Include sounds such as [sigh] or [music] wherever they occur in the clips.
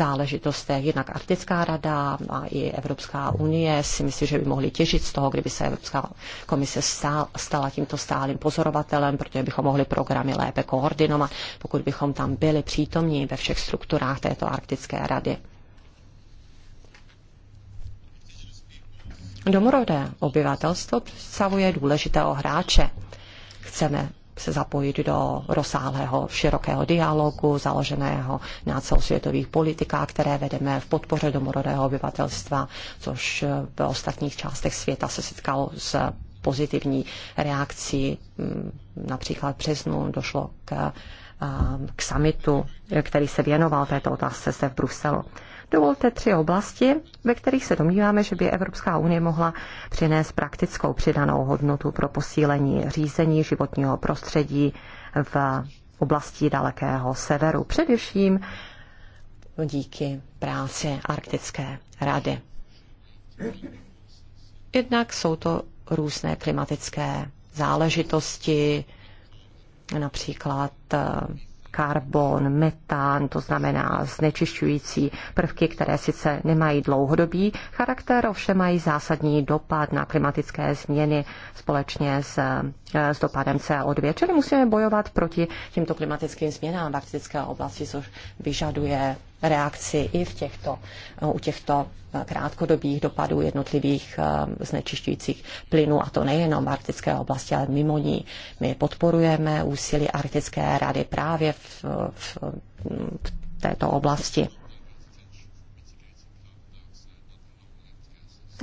záležitostech. Jednak Arktická rada a i Evropská unie si myslí, že by mohli těžit z toho, kdyby se Evropská komise stala tímto stálým pozorovatelem, protože bychom mohli programy lépe koordinovat, pokud bychom tam byli přítomní ve všech strukturách této Arktické rady. Domorodé obyvatelstvo představuje důležitého hráče. Chceme se zapojit do rozsáhlého širokého dialogu, založeného na celosvětových politikách, které vedeme v podpoře domorodého obyvatelstva, což v ostatních částech světa se setkalo s pozitivní reakcí. Mm, například v březnu došlo k, k summitu, který se věnoval této otázce se v Bruselu. Dovolte tři oblasti, ve kterých se domníváme, že by Evropská unie mohla přinést praktickou přidanou hodnotu pro posílení řízení životního prostředí v oblasti dalekého severu, především díky práci Arktické rady. Jednak jsou to různé klimatické záležitosti, například eh, karbon, metán, to znamená znečišťující prvky, které sice nemají dlouhodobý charakter, ovšem mají zásadní dopad na klimatické změny společně s, eh, s dopadem CO2. Čili musíme bojovat proti těmto klimatickým změnám v arktické oblasti, což vyžaduje reakci i v těchto, u těchto krátkodobých dopadů jednotlivých eh, znečišťujících plynů, a to nejenom v arktické oblasti, ale mimo ní. My podporujeme úsilí Arktické rady právě v, v, v této oblasti.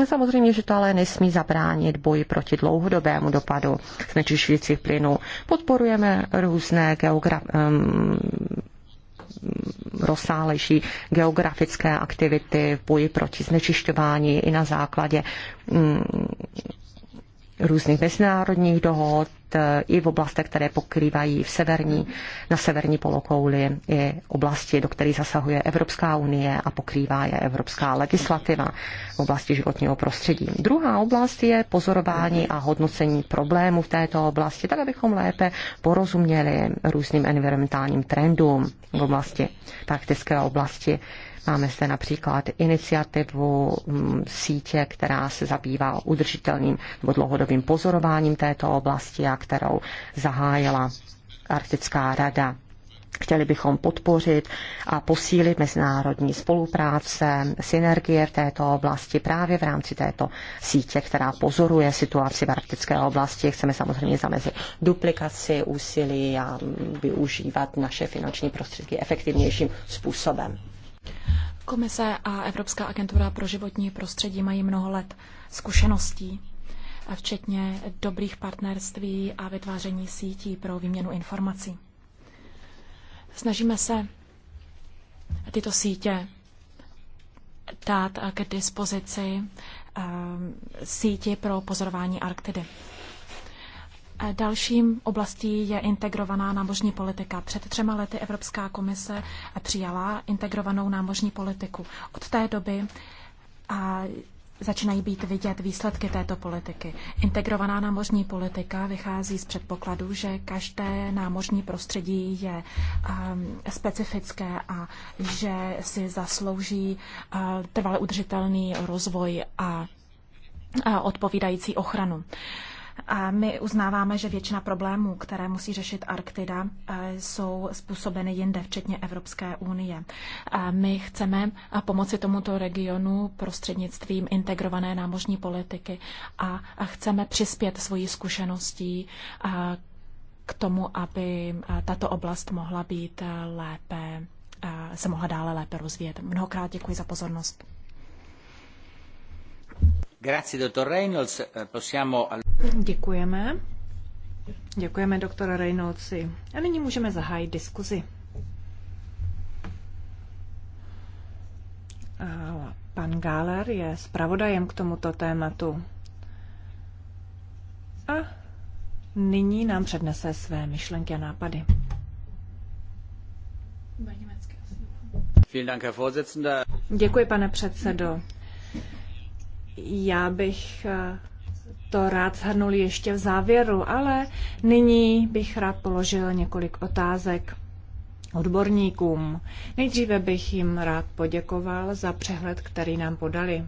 A samozřejmě, že to ale nesmí zabránit boji proti dlouhodobému dopadu znečišťujících plynů. Podporujeme různé geogra- rozsáhlejší geografické aktivity v boji proti znečišťování i na základě mm, různých mezinárodních dohod e, i v oblastech, které pokrývají v severní, na severní polokouli i oblasti, do kterých zasahuje Evropská unie a pokrývá je evropská legislativa v oblasti životního prostředí. Druhá oblast je pozorování a hodnocení problémů v této oblasti, tak abychom lépe porozuměli různým environmentálním trendům v oblasti, praktické oblasti Máme zde například iniciativu mm, sítě, která se zabývá udržitelným nebo dlouhodobým pozorováním této oblasti a kterou zahájila Arktická rada. Chtěli bychom podpořit a posílit mezinárodní spolupráce, synergie v této oblasti právě v rámci této sítě, která pozoruje situaci v arktické oblasti. Chceme samozřejmě zamezit duplikaci úsilí a využívat naše finanční prostředky efektivnějším způsobem. Komise a Evropská agentura pro životní prostředí mají mnoho let zkušeností, včetně dobrých partnerství a vytváření sítí pro výměnu informací. Snažíme se tyto sítě dát k dispozici eh, síti pro pozorování Arktidy. Dalším oblastí je integrovaná námořní politika. Před třema lety Evropská komise přijala integrovanou námořní politiku. Od té doby a začínají být vidět výsledky této politiky. Integrovaná námořní politika vychází z předpokladu, že každé námořní prostředí je um, specifické a že si zaslouží uh, trvale udržitelný rozvoj a, a odpovídající ochranu. Uh, a my uznáváme, že většina problémů, které musí řešit Arktida, eh, jsou způsobeny jinde, včetně Evropské unie. A my chceme eh, pomoci tomuto regionu prostřednictvím integrované námořní politiky a chceme přispět svoji zkušeností eh, k tomu, aby tato oblast mohla být lépe, se mohla dále lépe rozvíjet. Mnohokrát děkuji za pozornost. Grazie, dottor Reynolds. Possiamo... Děkujeme. Děkujeme doktora Reynoldsi. A nyní můžeme zahájit diskuzi. A pan Gáler je zpravodajem k tomuto tématu. A nyní nám přednese své myšlenky a nápady. Děkuji, pane předsedo. Já bych to rád shrnul ještě v závěru, ale nyní bych rád položil několik otázek odborníkům. Nejdříve bych jim rád poděkoval za přehled, který nám podali.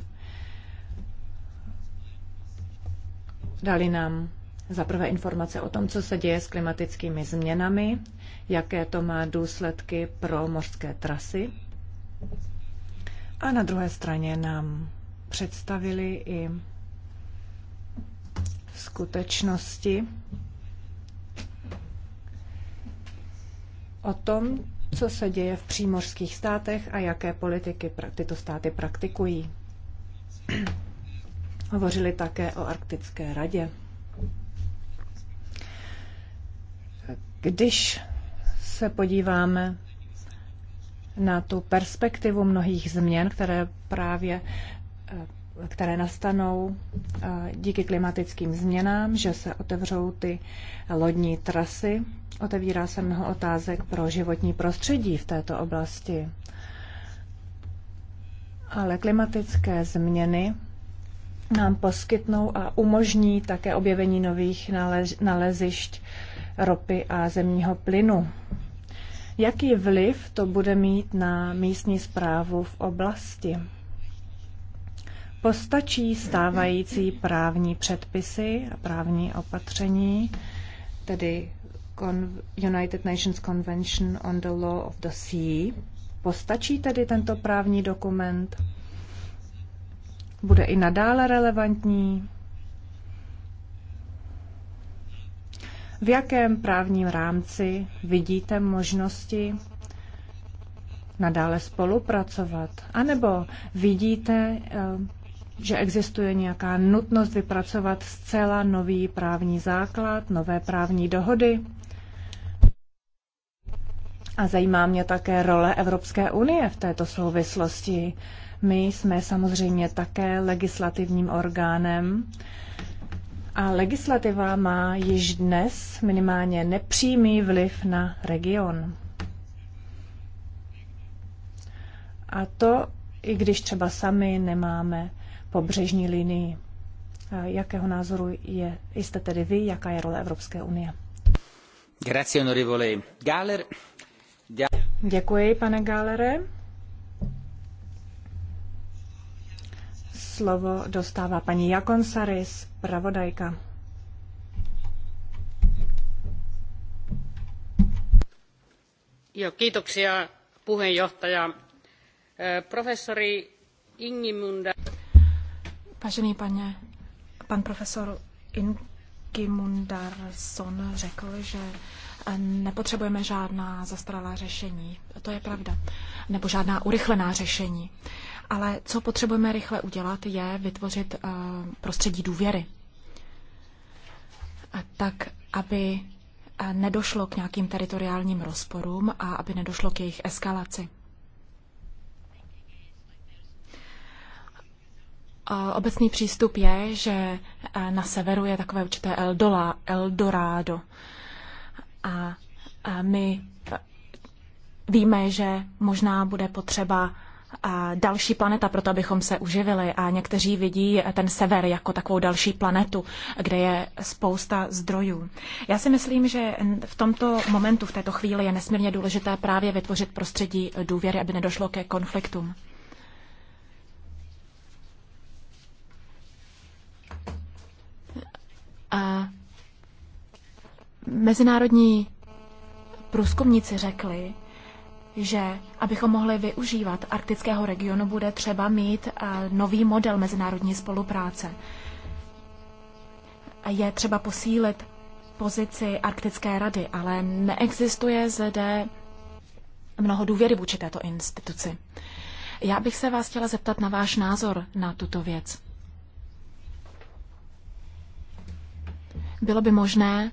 Dali nám za prvé informace o tom, co se děje s klimatickými změnami, jaké to má důsledky pro mořské trasy. A na druhé straně nám představili i skutečnosti o tom, co se děje v přímořských státech a jaké politiky tyto státy praktikují. [clears throat] Hovořili také o Arktické radě. Když se podíváme na tu perspektivu mnohých změn, které právě eh, které nastanou eh, díky klimatickým změnám, že se otevřou ty lodní trasy. Otevírá se mnoho otázek pro životní prostředí v této oblasti. Ale klimatické změny nám poskytnou a umožní také objevení nových nalež, nalezišť ropy a zemního plynu. Jaký vliv to bude mít na místní zprávu v oblasti? Postačí stávající právní předpisy a právní opatření, tedy United Nations Convention on the Law of the Sea. Postačí tedy tento právní dokument? Bude i nadále relevantní? V jakém právním rámci vidíte možnosti nadále spolupracovat? A nebo vidíte eh, že existuje nějaká nutnost vypracovat zcela nový právní základ, nové právní dohody. A zajímá mě také role Evropské unie v této souvislosti. My jsme samozřejmě také legislativním orgánem a legislativa má již dnes minimálně nepřímý vliv na region. A to, i když třeba sami nemáme pobřežní linii. Jakého názoru je, jste tedy vy, jaká je role Evropské unie? Grazie, onorevole Galler. Děkuji, pane Galere. Slovo dostává paní Jakonsaris, pravodajka. Jo, kiitoksia puheenjohtaja. Professori Ingimunda. Vážený pane, pan profesor Ingimundarson řekl, že eh, nepotřebujeme žádná zastaralá řešení. To je pravda. Nebo žádná urychlená řešení. Ale co potřebujeme rychle udělat, je vytvořit eh, prostředí důvěry. A tak, aby eh, nedošlo k nějakým teritoriálním rozporům a aby nedošlo k jejich eskalaci. Obecný přístup je, že eh, na severu je takové určité Eldola, Eldorado. A my eh, víme, že možná bude potřeba eh, další planeta, proto abychom se uživili. A někteří vidí ten sever jako takovou další planetu, kde je spousta zdrojů. Já si myslím, že v tomto momentu, v této chvíli je nesmírně důležité právě vytvořit prostředí důvěry, aby nedošlo ke konfliktům. A mezinárodní průzkumníci řekli, že abychom mohli využívat arktického regionu, bude třeba mít eh, nový model mezinárodní spolupráce. Je třeba posílit pozici Arktické rady, ale neexistuje zde mnoho důvěry vůči této instituci. Já bych se vás chtěla zeptat na váš názor na tuto věc. bylo by možné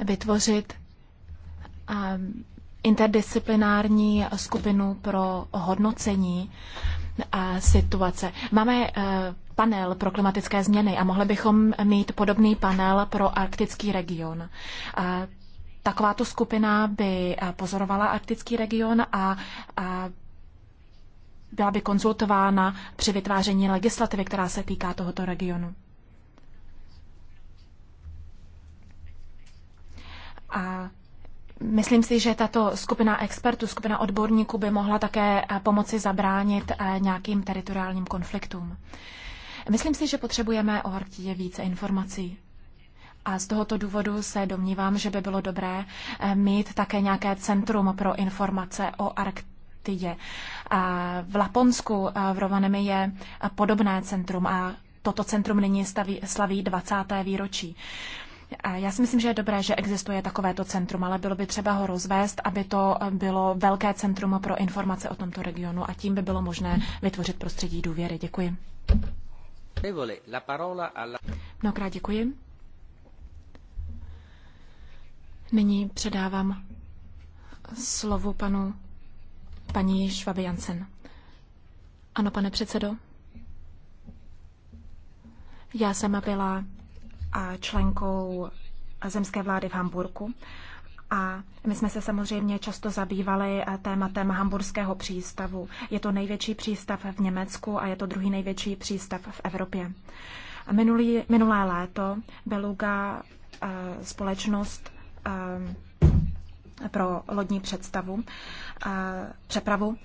vytvořit eh, interdisciplinární skupinu pro hodnocení eh, situace. Máme eh, panel pro klimatické změny a mohli bychom mít podobný panel pro arktický region. Takováto skupina by pozorovala arktický region a byla by konzultována při vytváření legislativy, která se týká tohoto regionu. A myslím si, že tato skupina expertů, skupina odborníků by mohla také eh, pomoci zabránit eh, nějakým teritoriálním konfliktům. Myslím si, že potřebujeme o Arktidě více informací. A z tohoto důvodu se domnívám, že by bylo dobré eh, mít také nějaké centrum pro informace o Arktidě. V Laponsku v Rovanemi je podobné centrum a toto centrum nyní staví, slaví 20. výročí. Já si myslím, že je dobré, že existuje takovéto centrum, ale bylo by třeba ho rozvést, aby to eh, bylo velké centrum pro informace o tomto regionu a tím by bylo možné vytvořit prostředí důvěry. Děkuji. Mnohokrát děkuji. Nyní předávám slovo panu paní Švaby Jansen. Ano, pane předsedo. Já jsem byla a členkou zemské vlády v Hamburku. A my jsme se samozřejmě často zabývali eh, tématem hamburského přístavu. Je to největší přístav v Německu a je to druhý největší přístav v Evropě. Minulý, minulé léto Beluga eh, společnost eh, pro lodní představu, přepravu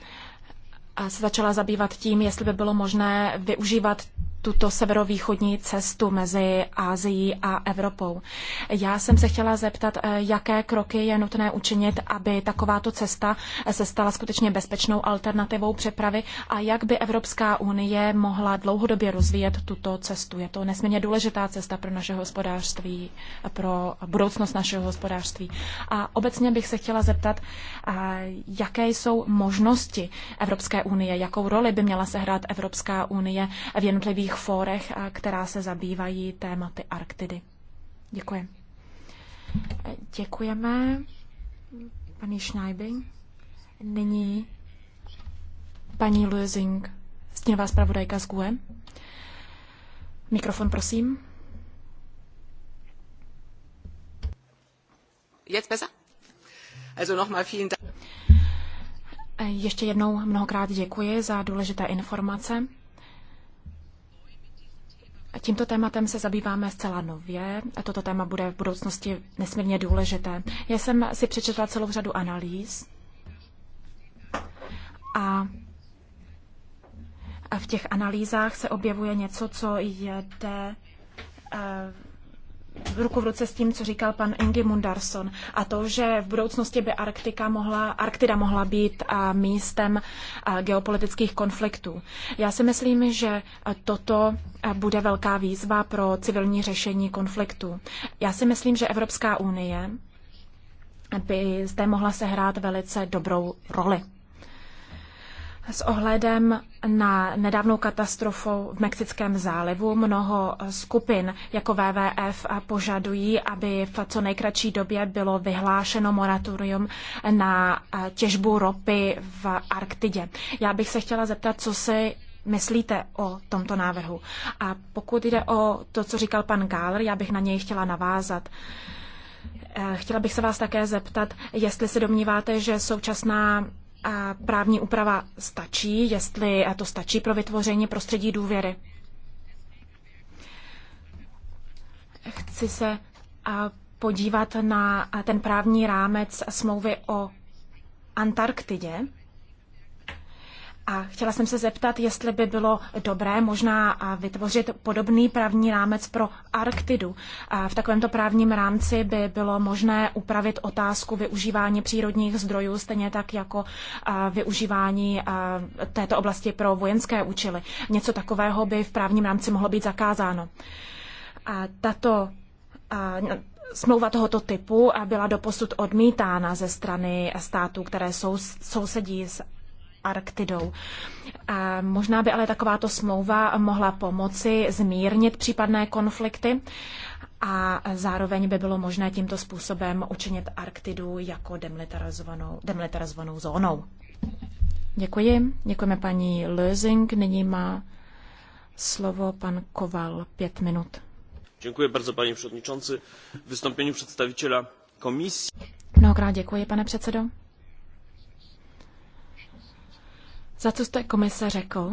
se začala zabývat tím, jestli by bylo možné využívat tuto severovýchodní cestu mezi Ázií a Evropou. Já jsem se chtěla zeptat, eh, jaké kroky je nutné učinit, aby takováto cesta eh, se stala skutečně bezpečnou alternativou přepravy a jak by Evropská unie mohla dlouhodobě rozvíjet tuto cestu. Je to nesmírně důležitá cesta pro naše hospodářství, eh, pro budoucnost našeho hospodářství. A obecně bych se chtěla zeptat, jaké jsou možnosti Evropské unie, jakou roli by měla sehrát Evropská unie v jednotlivých různých fórech, která se zabývají tématy Arktidy. Děkuji. Děkujeme, paní Schneiby. Nyní paní Luezing, stěnová zpravodajka z GUE. Mikrofon, prosím. Jetzt besser? Also nochmal vielen Dank. Ještě jednou mnohokrát děkuji za důležité informace. Tímto tématem se zabýváme zcela nově. A toto téma bude v budoucnosti nesmírně důležité. Já jsem si přečetla celou řadu analýz a v těch analýzách se objevuje něco, co jde eh, ruku v ruce s tím, co říkal pan Ingi Mundarson. A to, že v budoucnosti by Arktika mohla, Arktida mohla být místem geopolitických konfliktů. Já si myslím, že toto bude velká výzva pro civilní řešení konfliktu. Já si myslím, že Evropská unie by zde mohla sehrát velice dobrou roli. S ohledem na nedávnou katastrofu v Mexickém zálivu mnoho skupin jako WWF požadují, aby v co nejkratší době bylo vyhlášeno moratorium na těžbu ropy v Arktidě. Já bych se chtěla zeptat, co si myslíte o tomto návrhu. A pokud jde o to, co říkal pan Gáler, já bych na něj chtěla navázat. Eh, chtěla bych se vás také zeptat, jestli se domníváte, že současná právní úprava stačí, jestli to stačí pro vytvoření prostředí důvěry. Chci se podívat na ten právní rámec smlouvy o Antarktidě. A chtěla jsem se zeptat, jestli by bylo dobré možná vytvořit podobný právní rámec pro Arktidu. V takovémto právním rámci by bylo možné upravit otázku využívání přírodních zdrojů, stejně tak jako využívání této oblasti pro vojenské účely. Něco takového by v právním rámci mohlo být zakázáno. A tato no, smlouva tohoto typu byla doposud odmítána ze strany států, které jsou, sousedí s Arktidou. A možná by ale takováto smlouva mohla pomoci zmírnit případné konflikty a zároveň by bylo možné tímto způsobem učinit Arktidu jako demilitarizovanou, demilitarizovanou zónou. Děkuji. Děkujeme paní Lösing. Nyní má slovo pan Koval. Pět minut. Děkuji bardzo, paní předsedající. Vystoupení představitela komisí. Mnohokrát děkuji, pane předsedo. Za co jste komise řekl?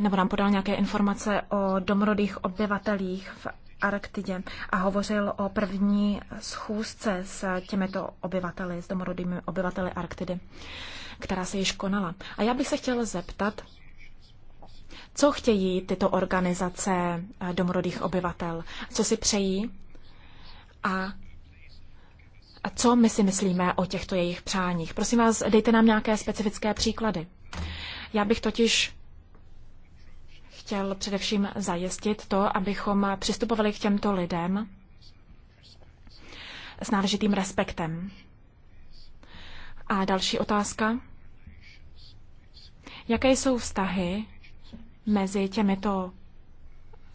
nebo nám podal nějaké informace o domorodých obyvatelích v Arktidě a hovořil o první schůzce s těmito obyvateli, s domorodými obyvateli Arktidy, která se již konala. A já bych se chtěla zeptat, co chtějí tyto organizace eh, domorodých obyvatel? Co si přejí a co my si myslíme o těchto jejich přáních. Prosím vás, dejte nám nějaké specifické příklady. Já bych totiž chtěl především zajistit to, abychom přistupovali k těmto lidem s náležitým respektem. A další otázka. Jaké jsou vztahy mezi těmito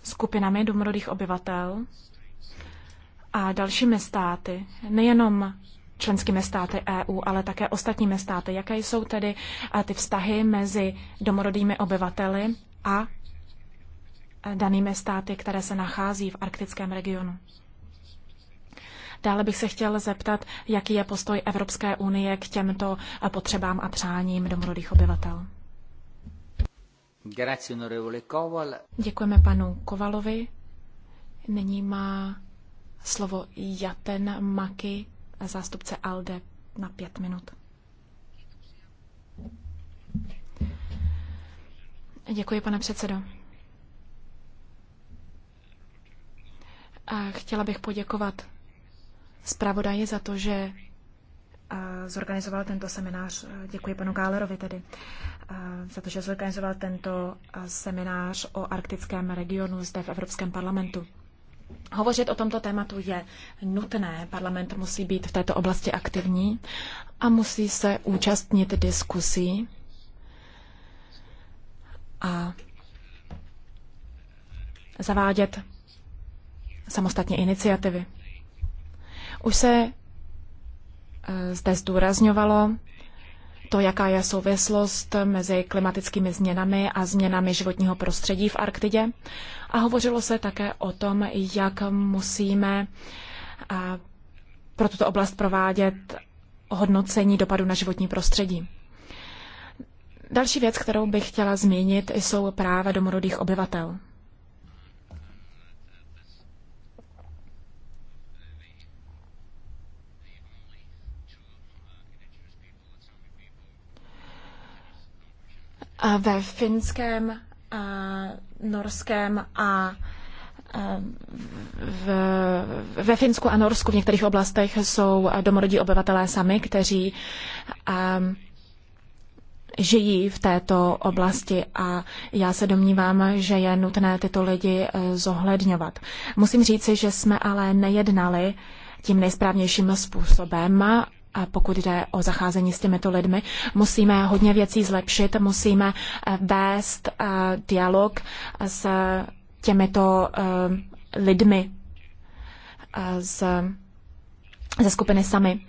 skupinami domorodých obyvatel a dalšími státy, nejenom členskými státy EU, ale také ostatními státy. Jaké jsou tedy ty vztahy mezi domorodými obyvateli a danými státy, které se nachází v arktickém regionu? Dále bych se chtěl zeptat, jaký je postoj Evropské unie k těmto potřebám a přáním domorodých obyvatel. Děkujeme panu Kovalovi. Nyní má slovo Jaten Maki, zástupce ALDE, na pět minut. Děkuji, pane předsedo. A chtěla bych poděkovat zpravodaji za to, že zorganizoval tento seminář. Děkuji panu Gálerovi tedy za to, že zorganizoval tento seminář o arktickém regionu zde v Evropském parlamentu. Hovořit o tomto tématu je nutné. Parlament musí být v této oblasti aktivní a musí se účastnit diskusí a zavádět samostatně iniciativy. Už se eh, zde zdůrazňovalo, to, jaká je souvislost mezi klimatickými změnami a změnami životního prostředí v Arktidě. A hovořilo se také o tom, jak musíme pro tuto oblast provádět hodnocení dopadu na životní prostředí. Další věc, kterou bych chtěla zmínit, jsou práva domorodých obyvatel. ve finském, norském a v, ve Finsku a Norsku v některých oblastech jsou domorodí obyvatelé sami, kteří um, žijí v této oblasti a já se domnívám, že je nutné tyto lidi e, zohledňovat. Musím říci, že jsme ale nejednali tím nejsprávnějším způsobem a pokud jde o zacházení s těmito lidmi. Musíme hodně věcí zlepšit, musíme eh, vést eh, dialog eh, s těmito lidmi ze skupiny sami.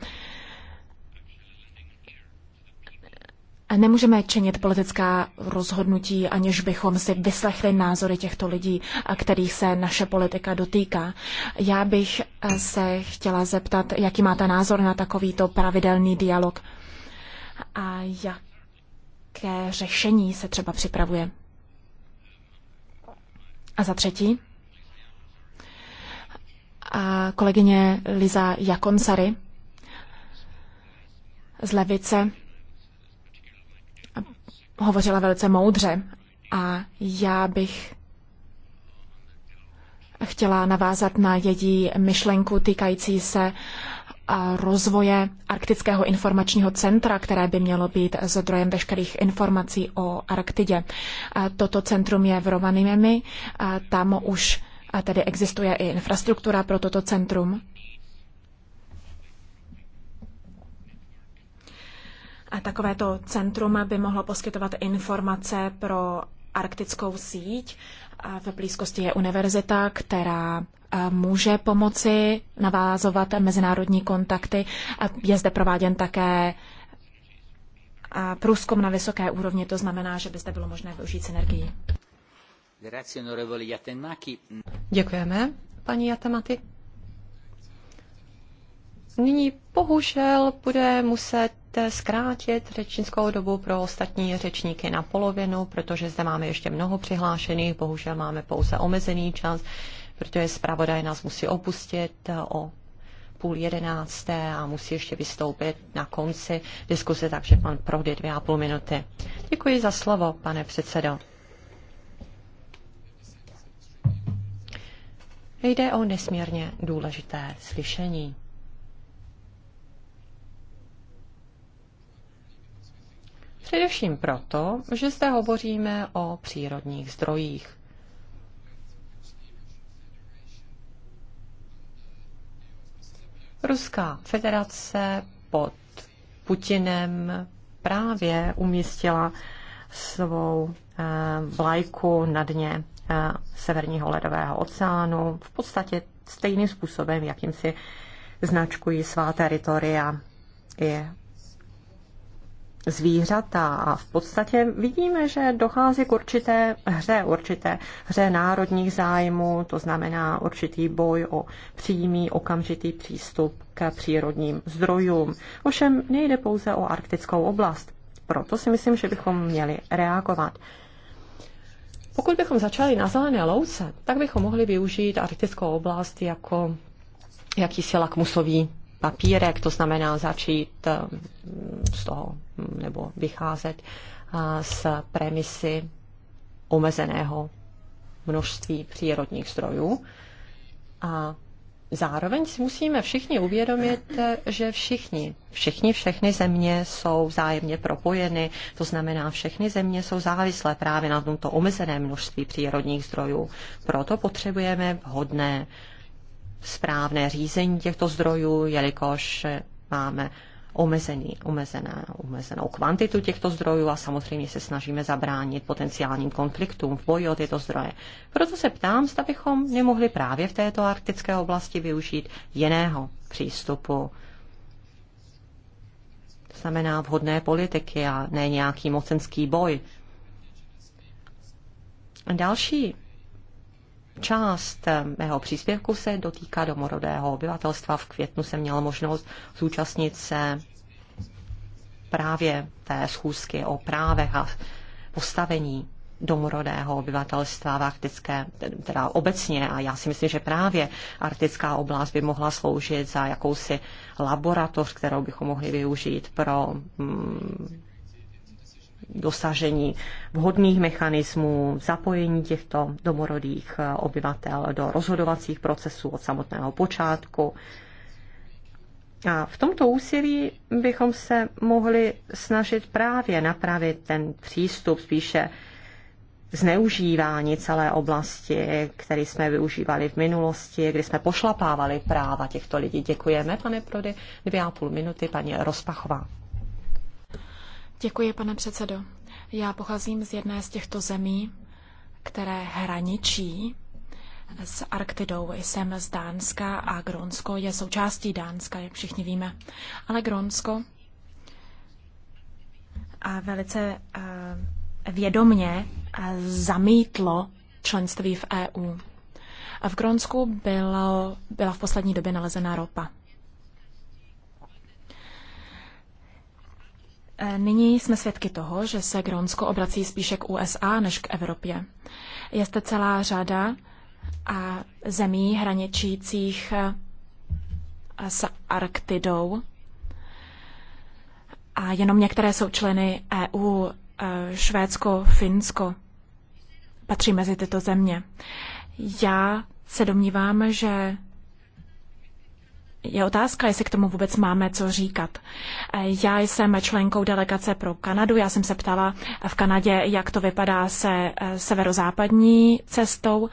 Nemůžeme činit politická rozhodnutí, aniž bychom si vyslechli názory těchto lidí, kterých se naše politika dotýká. Já bych eh, se chtěla zeptat, jaký máte názor na takovýto pravidelný dialog a jaké řešení se třeba připravuje. A za třetí, a kolegyně Liza Jakonsary z Levice hovořila velice moudře a já bych chtěla navázat na její myšlenku týkající se rozvoje Arktického informačního centra, které by mělo být zdrojem veškerých informací o Arktidě. Toto centrum je v Rovanimemi, tam už tedy existuje i infrastruktura pro toto centrum. A takovéto centrum by mohlo poskytovat informace pro arktickou síť. A v blízkosti je univerzita, která může pomoci navázovat mezinárodní kontakty. A je zde prováděn také průzkum na vysoké úrovni, to znamená, že by zde bylo možné využít synergii. Děkujeme, paní Jatamaty. Nyní bohužel bude muset zkrátit řečnickou dobu pro ostatní řečníky na polovinu, protože zde máme ještě mnoho přihlášených, bohužel máme pouze omezený čas, protože zpravodaj nás musí opustit o půl jedenácté a musí ještě vystoupit na konci diskuse, takže pan Prody dvě a půl minuty. Děkuji za slovo, pane předsedo. Jde o nesmírně důležité slyšení. Především proto, že zde hovoříme o přírodních zdrojích. Ruská federace pod Putinem právě umístila svou eh, vlajku na dně eh, Severního ledového oceánu v podstatě stejným způsobem, jakým si značkují svá teritoria i zvířata a v podstatě vidíme, že dochází k určité hře, určité hře národních zájmů, to znamená určitý boj o přímý okamžitý přístup k přírodním zdrojům. Ovšem nejde pouze o arktickou oblast. Proto si myslím, že bychom měli reagovat. Pokud bychom začali na zelené louce, tak bychom mohli využít arktickou oblast jako jakýsi lakmusový papírek, to znamená začít eh, z toho nebo vycházet eh, z premisy omezeného množství přírodních zdrojů. A zároveň si musíme všichni uvědomit, že všichni, všichni, všechny země jsou vzájemně propojeny, to znamená, všechny země jsou závislé právě na tomto omezeném množství přírodních zdrojů. Proto potřebujeme vhodné správné řízení těchto zdrojů, jelikož máme omezený, omezená, omezenou kvantitu těchto zdrojů a samozřejmě se snažíme zabránit potenciálním konfliktům v boji o tyto zdroje. Proto se ptám, zda bychom nemohli právě v této arktické oblasti využít jiného přístupu. To znamená vhodné politiky a ne nějaký mocenský boj. Další Část mého příspěvku se dotýká domorodého obyvatelstva. V květnu jsem měla možnost zúčastnit se právě té schůzky o právech a postavení domorodého obyvatelstva v arktické, teda obecně. A já si myslím, že právě arktická oblast by mohla sloužit za jakousi laboratoř, kterou bychom mohli využít pro mm, dosažení vhodných mechanismů, zapojení těchto domorodých eh, obyvatel do rozhodovacích procesů od samotného počátku. A v tomto úsilí bychom se mohli snažit právě napravit ten přístup spíše zneužívání celé oblasti, který jsme využívali v minulosti, kdy jsme pošlapávali práva těchto lidí. Děkujeme, pane Prody. Dvě a půl minuty, paní Rozpachová. Děkuji, pane předsedo. Já pocházím z jedné z těchto zemí, které hraničí s Arktidou. Jsem z Dánska a Grónsko je součástí Dánska, jak všichni víme. Ale Grónsko a velice vědomně zamítlo členství v EU. A V Grónsku bylo, byla v poslední době nalezená ropa. Eh, nyní jsme svědky toho, že se Grónsko obrací spíše k USA než k Evropě. Je zde celá řada a zemí hraničících eh, s Arktidou. A jenom některé jsou členy EU, eh, Švédsko, Finsko patří mezi tyto země. Já se domnívám, že je otázka, jestli k tomu vůbec máme co říkat. E, já jsem členkou delegace pro Kanadu. Já jsem se ptala v Kanadě, jak to vypadá se e, severozápadní cestou.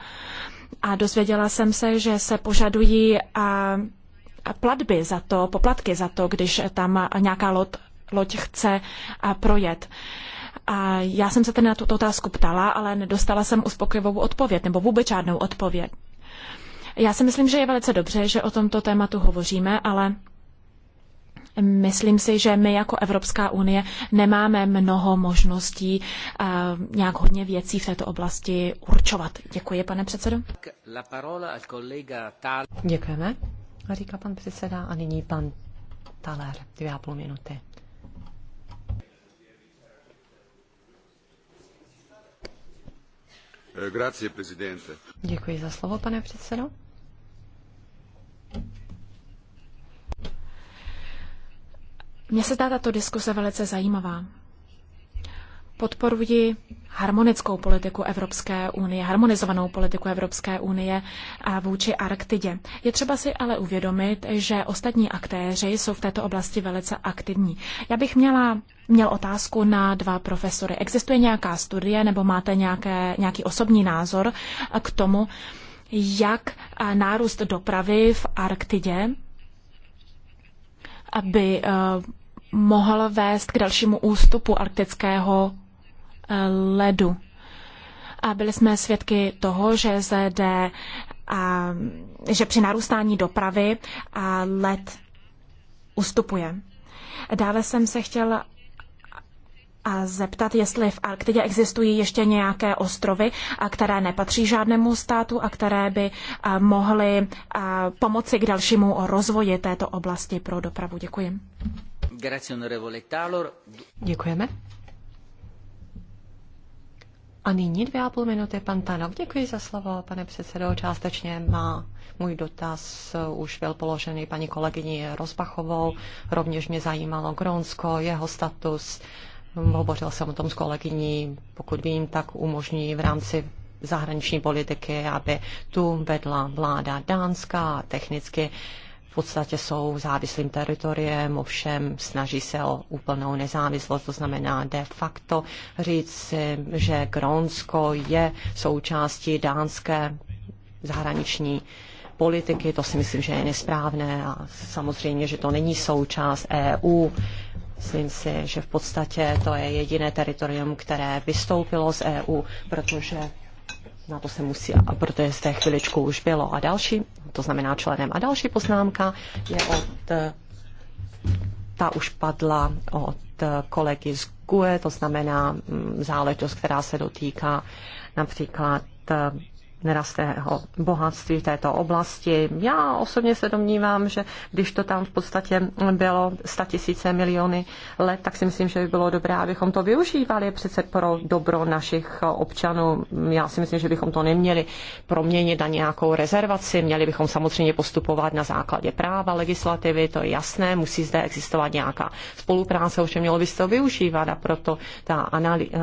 A dozvěděla jsem se, že se požadují platby za to, poplatky za to, když tam nějaká loď, loď chce projet. A já jsem se tedy na tuto otázku ptala, ale nedostala jsem uspokojivou odpověď, nebo vůbec žádnou odpověď. Já si myslím, že je velice dobře, že o tomto tématu hovoříme, ale Myslím si, že my jako Evropská unie nemáme mnoho možností uh, nějak hodně věcí v této oblasti určovat. Děkuji, pane předsedo. Děkujeme, říká pan předseda a nyní pan Taler, dvě a půl minuty. Eh, Děkuji za slovo, pane předsedo. Mně se zdá tato diskuse velice zajímavá. Podporuji harmonickou politiku Evropské unie, harmonizovanou politiku Evropské unie a vůči Arktidě. Je třeba si ale uvědomit, že ostatní aktéři jsou v této oblasti velice aktivní. Já bych měla měl otázku na dva profesory. Existuje nějaká studie nebo máte nějaké, nějaký osobní názor k tomu, jak nárůst dopravy v Arktidě by eh, mohl vést k dalšímu ústupu arktického eh, ledu. A byli jsme svědky toho, že zde a, že při narůstání dopravy a led ustupuje. Dále jsem se chtěl a zeptat, jestli v Arktidě existují ještě nějaké ostrovy, a které nepatří žádnému státu a které by a, mohly a, pomoci k dalšímu rozvoji této oblasti pro dopravu. Děkuji. Děkujeme. A nyní dvě a půl minuty, pan Tanov. Děkuji za slovo, pane předsedo. Částečně má můj dotaz eh, už byl položený paní kolegyni Rozbachovou. Rovněž mě zajímalo Grónsko, jeho status. Hovořil jsem o tom s kolegyní, pokud vím, tak umožní v rámci zahraniční politiky, aby tu vedla vláda Dánska technicky v podstatě jsou závislým teritoriem, ovšem snaží se o úplnou nezávislost, to znamená de facto říct, že Grónsko je součástí dánské zahraniční politiky, to si myslím, že je nesprávné a samozřejmě, že to není součást EU. Myslím si, že v podstatě to je jediné teritorium, které vystoupilo z EU, protože na to se musí, a protože z té chviličku už bylo. A další, to znamená členem. A další poznámka je od, ta už padla od kolegy z GUE, to znamená mm, záležitost, která se dotýká například nerastého bohatství v této oblasti. Já osobně se domnívám, že když to tam v podstatě bylo 100 tisíce miliony let, tak si myslím, že by bylo dobré, abychom to využívali přece pro dobro našich občanů. Já si myslím, že bychom to neměli proměnit na nějakou rezervaci. Měli bychom samozřejmě postupovat na základě práva, legislativy, to je jasné, musí zde existovat nějaká spolupráce, už mělo by se to využívat a proto ta analýza,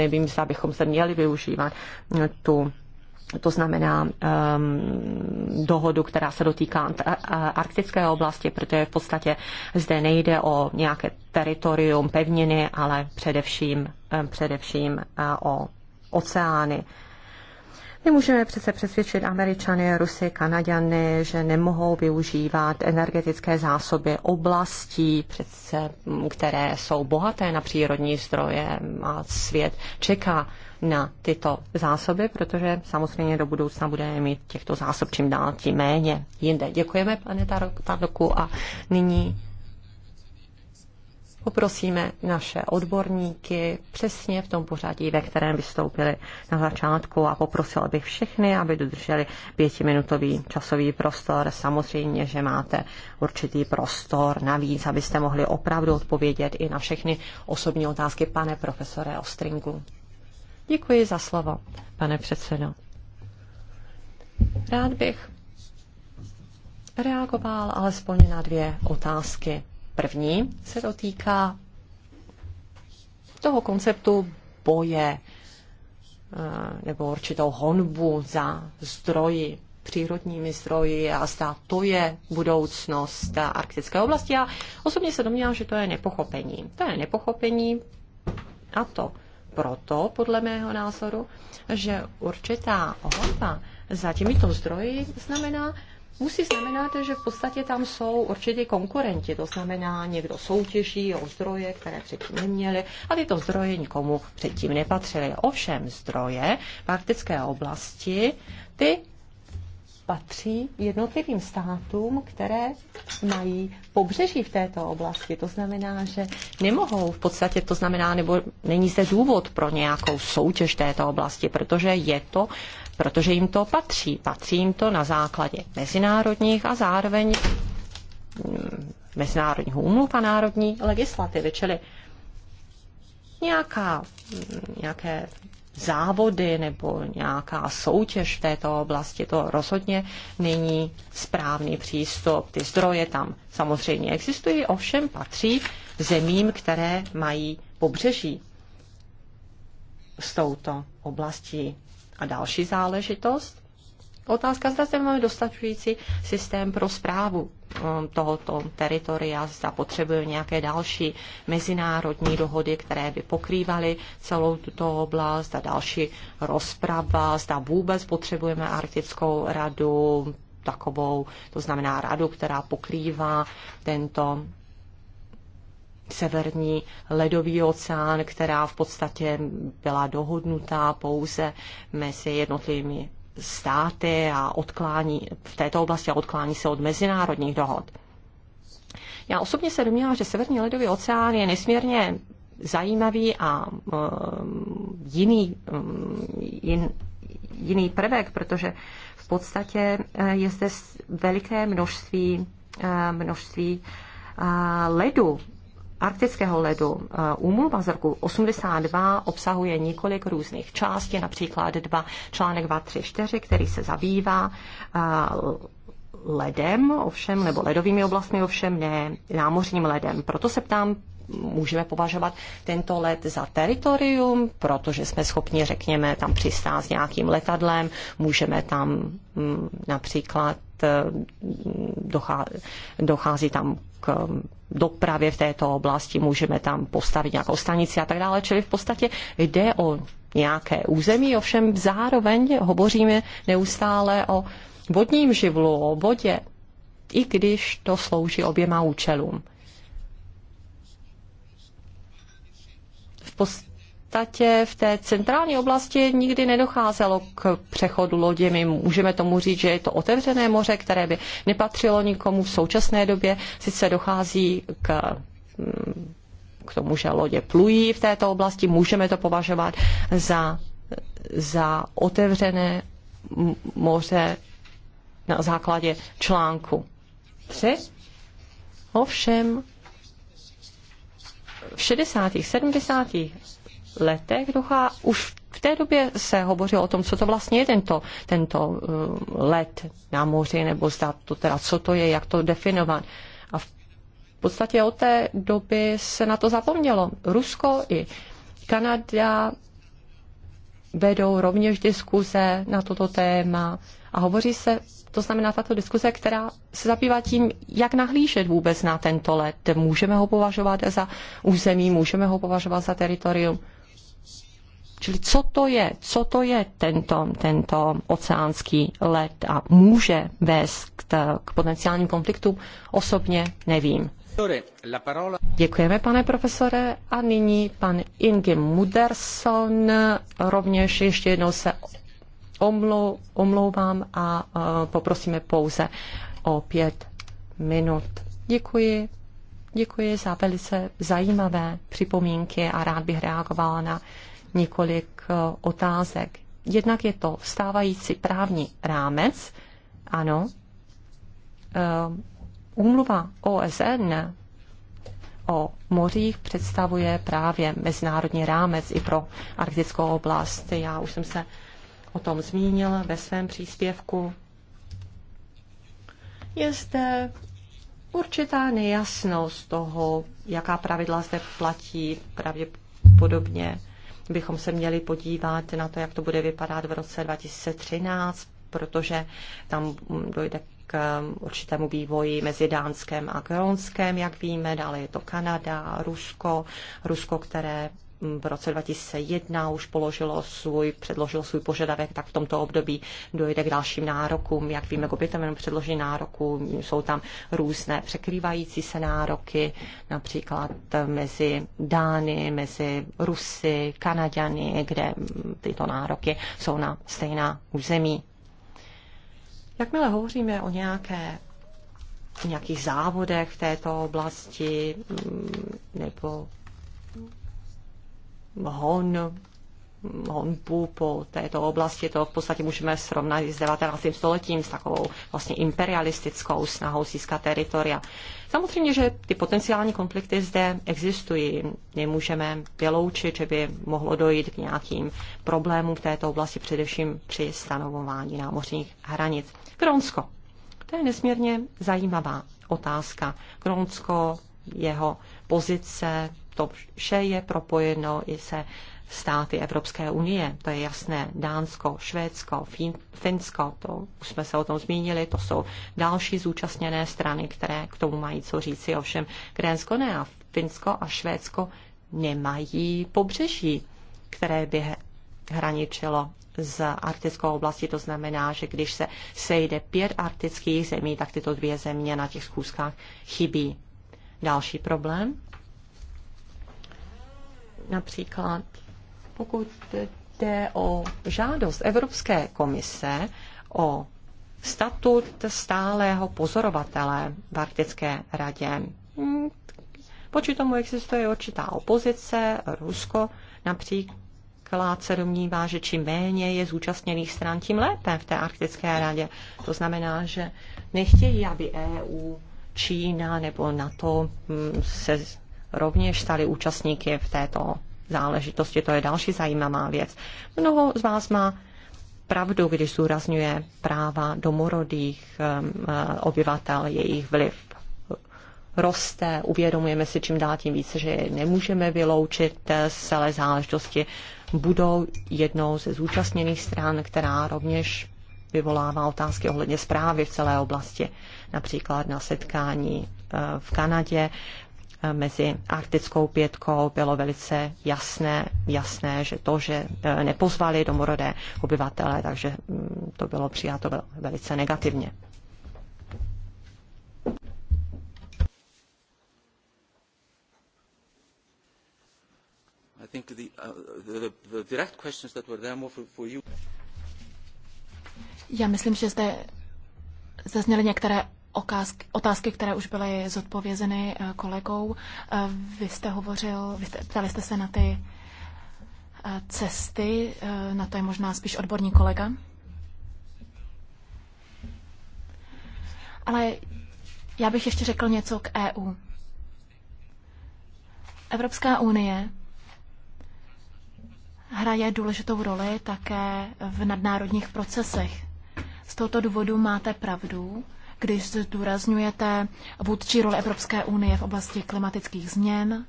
nevím, zda bychom se měli využívat tu to znamená um, dohodu, která se dotýká arktické oblasti, protože v podstatě zde nejde o nějaké teritorium pevniny, ale především, um, především uh, o oceány. My můžeme přece přesvědčit Američany, Rusy, Kanaďany, že nemohou využívat energetické zásoby oblastí, přece, které jsou bohaté na přírodní zdroje a svět čeká na tyto zásoby, protože samozřejmě do budoucna budeme mít těchto zásob čím dál tím méně. Jinde děkujeme, pane Tardoku, a nyní poprosíme naše odborníky přesně v tom pořadí, ve kterém vystoupili na začátku a poprosil bych všechny, aby dodrželi pětiminutový časový prostor. Samozřejmě, že máte určitý prostor navíc, abyste mohli opravdu odpovědět i na všechny osobní otázky, pane profesore Ostringu. Děkuji za slovo, pane předsedo. Rád bych reagoval alespoň na dvě otázky. První se dotýká toho konceptu boje eh, nebo určitou honbu za zdroji, přírodními zdroji a zda to je budoucnost arktické oblasti. Já osobně se domnívám, že to je nepochopení. To je nepochopení a to proto, podle mého názoru, že určitá ohlava za těmito zdroji znamená, musí znamenat, že v podstatě tam jsou určitě konkurenti, to znamená někdo soutěží o zdroje, které předtím neměli a tyto zdroje nikomu předtím nepatřily. Ovšem zdroje v arktické oblasti, ty patří jednotlivým státům, které mají pobřeží v této oblasti. To znamená, že nemohou v podstatě, to znamená, nebo není zde důvod pro nějakou soutěž této oblasti, protože je to, protože jim to patří. Patří jim to na základě mezinárodních a zároveň mm, mezinárodních úmluv a národní legislativy, čili nějaká, mm, nějaké závody nebo nějaká soutěž v této oblasti. To rozhodně není správný přístup. Ty zdroje tam samozřejmě existují, ovšem patří zemím, které mají pobřeží s touto oblastí. A další záležitost, Otázka, zda zde máme dostačující systém pro zprávu um, tohoto teritoria, zda potřebuje nějaké další mezinárodní dohody, které by pokrývaly celou tuto oblast, zda další rozprava, zda vůbec potřebujeme Arktickou radu, takovou, to znamená radu, která pokrývá tento severní ledový oceán, která v podstatě byla dohodnutá pouze mezi jednotlivými státy a odklání v této oblasti a odklání se od mezinárodních dohod. Já osobně se domnívám, že Severní ledový oceán je nesmírně zajímavý a uh, jiný, um, jin, jiný prvek, protože v podstatě eh, je zde veliké množství, eh, množství eh, ledu arktického ledu eh, úmluva z roku 82 obsahuje několik různých částí, například dva, článek 234, který se zabývá eh, ledem ovšem, nebo ledovými oblastmi ovšem, ne námořním ledem. Proto se ptám, můžeme považovat tento led za teritorium, protože jsme schopni, řekněme, tam přistát s nějakým letadlem, můžeme tam hm, například eh, dochází tam k dopravě v této oblasti, můžeme tam postavit nějakou stanici a tak dále. Čili v podstatě jde o nějaké území, ovšem zároveň hovoříme neustále o vodním živlu, o vodě, i když to slouží oběma účelům. V podstatě podstatě v té centrální oblasti nikdy nedocházelo k přechodu lodě. My můžeme tomu říct, že je to otevřené moře, které by nepatřilo nikomu v současné době. Sice dochází k mm, k tomu, že lodě plují v této oblasti, můžeme to považovat za, za otevřené moře na základě článku 3. Ovšem v 60. 70 letech ducha, už v té době se hovořilo o tom, co to vlastně je tento, tento uh, let na moři, nebo zda to teda, co to je, jak to definovat. A v podstatě od té doby se na to zapomnělo. Rusko i Kanada vedou rovněž diskuze na toto téma a hovoří se, to znamená tato diskuze, která se zabývá tím, jak nahlížet vůbec na tento let. Můžeme ho považovat za území, můžeme ho považovat za teritorium. Čili co to je, co to je tento, tento oceánský led a může vést k, k potenciálním konfliktům, osobně nevím. Děkujeme, pane profesore. A nyní pan Inge Muderson. Rovněž ještě jednou se omlou, omlouvám a uh, poprosíme pouze o pět minut. Děkuji. Děkuji za velice zajímavé připomínky a rád bych reagovala na několik eh, otázek. Jednak je to vstávající právní rámec, ano, eh, Úmluva OSN o mořích představuje právě mezinárodní rámec i pro arktickou oblast. Já už jsem se o tom zmínil ve svém příspěvku. Je zde určitá nejasnost toho, jaká pravidla zde platí, pravděpodobně bychom se měli podívat na to, jak to bude vypadat v roce 2013, protože tam dojde k určitému vývoji mezi Dánskem a Grónskem, jak víme, dále je to Kanada, Rusko, Rusko, které v roce 2001 už položilo svůj, předložilo svůj požadavek, tak v tomto období dojde k dalším nárokům. Jak víme, k obětovému předložení nároků jsou tam různé překrývající se nároky, například mezi Dány, mezi Rusy, Kanaďany, kde tyto nároky jsou na stejná území. Jakmile hovoříme o nějaké nějakých závodech v této oblasti mm, nebo hon, honbu po této oblasti. To v podstatě můžeme srovnat s 19. stoletím, s takovou vlastně imperialistickou snahou získat teritoria. Samozřejmě, že ty potenciální konflikty zde existují. Nemůžeme vyloučit, že by mohlo dojít k nějakým problémům v této oblasti, především při stanovování námořních hranic. Kronsko, To je nesmírně zajímavá otázka. Kronsko, jeho pozice to vše je propojeno i se státy Evropské unie. To je jasné. Dánsko, Švédsko, fin- Finsko, to už jsme se o tom zmínili, to jsou další zúčastněné strany, které k tomu mají co říci. Ovšem Grénsko ne a Finsko a Švédsko nemají pobřeží, které by hraničilo z arktickou oblasti. To znamená, že když se sejde pět arktických zemí, tak tyto dvě země na těch schůzkách chybí. Další problém Například pokud jde o žádost Evropské komise o statut stálého pozorovatele v Arktické radě. Počí hm, tomu existuje určitá opozice. Rusko například se domnívá, že čím méně je zúčastněných stran, tím lépe v té Arktické radě. To znamená, že nechtějí, aby EU Čína nebo NATO hm, se rovněž stali účastníky v této záležitosti. To je další zajímavá věc. Mnoho z vás má pravdu, když zúrazňuje práva domorodých um, eh, obyvatel, jejich vliv roste, uvědomujeme si čím dál tím více, že nemůžeme vyloučit eh, z celé záležitosti. Budou jednou ze zúčastněných stran, která rovněž vyvolává otázky ohledně zprávy v celé oblasti, například na setkání eh, v Kanadě mezi arktickou pětkou bylo velice jasné, jasné, že to, že e, nepozvali domorodé obyvatele, takže mm, to bylo přijato velice negativně. Uh, Já myslím, že zde zazněly některé otázky, které už byly zodpovězeny eh, kolegou. Eh, vy jste hovořil, vy jste, ptali jste se na ty eh, cesty, na to je možná spíš odborní kolega. Ale já bych ještě řekl něco k EU. Evropská unie hraje důležitou roli také v nadnárodních procesech. Z tohoto důvodu máte pravdu, když zdůrazňujete vůdčí roli Evropské unie v oblasti klimatických změn,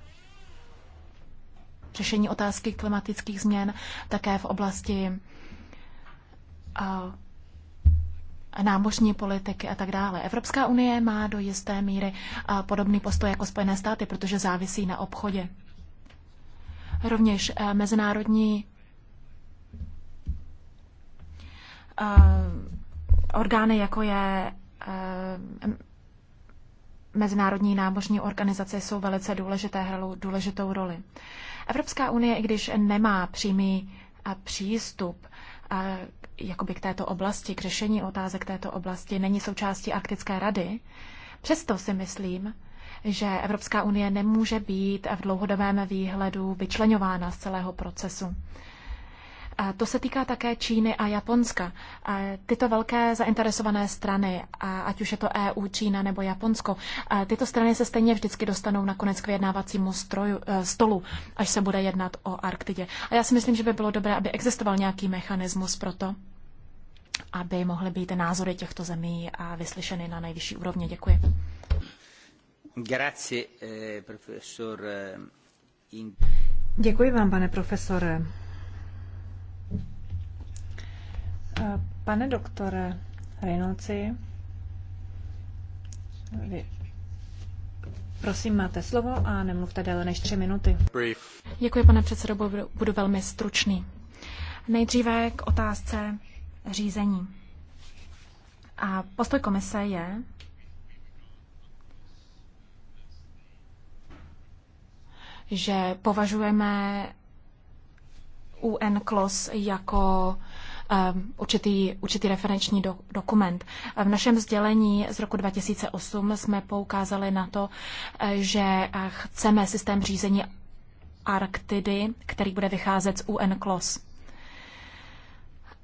řešení otázky klimatických změn, také v oblasti námořní politiky a tak dále. Evropská unie má do jisté míry podobný postoj jako Spojené státy, protože závisí na obchodě. Rovněž mezinárodní orgány, jako je Eh, mezinárodní námořní organizace jsou velice důležité, hrajou důležitou roli. Evropská unie, i když nemá přímý eh, přístup eh, jakoby k této oblasti, k řešení otázek této oblasti, není součástí Arktické rady, přesto si myslím, že Evropská unie nemůže být v dlouhodobém výhledu vyčlenována z celého procesu. A to se týká také Číny a Japonska. A tyto velké zainteresované strany, a ať už je to EU, Čína nebo Japonsko, a tyto strany se stejně vždycky dostanou nakonec k vyjednávacímu stroju, e, stolu, až se bude jednat o Arktidě. A já si myslím, že by bylo dobré, aby existoval nějaký mechanismus pro to, aby mohly být názory těchto zemí a vyslyšeny na nejvyšší úrovni. Děkuji. Grazie, eh, profesor. Eh, Děkuji vám, pane profesore. Eh, pane doktore Reynoldsi, vy Prosím, máte slovo a nemluvte déle než tři minuty. Brief. Děkuji, pane předsedo, budu, budu velmi stručný. Nejdříve k otázce řízení. A postoj komise je, že považujeme UN CLOS jako Um, určitý, určitý referenční do, dokument. V našem sdělení z roku 2008 jsme poukázali na to, eh, že eh, chceme systém řízení Arktidy, který bude vycházet z UNCLOS.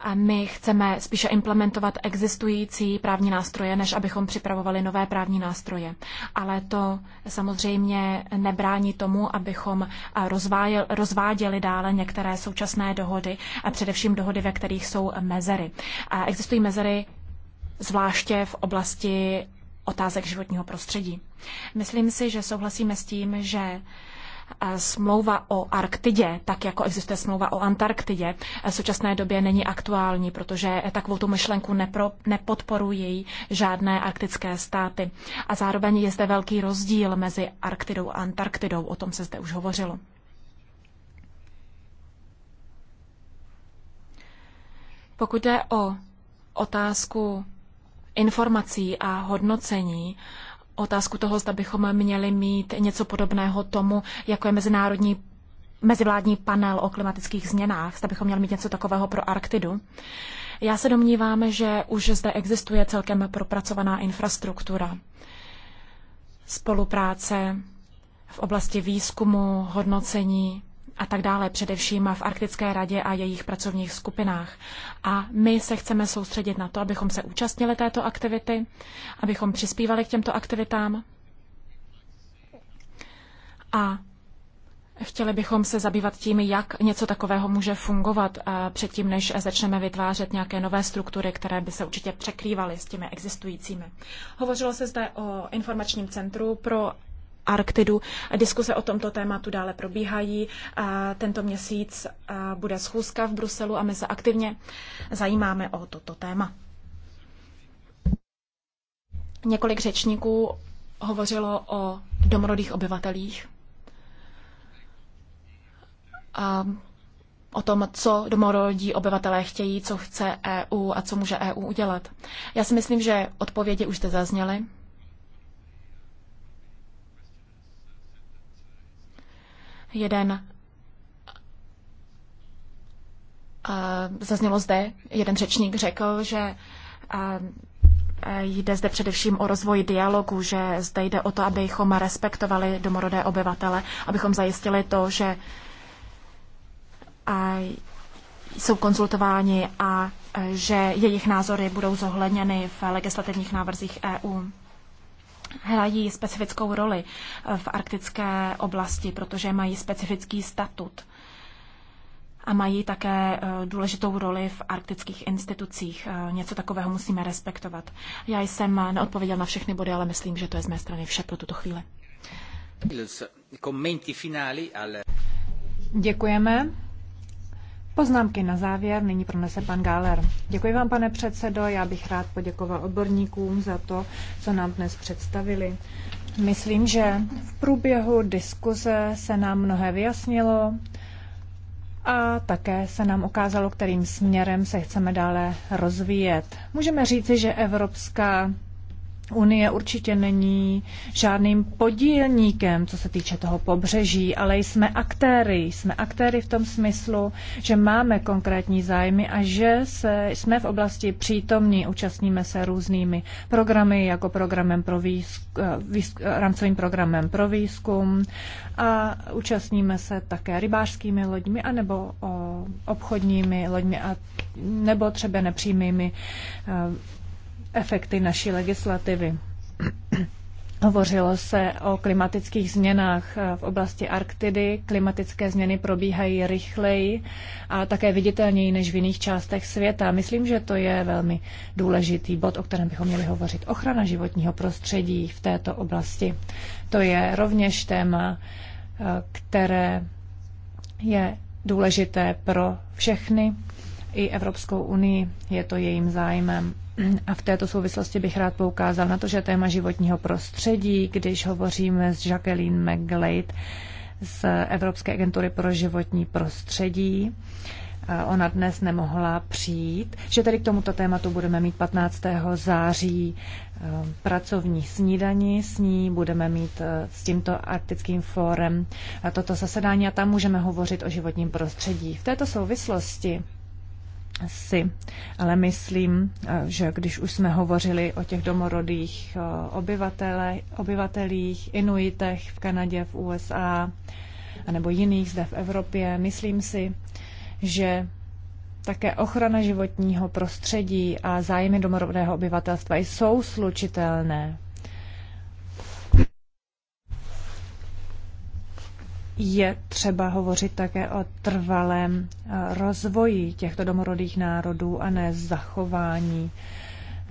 A my chceme spíše implementovat existující právní nástroje, než abychom připravovali nové právní nástroje. Ale to samozřejmě nebrání tomu, abychom rozváděli dále některé současné dohody, a především dohody, ve kterých jsou mezery. A existují mezery zvláště v oblasti otázek životního prostředí. Myslím si, že souhlasíme s tím, že smlouva o Arktidě, tak jako existuje smlouva o Antarktidě, v současné době není aktuální, protože takovou tu myšlenku nepro, nepodporují žádné arktické státy. A zároveň je zde velký rozdíl mezi Arktidou a Antarktidou, o tom se zde už hovořilo. Pokud jde o otázku informací a hodnocení, otázku toho, zda bychom měli mít něco podobného tomu, jako je mezinárodní mezivládní panel o klimatických změnách, zda bychom měli mít něco takového pro Arktidu. Já se domnívám, že už zde existuje celkem propracovaná infrastruktura. Spolupráce v oblasti výzkumu, hodnocení a tak dále, především v Arktické radě a jejich pracovních skupinách. A my se chceme soustředit na to, abychom se účastnili této aktivity, abychom přispívali k těmto aktivitám a Chtěli bychom se zabývat tím, jak něco takového může fungovat eh, předtím, než začneme vytvářet nějaké nové struktury, které by se určitě překrývaly s těmi existujícími. Hovořilo se zde o informačním centru pro Arktidu. Diskuse o tomto tématu dále probíhají. Tento měsíc bude schůzka v Bruselu a my se aktivně zajímáme o toto téma. Několik řečníků hovořilo o domorodých obyvatelích. A o tom, co domorodí obyvatelé chtějí, co chce EU a co může EU udělat. Já si myslím, že odpovědi už jste zazněly. jeden eh, zaznělo zde, jeden řečník řekl, že eh, jde zde především o rozvoj dialogu, že zde jde o to, abychom respektovali domorodé obyvatele, abychom zajistili to, že jsou konzultováni a eh, že jejich názory budou zohledněny v legislativních návrzích EU hrají specifickou roli eh, v arktické oblasti, protože mají specifický statut a mají také eh, důležitou roli v arktických institucích. Eh, něco takového musíme respektovat. Já jsem neodpověděl na všechny body, ale myslím, že to je z mé strany vše pro tuto chvíli. Děkujeme. Poznámky na závěr nyní pronese pan Gáler. Děkuji vám, pane předsedo. Já bych rád poděkoval odborníkům za to, co nám dnes představili. Myslím, že v průběhu diskuze se nám mnohé vyjasnilo a také se nám ukázalo, kterým směrem se chceme dále rozvíjet. Můžeme říci, že Evropská Unie určitě není žádným podílníkem, co se týče toho pobřeží, ale jsme aktéry. Jsme aktéry v tom smyslu, že máme konkrétní zájmy a že se, jsme v oblasti přítomní, účastníme se různými programy, jako programem pro výzkum, eh, výzkum, eh, rámcovým programem pro výzkum a účastníme se také rybářskými loďmi anebo obchodními loďmi a nebo třeba nepřímými eh, efekty naší legislativy. Hovořilo se o klimatických změnách v oblasti Arktidy. Klimatické změny probíhají rychleji a také viditelněji než v jiných částech světa. Myslím, že to je velmi důležitý bod, o kterém bychom měli hovořit. Ochrana životního prostředí v této oblasti. To je rovněž téma, které je důležité pro všechny i Evropskou unii. Je to jejím zájmem. A v této souvislosti bych rád poukázal na to, že téma životního prostředí, když hovoříme s Jacqueline McGlade z Evropské agentury pro životní prostředí, ona dnes nemohla přijít, že tedy k tomuto tématu budeme mít 15. září um, pracovní snídani s ní, budeme mít uh, s tímto arktickým fórem uh, toto zasedání a tam můžeme hovořit o životním prostředí. V této souvislosti si. Ale myslím, eh, že když už jsme hovořili o těch domorodých eh, obyvatele, obyvatelích, inuitech v Kanadě, v USA, nebo jiných zde v Evropě, myslím si, že také ochrana životního prostředí a zájmy domorodého obyvatelstva jsou slučitelné. je třeba hovořit také o trvalém eh, rozvoji těchto domorodých národů a ne zachování,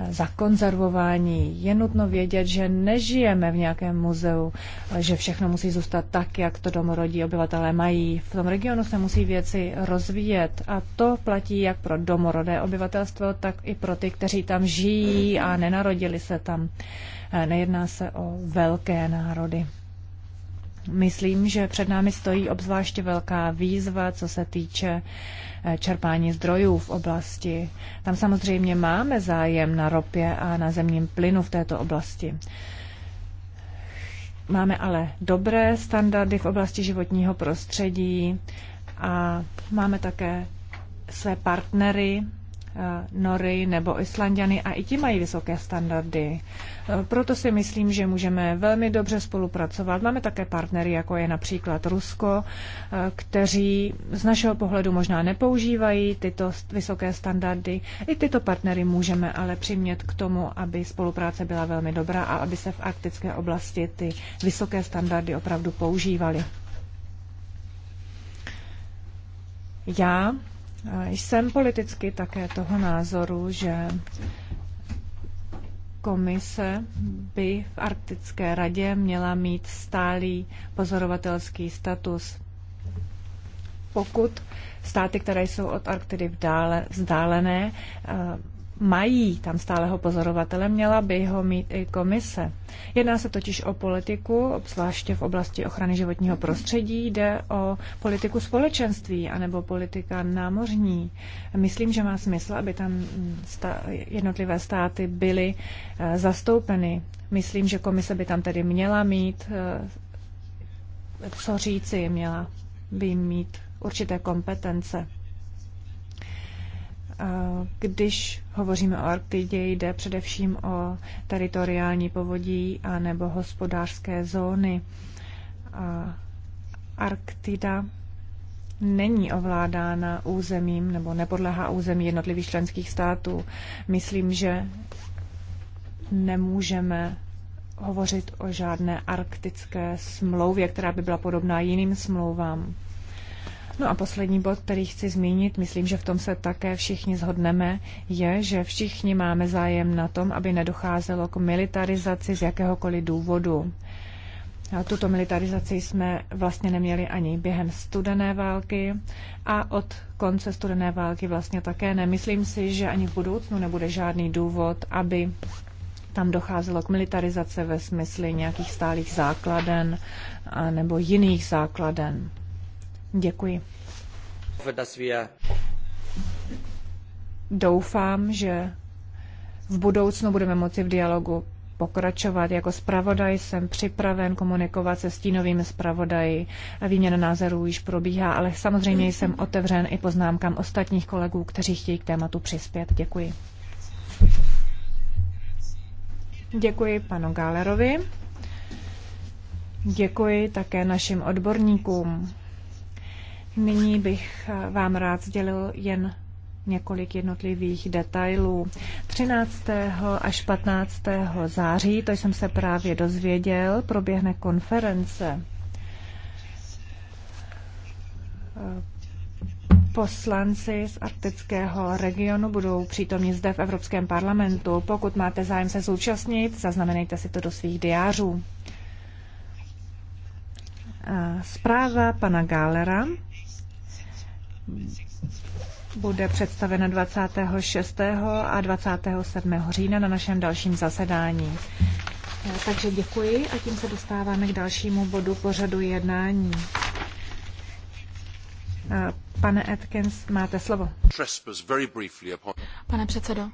eh, zakonzervování. Je nutno vědět, že nežijeme v nějakém muzeu, eh, že všechno musí zůstat tak, jak to domorodí obyvatelé mají. V tom regionu se musí věci rozvíjet a to platí jak pro domorodé obyvatelstvo, tak i pro ty, kteří tam žijí a nenarodili se tam. Nejedná se o velké národy. Myslím, že před námi stojí obzvláště velká výzva, co se týče eh, čerpání zdrojů v oblasti. Tam samozřejmě máme zájem na ropě a na zemním plynu v této oblasti. Máme ale dobré standardy v oblasti životního prostředí a máme také své partnery Eh, Nory nebo Islandiany a i ti mají vysoké standardy. Eh, proto si myslím, že můžeme velmi dobře spolupracovat. Máme také partnery, jako je například Rusko, eh, kteří z našeho pohledu možná nepoužívají tyto vysoké standardy. I tyto partnery můžeme ale přimět k tomu, aby spolupráce byla velmi dobrá a aby se v arktické oblasti ty vysoké standardy opravdu používaly. Já jsem politicky také toho názoru, že komise by v Arktické radě měla mít stálý pozorovatelský status. Pokud státy, které jsou od Arktidy vzdálené, mají tam stáleho pozorovatele, měla by ho mít i komise. Jedná se totiž o politiku, obzvláště v oblasti ochrany životního prostředí, jde o politiku společenství anebo politika námořní. Myslím, že má smysl, aby tam jednotlivé státy byly eh, zastoupeny. Myslím, že komise by tam tedy měla mít eh, co říci, měla by mít určité kompetence. Když hovoříme o Arktidě, jde především o teritoriální povodí a nebo hospodářské zóny. A Arktida není ovládána územím nebo nepodlehá území jednotlivých členských států. Myslím, že nemůžeme hovořit o žádné arktické smlouvě, která by byla podobná jiným smlouvám. No a poslední bod, který chci zmínit, myslím, že v tom se také všichni zhodneme, je, že všichni máme zájem na tom, aby nedocházelo k militarizaci z jakéhokoliv důvodu. A tuto militarizaci jsme vlastně neměli ani během studené války a od konce studené války vlastně také Nemyslím si, že ani v budoucnu nebude žádný důvod, aby tam docházelo k militarizace ve smyslu nějakých stálých základen a nebo jiných základen. Děkuji. Doufám, že v budoucnu budeme moci v dialogu pokračovat. Jako zpravodaj jsem připraven komunikovat se stínovými zpravodaji. Výměna názorů již probíhá, ale samozřejmě jsem otevřen i poznámkám ostatních kolegů, kteří chtějí k tématu přispět. Děkuji. Děkuji panu Gálerovi. Děkuji také našim odborníkům. Nyní bych eh, vám rád sdělil jen několik jednotlivých detailů. 13. až 15. září, to jsem se právě dozvěděl, proběhne konference. Eh, poslanci z arktického regionu budou přítomni zde v Evropském parlamentu. Pokud máte zájem se zúčastnit, zaznamenejte si to do svých diářů. Eh, zpráva pana Gálera bude představena 26. a 27. října na našem dalším zasedání. Eh, takže děkuji a tím se dostáváme k dalšímu bodu pořadu jednání. Eh, pane Atkins, máte slovo. Pane předsedo,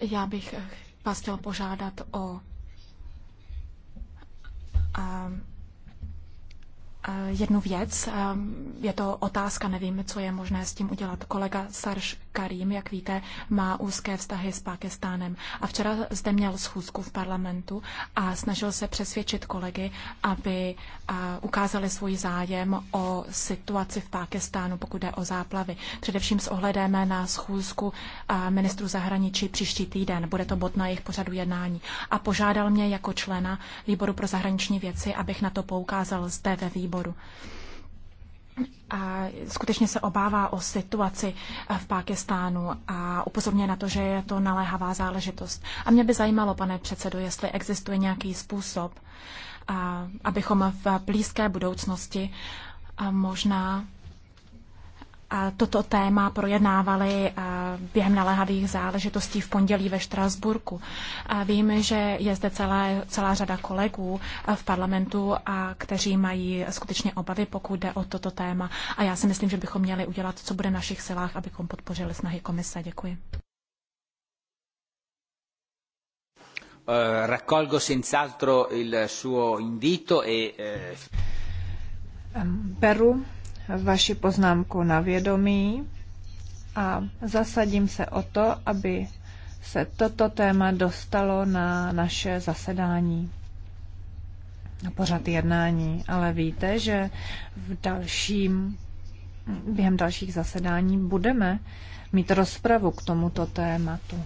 já bych eh, vás chtěl požádat o a jednu věc. Je to otázka, nevím, co je možné s tím udělat. Kolega Sarš Karim, jak víte, má úzké vztahy s Pakistánem. A včera zde měl schůzku v parlamentu a snažil se přesvědčit kolegy, aby ukázali svůj zájem o situaci v Pakistánu, pokud jde o záplavy. Především s ohledem na schůzku ministru zahraničí příští týden. Bude to bod na jejich pořadu jednání. A požádal mě jako člena výboru pro zahraniční věci, abych na to poukázal zde ve výboru skutečně se obává o situaci v Pákistánu a upozorňuje na to, že je to naléhavá záležitost. A mě by zajímalo, pane předsedo, jestli existuje nějaký způsob, abychom v blízké budoucnosti možná toto téma projednávali eh, během naléhavých záležitostí v pondělí ve Štrasburku. Vím, že je zde celá, celá řada kolegů eh, v parlamentu, a kteří mají skutečně obavy, pokud jde o toto téma. A já si myslím, že bychom měli udělat, co bude v našich silách, abychom podpořili snahy komise. Děkuji. Eh, raccolgo senz'altro il suo invito e... Beru vaši poznámku na vědomí a zasadím se o to, aby se toto téma dostalo na naše zasedání, na pořad jednání. Ale víte, že v dalším, během dalších zasedání budeme mít rozpravu k tomuto tématu.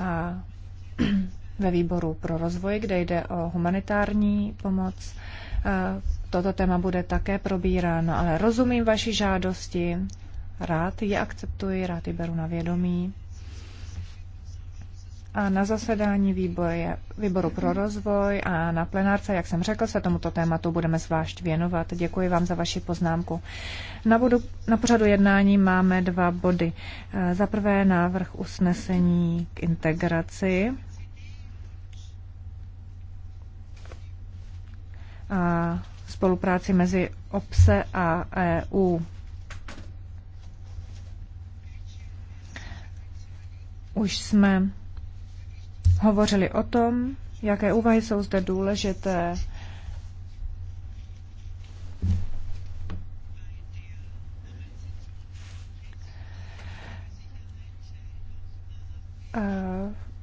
A [clears throat] ve výboru pro rozvoj, kde jde o humanitární pomoc, toto téma bude také probíráno, ale rozumím vaší žádosti, rád ji akceptuji, rád ji beru na vědomí. A na zasedání výboje, výboru pro rozvoj a na plenárce, jak jsem řekl, se tomuto tématu budeme zvlášť věnovat. Děkuji vám za vaši poznámku. Na, budu, na pořadu jednání máme dva body. Za prvé návrh usnesení k integraci. A spolupráci mezi OPSE a EU. Už jsme hovořili o tom, jaké úvahy jsou zde důležité.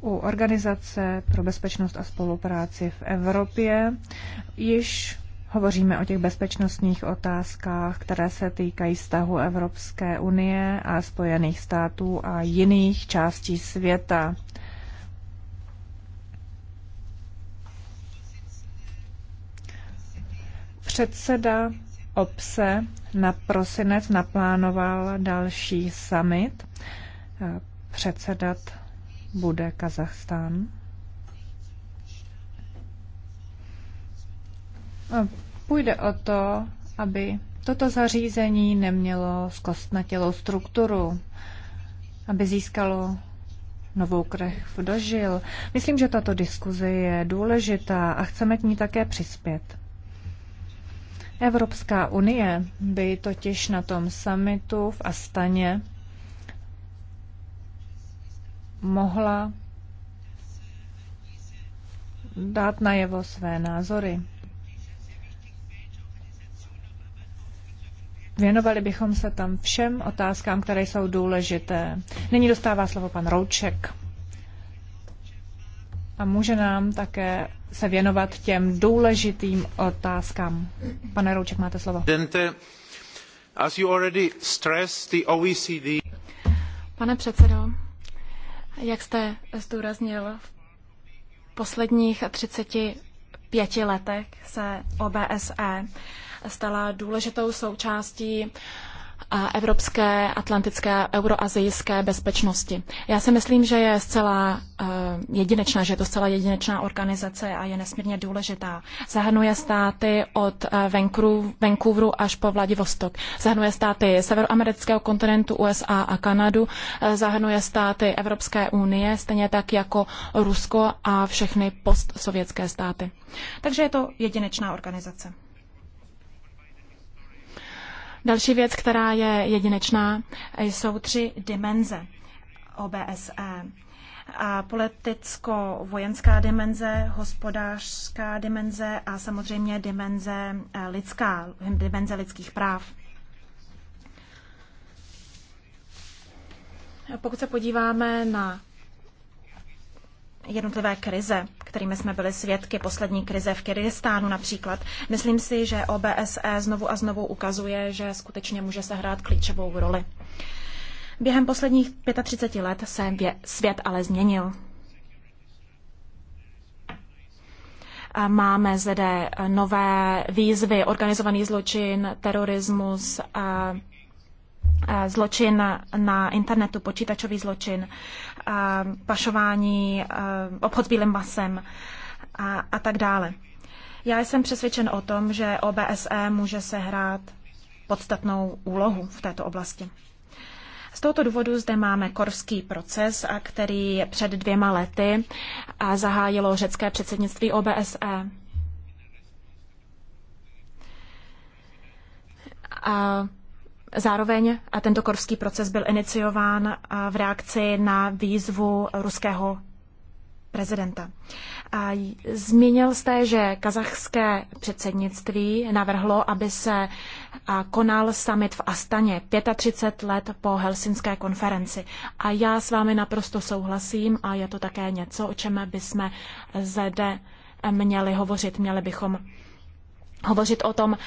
u Organizace pro bezpečnost a spolupráci v Evropě již Hovoříme o těch bezpečnostních otázkách, které se týkají vztahu Evropské unie a Spojených států a jiných částí světa. Předseda OPSE na prosinec naplánoval další summit. Předsedat bude Kazachstán. Půjde o to, aby toto zařízení nemělo zkostnatělou strukturu, aby získalo novou krev dožil. Myslím, že tato diskuze je důležitá a chceme k ní také přispět. Evropská unie by totiž na tom summitu v Astaně mohla dát najevo své názory. Věnovali bychom se tam všem otázkám, které jsou důležité. Nyní dostává slovo pan Rouček. A může nám také se věnovat těm důležitým otázkám. Pane Rouček, máte slovo. E Pane předsedo, jak jste zdůraznil, v posledních 30 pěti letech se OBSE stala důležitou součástí evropské, atlantické, euroazijské bezpečnosti. Já si myslím, že je zcela eh, jedinečná, že je to zcela jedinečná organizace a je nesmírně důležitá. Zahrnuje státy od eh, Vancouveru až po Vladivostok. Zahrnuje státy severoamerického kontinentu USA a Kanadu. Eh, zahrnuje státy Evropské unie, stejně tak jako Rusko a všechny postsovětské státy. Takže je to jedinečná organizace. Další věc, která je jedinečná, jsou tři dimenze OBSE. A politicko-vojenská dimenze, hospodářská dimenze a samozřejmě dimenze eh, lidská, dimenze lidských práv. Pokud se podíváme na jednotlivé krize, kterými jsme byli svědky, poslední krize v Kyrgyzstánu například. Myslím si, že OBSE znovu a znovu ukazuje, že skutečně může sehrát klíčovou roli. Během posledních 35 let se svět ale změnil. Máme zde nové výzvy, organizovaný zločin, terorismus, zločin na internetu, počítačový zločin, pašování, obchod s bílým masem a, a tak dále. Já jsem přesvědčen o tom, že OBSE může sehrát podstatnou úlohu v této oblasti. Z tohoto důvodu zde máme korvský proces, který před dvěma lety zahájilo řecké předsednictví OBSE. A Zároveň a tento korský proces byl iniciován eh, v reakci na výzvu ruského prezidenta. A zmínil jste, že kazachské předsednictví navrhlo, aby se konal summit v Astaně 35 let po helsinské konferenci. A já s vámi naprosto souhlasím a je to také něco, o čem bychom zde měli hovořit. Měli bychom hovořit o tom,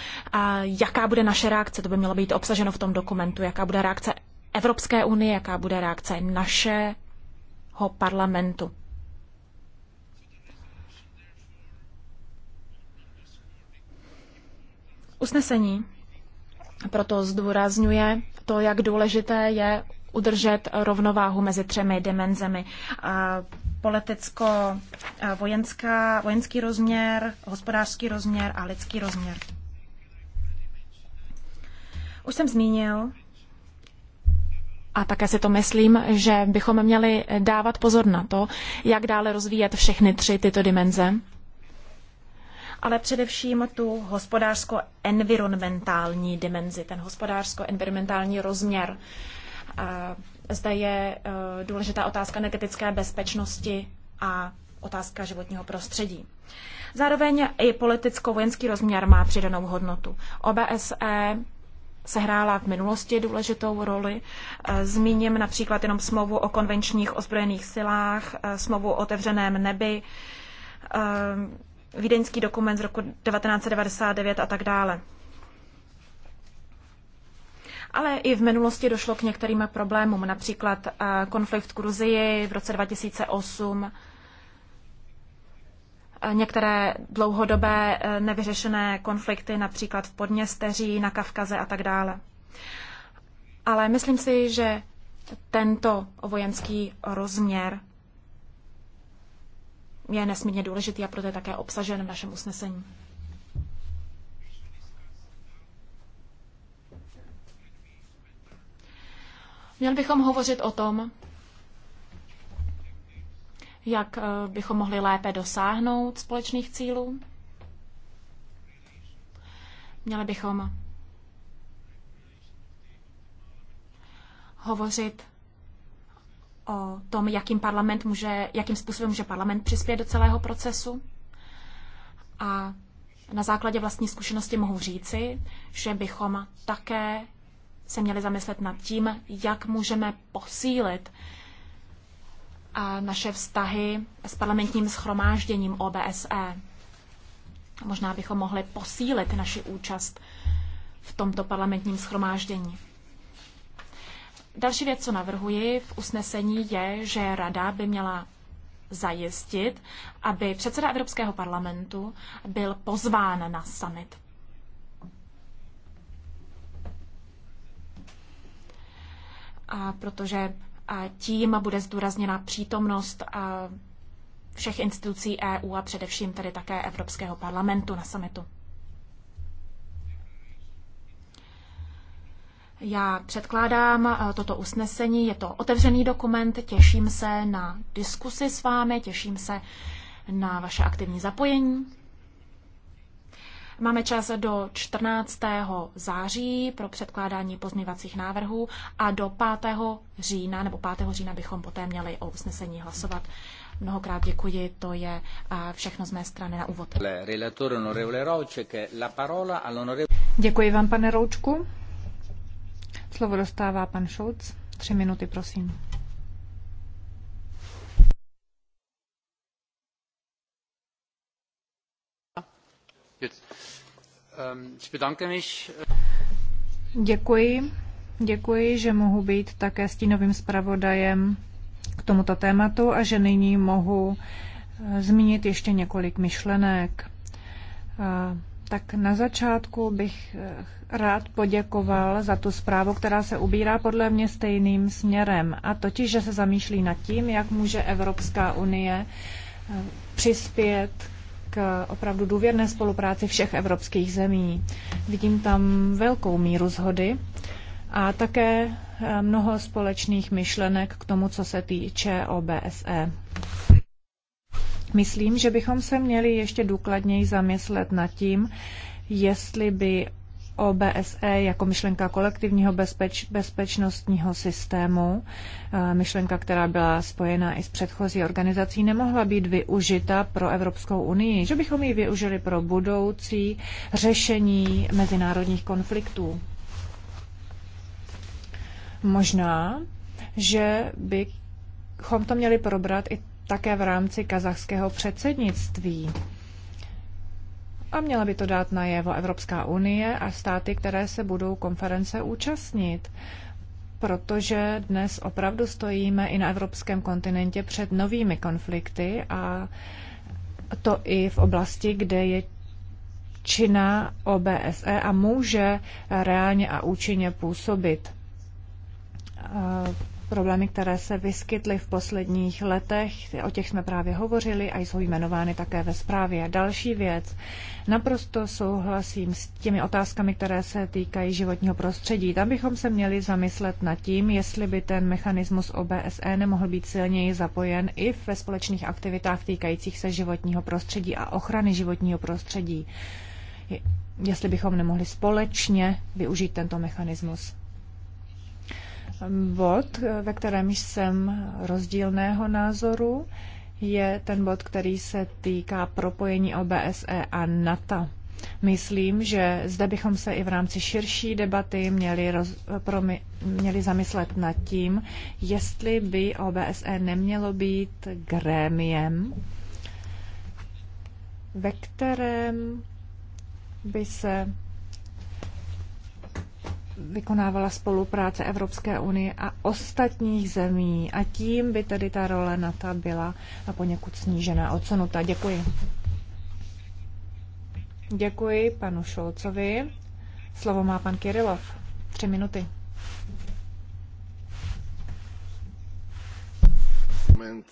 jaká bude naše reakce. To by mělo být obsaženo v tom dokumentu, jaká bude reakce Evropské unie, jaká bude reakce našeho parlamentu. Usnesení proto zdůrazňuje to, jak důležité je udržet rovnováhu mezi třemi dimenzemi politicko vojenská, vojenský rozměr, hospodářský rozměr a lidský rozměr. Už jsem zmínil, a také si to myslím, že bychom měli dávat pozor na to, jak dále rozvíjet všechny tři tyto dimenze, ale především tu hospodářsko-environmentální dimenzi, ten hospodářsko-environmentální rozměr zde je eh, důležitá otázka energetické bezpečnosti a otázka životního prostředí. Zároveň i politicko-vojenský rozměr má přidanou hodnotu. OBSE sehrála v minulosti důležitou roli. Eh, zmíním například jenom smlouvu o konvenčních ozbrojených silách, eh, smlouvu o otevřeném nebi, vídeňský dokument z roku 1999 a tak dále. Ale i v minulosti došlo k některým problémům, například eh, konflikt v Gruzii v roce 2008, eh, některé dlouhodobé eh, nevyřešené konflikty, například v Podněsteří, na Kavkaze a tak dále. Ale myslím si, že tento vojenský rozměr je nesmírně důležitý a proto je také obsažen v našem usnesení. Měl bychom hovořit o tom, jak eh, bychom mohli lépe dosáhnout společných cílů. Měli bychom hovořit o tom, jakým, parlament může, jakým způsobem může parlament přispět do celého procesu. A na základě vlastní zkušenosti mohu říci, že bychom také se měli zamyslet nad tím, jak můžeme posílit a naše vztahy s parlamentním schromážděním OBSE. Možná bychom mohli posílit naši účast v tomto parlamentním schromáždění. Další věc, co navrhuji v usnesení, je, že Rada by měla zajistit, aby předseda Evropského parlamentu byl pozván na summit A protože tím bude zdůrazněna přítomnost všech institucí EU a především tedy také Evropského parlamentu na sametu. Já předkládám toto usnesení, je to otevřený dokument, těším se na diskusy s vámi, těším se na vaše aktivní zapojení. Máme čas do 14. září pro předkládání pozměvacích návrhů a do 5. října nebo 5. října bychom poté měli o usnesení hlasovat. Mnohokrát děkuji, to je všechno z mé strany na úvod. Děkuji vám, pane Roučku. Slovo dostává pan Šouc. Tři minuty, prosím. Um, äh, Děkuji. Děkuji, že mohu být také stínovým zpravodajem k tomuto tématu a že nyní mohu uh, zmínit ještě několik myšlenek. Uh, tak na začátku bych uh, rád poděkoval za tu zprávu, která se ubírá podle mě stejným směrem, a totiž, že se zamýšlí nad tím, jak může Evropská unie přispět opravdu důvěrné spolupráci všech evropských zemí. Vidím tam velkou míru zhody a také eh, mnoho společných myšlenek k tomu, co se týče OBSE. Myslím, že bychom se měli ještě důkladněji zamyslet nad tím, jestli by OBSE jako myšlenka kolektivního bezpeč, bezpečnostního systému, eh, myšlenka, která byla spojena i s předchozí organizací, nemohla být využita pro Evropskou unii, že bychom ji využili pro budoucí řešení mezinárodních konfliktů. Možná, že bychom to měli probrat i také v rámci kazachského předsednictví a měla by to dát najevo Evropská unie a státy, které se budou konference účastnit. Protože dnes opravdu stojíme i na evropském kontinentě před novými konflikty a to i v oblasti, kde je čina OBSE a může reálně a účinně působit problémy, které se vyskytly v posledních letech, o těch jsme právě hovořili a jsou jmenovány také ve zprávě. Další věc, naprosto souhlasím s těmi otázkami, které se týkají životního prostředí. Tam bychom se měli zamyslet nad tím, jestli by ten mechanismus OBSE nemohl být silněji zapojen i ve společných aktivitách týkajících se životního prostředí a ochrany životního prostředí. Jestli bychom nemohli společně využít tento mechanismus bod, ve kterém jsem rozdílného názoru, je ten bod, který se týká propojení OBSE a NATO. Myslím, že zde bychom se i v rámci širší debaty měli, roz, pro, měli zamyslet nad tím, jestli by OBSE nemělo být grémiem, ve kterém by se vykonávala spolupráce Evropské unie a ostatních zemí a tím by tedy ta role NATO byla poněkud snížena odsunuta. Děkuji. Děkuji panu Šolcovi. Slovo má pan Kirilov. Tři minuty. Moment.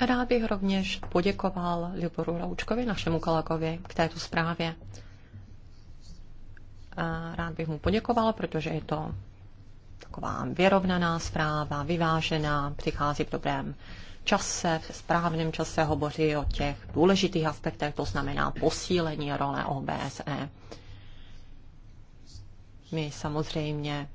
Rád bych rovněž poděkoval Liboru Raučkovi, našemu kolegovi, k této zprávě. Rád bych mu poděkoval, protože je to taková vyrovnaná zpráva, vyvážená, přichází v dobrém čase, v správném čase hovoří o těch důležitých aspektech, to znamená posílení role OBSE. My samozřejmě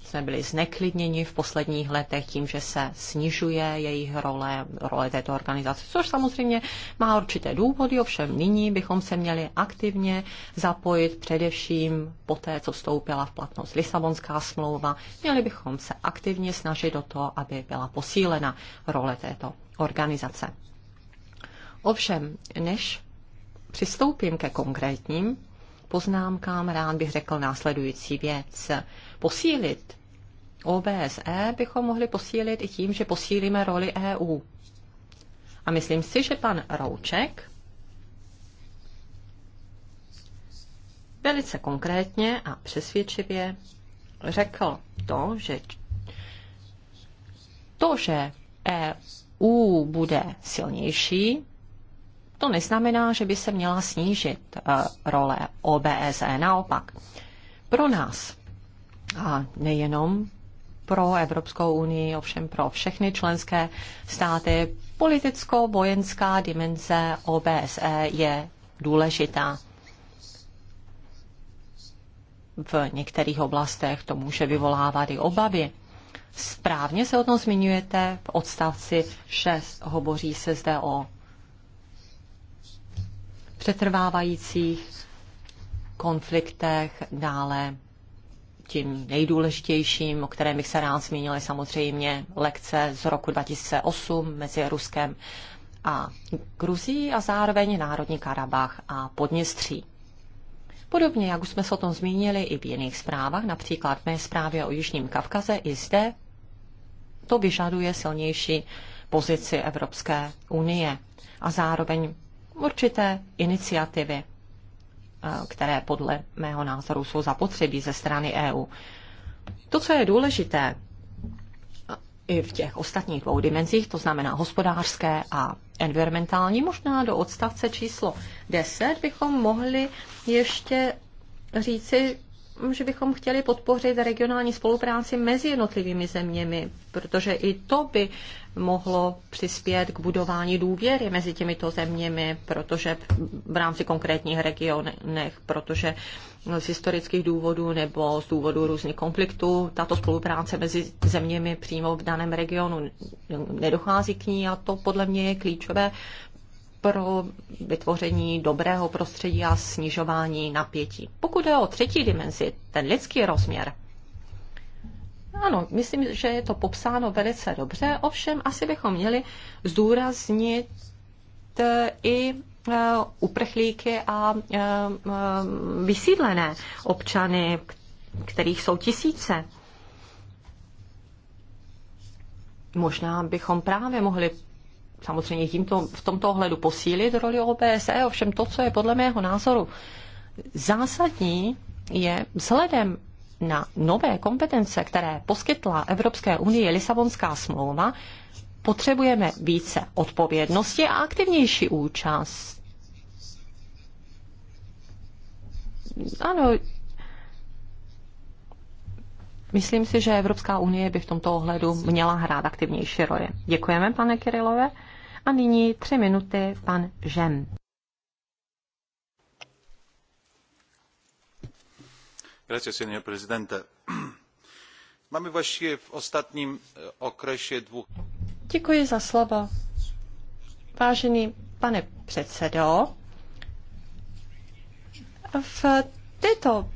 jsme byli zneklidněni v posledních letech tím, že se snižuje jejich role, role této organizace, což samozřejmě má určité důvody, ovšem nyní bychom se měli aktivně zapojit především po té, co vstoupila v platnost Lisabonská smlouva, měli bychom se aktivně snažit o to, aby byla posílena role této organizace. Ovšem, než přistoupím ke konkrétním poznámkám rád bych řekl následující věc. Posílit OBSE bychom mohli posílit i tím, že posílíme roli EU. A myslím si, že pan Rouček velice konkrétně a přesvědčivě řekl to, že to, že EU bude silnější, to neznamená, že by se měla snížit eh, role OBSE. Naopak, pro nás a nejenom pro Evropskou unii, ovšem pro všechny členské státy, politicko-vojenská dimenze OBSE je důležitá. V některých oblastech to může vyvolávat i obavy. Správně se o tom zmiňujete, v odstavci 6 hovoří se zde o přetrvávajících konfliktech, dále tím nejdůležitějším, o kterém bych se rád zmínil, je samozřejmě lekce z roku 2008 mezi Ruskem a Gruzí a zároveň Národní Karabach a Podněstří. Podobně, jak už jsme se o tom zmínili i v jiných zprávách, například v mé zprávě o Jižním Kavkaze, i zde to vyžaduje silnější pozici Evropské unie a zároveň určité iniciativy, eh, které podle mého názoru jsou zapotřebí ze strany EU. To, co je důležité eh, i v těch ostatních dvou dimenzích, to znamená hospodářské a environmentální, možná do odstavce číslo 10 bychom mohli ještě říci, že bychom chtěli podpořit regionální spolupráci mezi jednotlivými zeměmi, protože i to by mohlo přispět k budování důvěry mezi těmito zeměmi, protože v rámci konkrétních regionech, protože z historických důvodů nebo z důvodu různých konfliktů tato spolupráce mezi zeměmi přímo v daném regionu nedochází k ní a to podle mě je klíčové pro vytvoření dobrého prostředí a snižování napětí. Pokud je o třetí dimenzi, ten lidský rozměr, ano, myslím, že je to popsáno velice dobře, ovšem asi bychom měli zdůraznit eh, i eh, uprchlíky a eh, vysídlené občany, kterých jsou tisíce. Možná bychom právě mohli samozřejmě tímto, v tomto ohledu posílit roli OBSE, ovšem to, co je podle mého názoru zásadní, je vzhledem na nové kompetence, které poskytla Evropské unii Lisabonská smlouva, potřebujeme více odpovědnosti a aktivnější účast. Ano, myslím si, že Evropská unie by v tomto ohledu měla hrát aktivnější roli. Děkujeme, pane Kirilové. A nyní tři minuty pan Žem. panie presidente. [clears throat] Máme vlastně v ostatním eh, okresie dvou. Děkuji za slovo. Vážený pane předsedo, v této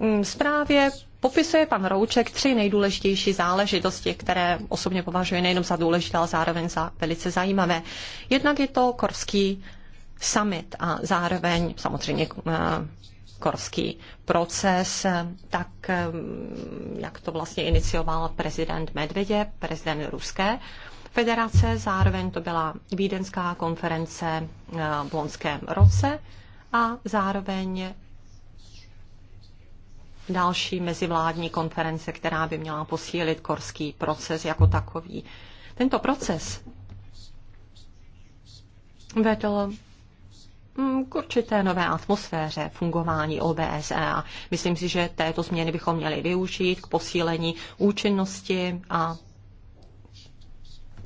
mm, zprávě popisuje pan Rouček tři nejdůležitější záležitosti, které osobně považuji nejenom za důležité, ale zároveň za velice zajímavé. Jednak je to korský summit a zároveň samozřejmě eh, korský proces, tak eh, jak to vlastně inicioval prezident Medvedě, prezident Ruské federace, zároveň to byla vídenská konference eh, v loňském roce a zároveň další mezivládní konference, která by měla posílit korský proces jako takový. Tento proces vedl mm, k určité nové atmosféře fungování OBSE a myslím si, že této změny bychom měli využít k posílení účinnosti a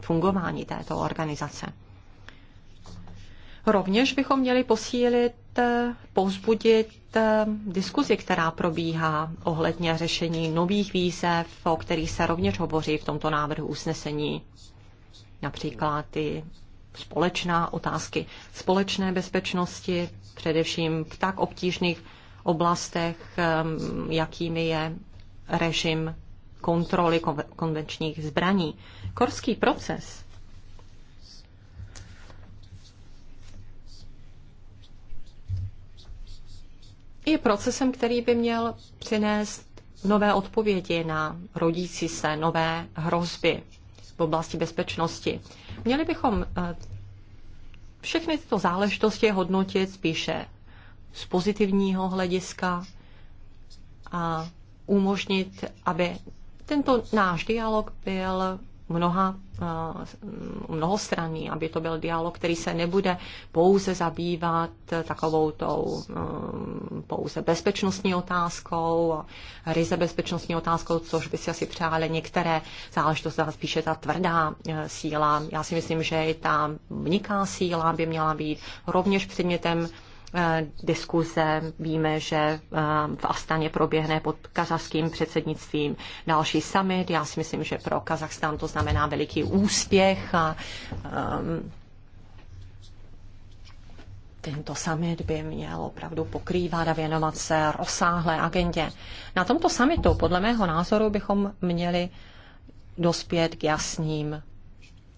fungování této organizace. Rovněž bychom měli posílit Eh, povzbudit eh, diskuzi, která probíhá ohledně řešení nových výzev, o kterých se rovněž hovoří v tomto návrhu usnesení. Například ty společná otázky společné bezpečnosti, především v tak obtížných oblastech, eh, jakými je režim kontroly konvenčních zbraní. Korský proces i procesem, který by měl přinést nové odpovědi na rodící se nové hrozby v oblasti bezpečnosti. Měli bychom eh, všechny tyto záležitosti hodnotit spíše z pozitivního hlediska a umožnit, aby tento náš dialog byl mnoha, eh, mnoho straní, aby to byl dialog, který se nebude pouze zabývat eh, takovou tou eh, pouze bezpečnostní otázkou, ryze bezpečnostní otázkou, což by si asi přáli některé záležitosti, spíše ta tvrdá síla. Já si myslím, že i ta vniká síla by měla být rovněž předmětem Eh, diskuze. Víme, že eh, v Astaně proběhne pod kazachským předsednictvím další summit. Já si myslím, že pro Kazachstán to znamená veliký úspěch a um, tento summit by měl opravdu pokrývat a věnovat se rozsáhlé agendě. Na tomto summitu, podle mého názoru, bychom měli dospět k jasným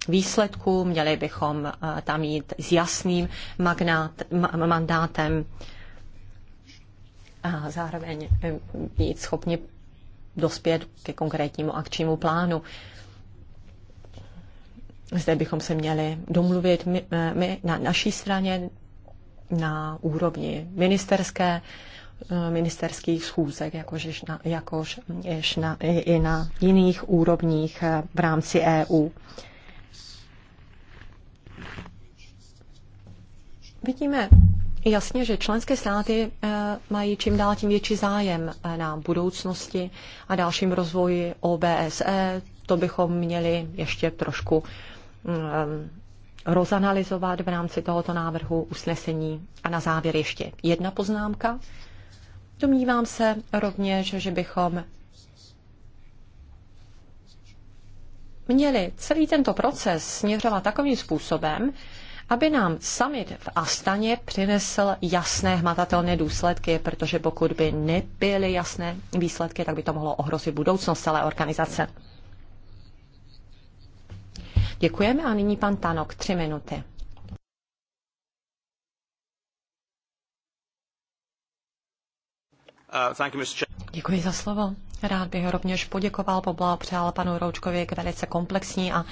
výsledků, měli bychom eh, tam jít s jasným magnát, mandátem a zároveň eh, být schopni dospět ke konkrétnímu akčnímu plánu. Zde bychom se měli domluvit my, eh, my na naší straně na úrovni ministerské, ministerských schůzek, jakož, na, jakož na, i na jiných úrovních v rámci EU. Vidíme jasně, že členské státy eh, mají čím dál tím větší zájem eh, na budoucnosti a dalším rozvoji OBSE. To bychom měli ještě trošku mm, eh, rozanalizovat v rámci tohoto návrhu usnesení. A na závěr ještě jedna poznámka. Domnívám se rovněž, že bychom měli celý tento proces směřovat takovým způsobem, aby nám summit v Astaně přinesl jasné hmatatelné důsledky, protože pokud by nebyly jasné výsledky, tak by to mohlo ohrozit budoucnost celé organizace. Děkujeme a nyní pan Tanok, tři minuty. Uh, Děkuji za slovo. Rád bych rovněž poděkoval, poblahopřál panu Roučkovi k velice komplexní a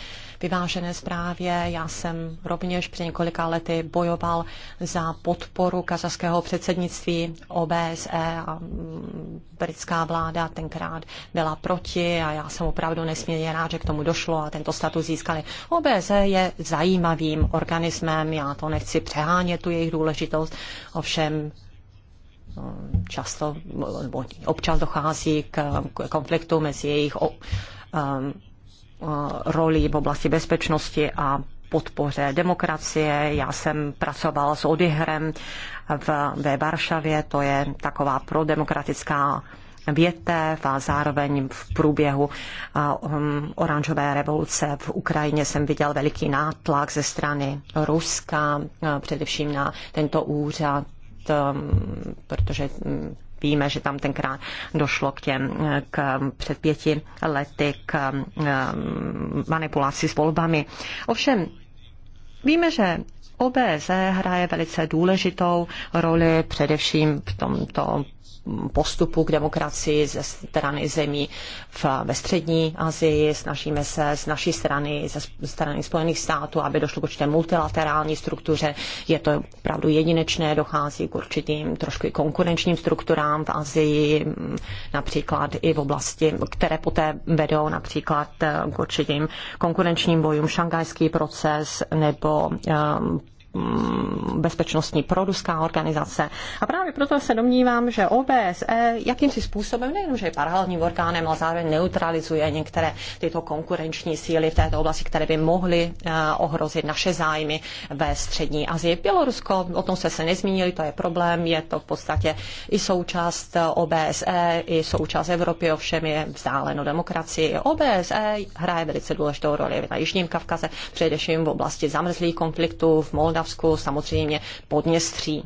vyvážené zprávě. Já jsem rovněž před několika lety bojoval za podporu kazaského předsednictví OBSE a mm, britská vláda tenkrát byla proti a já jsem opravdu nesmírně rád, že k tomu došlo a tento status získali. OBSE je zajímavým organismem, já to nechci přehánět, tu jejich důležitost, ovšem často nebo občas dochází k konfliktu mezi jejich um, roli v oblasti bezpečnosti a podpoře demokracie. Já jsem pracovala s Odihrem v, ve Varšavě, to je taková prodemokratická větev a zároveň v průběhu um, oranžové revoluce v Ukrajině jsem viděl veliký nátlak ze strany Ruska, především na tento úřad protože mm, víme, že tam tenkrát došlo k těm k před pěti lety k mm, manipulaci s volbami. Ovšem, víme, že OBZ e hraje velice důležitou roli především v tomto postupu k demokracii ze strany zemí v, ve střední Asii. Snažíme se z naší strany, ze strany Spojených států, aby došlo k určité multilaterální struktuře. Je to opravdu jedinečné, dochází k určitým trošku konkurenčním strukturám v Asii, například i v oblasti, které poté vedou například k určitým konkurenčním bojům, šangajský proces nebo um, Mm, bezpečnostní proruská organizace. A právě proto se domnívám, že OBSE jakýmsi způsobem nejenom, že je paralelním orgánem, ale zároveň neutralizuje některé tyto konkurenční síly v této oblasti, které by mohly eh, ohrozit naše zájmy ve střední Asii. Bělorusko, o tom jste se nezmínili, to je problém, je to v podstatě i součást eh, OBSE, i součást Evropy, ovšem je vzdáleno demokracii. OBSE hraje velice důležitou roli na Jižním Kavkaze, především v oblasti zamrzlých konfliktů v Moldavsku Moldavsku, samozřejmě Podněstří.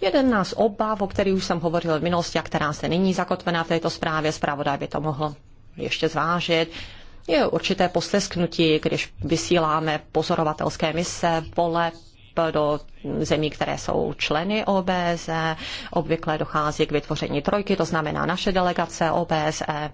Jeden z obav, o který už jsem hovořil v minulosti a která se nyní zakotvená v této zprávě, zpravodaj by to mohl ještě zvážit, je určité poslesknutí, když vysíláme pozorovatelské mise, pole do zemí, které jsou členy OBSE. Obvykle dochází k vytvoření trojky, to znamená naše delegace OBSE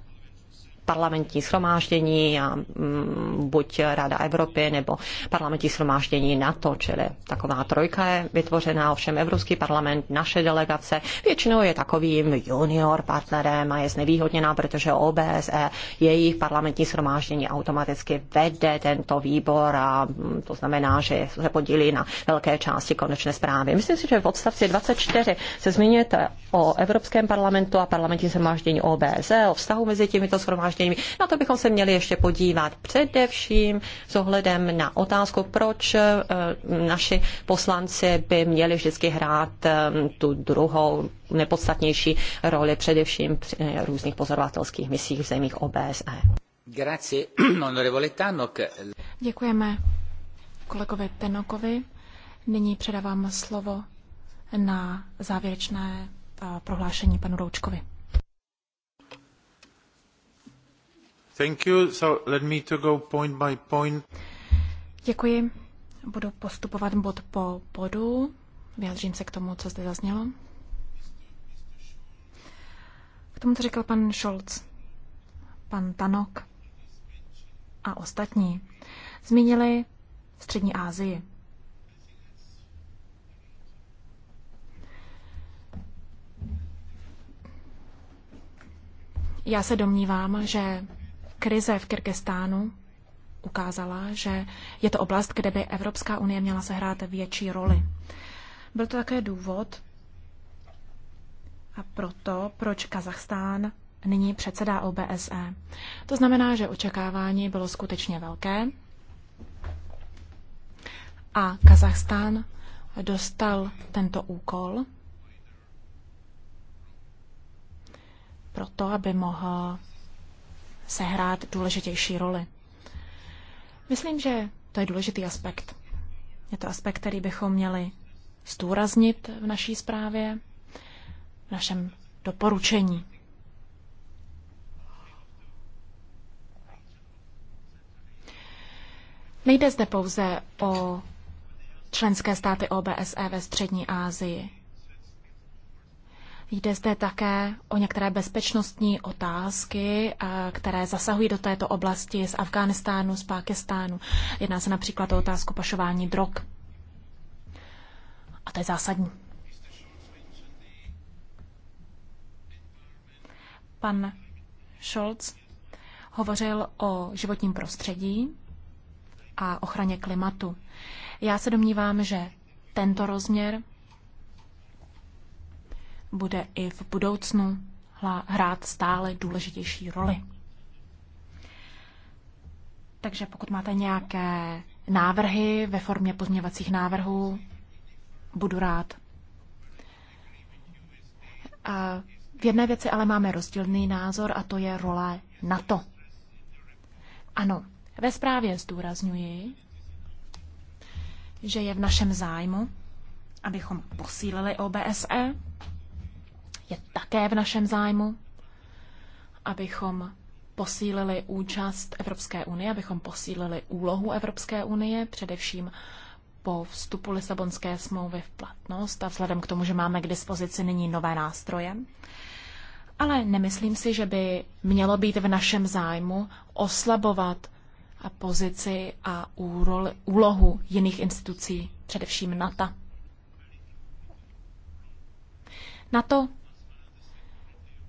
parlamentní shromáždění a mm, buď Rada Evropy nebo parlamentní shromáždění NATO, čili taková trojka je vytvořená, ovšem Evropský parlament, naše delegace, většinou je takovým junior partnerem a je znevýhodněná, protože OBSE, jejich parlamentní shromáždění automaticky vede tento výbor a mm, to znamená, že se podílí na velké části konečné zprávy. Myslím si, že v odstavci 24 se zmiňujete o Evropském parlamentu a parlamentní shromáždění OBSE, o vztahu mezi těmito schromážděními shromážděními. Na to bychom se měli ještě podívat především s ohledem na otázku, proč eh, naši poslanci by měli vždycky hrát eh, tu druhou nepodstatnější roli především při různých pozorovatelských misích v zemích OBSE. Děkujeme kolegovi Tenokovi. Nyní předávám slovo na závěrečné eh, prohlášení panu Roučkovi. Děkuji. Budu postupovat bod po bodu. Vyjádřím se k tomu, co zde zaznělo. K tomu, co řekl pan Scholz, pan Tanok a ostatní. Zmínili Střední Asii. Já se domnívám, že Krize v Kyrgyzstánu ukázala, že je to oblast, kde by Evropská unie měla sehrát větší roli. Byl to také důvod a proto, proč Kazachstán nyní předsedá OBSE. To znamená, že očekávání bylo skutečně velké a Kazachstán dostal tento úkol proto, aby mohl sehrát důležitější roli. Myslím, že to je důležitý aspekt. Je to aspekt, který bychom měli zdůraznit v naší zprávě, v našem doporučení. Nejde zde pouze o členské státy OBSE ve střední Asii. Jde zde také o některé bezpečnostní otázky, eh, které zasahují do této oblasti z Afghánistánu, z Pákistánu. Jedná se například o otázku pašování drog. A to je zásadní. Pan Scholz hovořil o životním prostředí a ochraně klimatu. Já se domnívám, že tento rozměr bude i v budoucnu hrát stále důležitější roli. Takže pokud máte nějaké návrhy ve formě pozměvacích návrhů, budu rád. A v jedné věci ale máme rozdílný názor a to je role NATO. Ano, ve zprávě zdůrazňuji, že je v našem zájmu, abychom posílili OBSE, je také v našem zájmu, abychom posílili účast Evropské unie, abychom posílili úlohu Evropské unie, především po vstupu Lisabonské smlouvy v platnost a vzhledem k tomu, že máme k dispozici nyní nové nástroje. Ale nemyslím si, že by mělo být v našem zájmu oslabovat pozici a úlohu jiných institucí, především NATO. NATO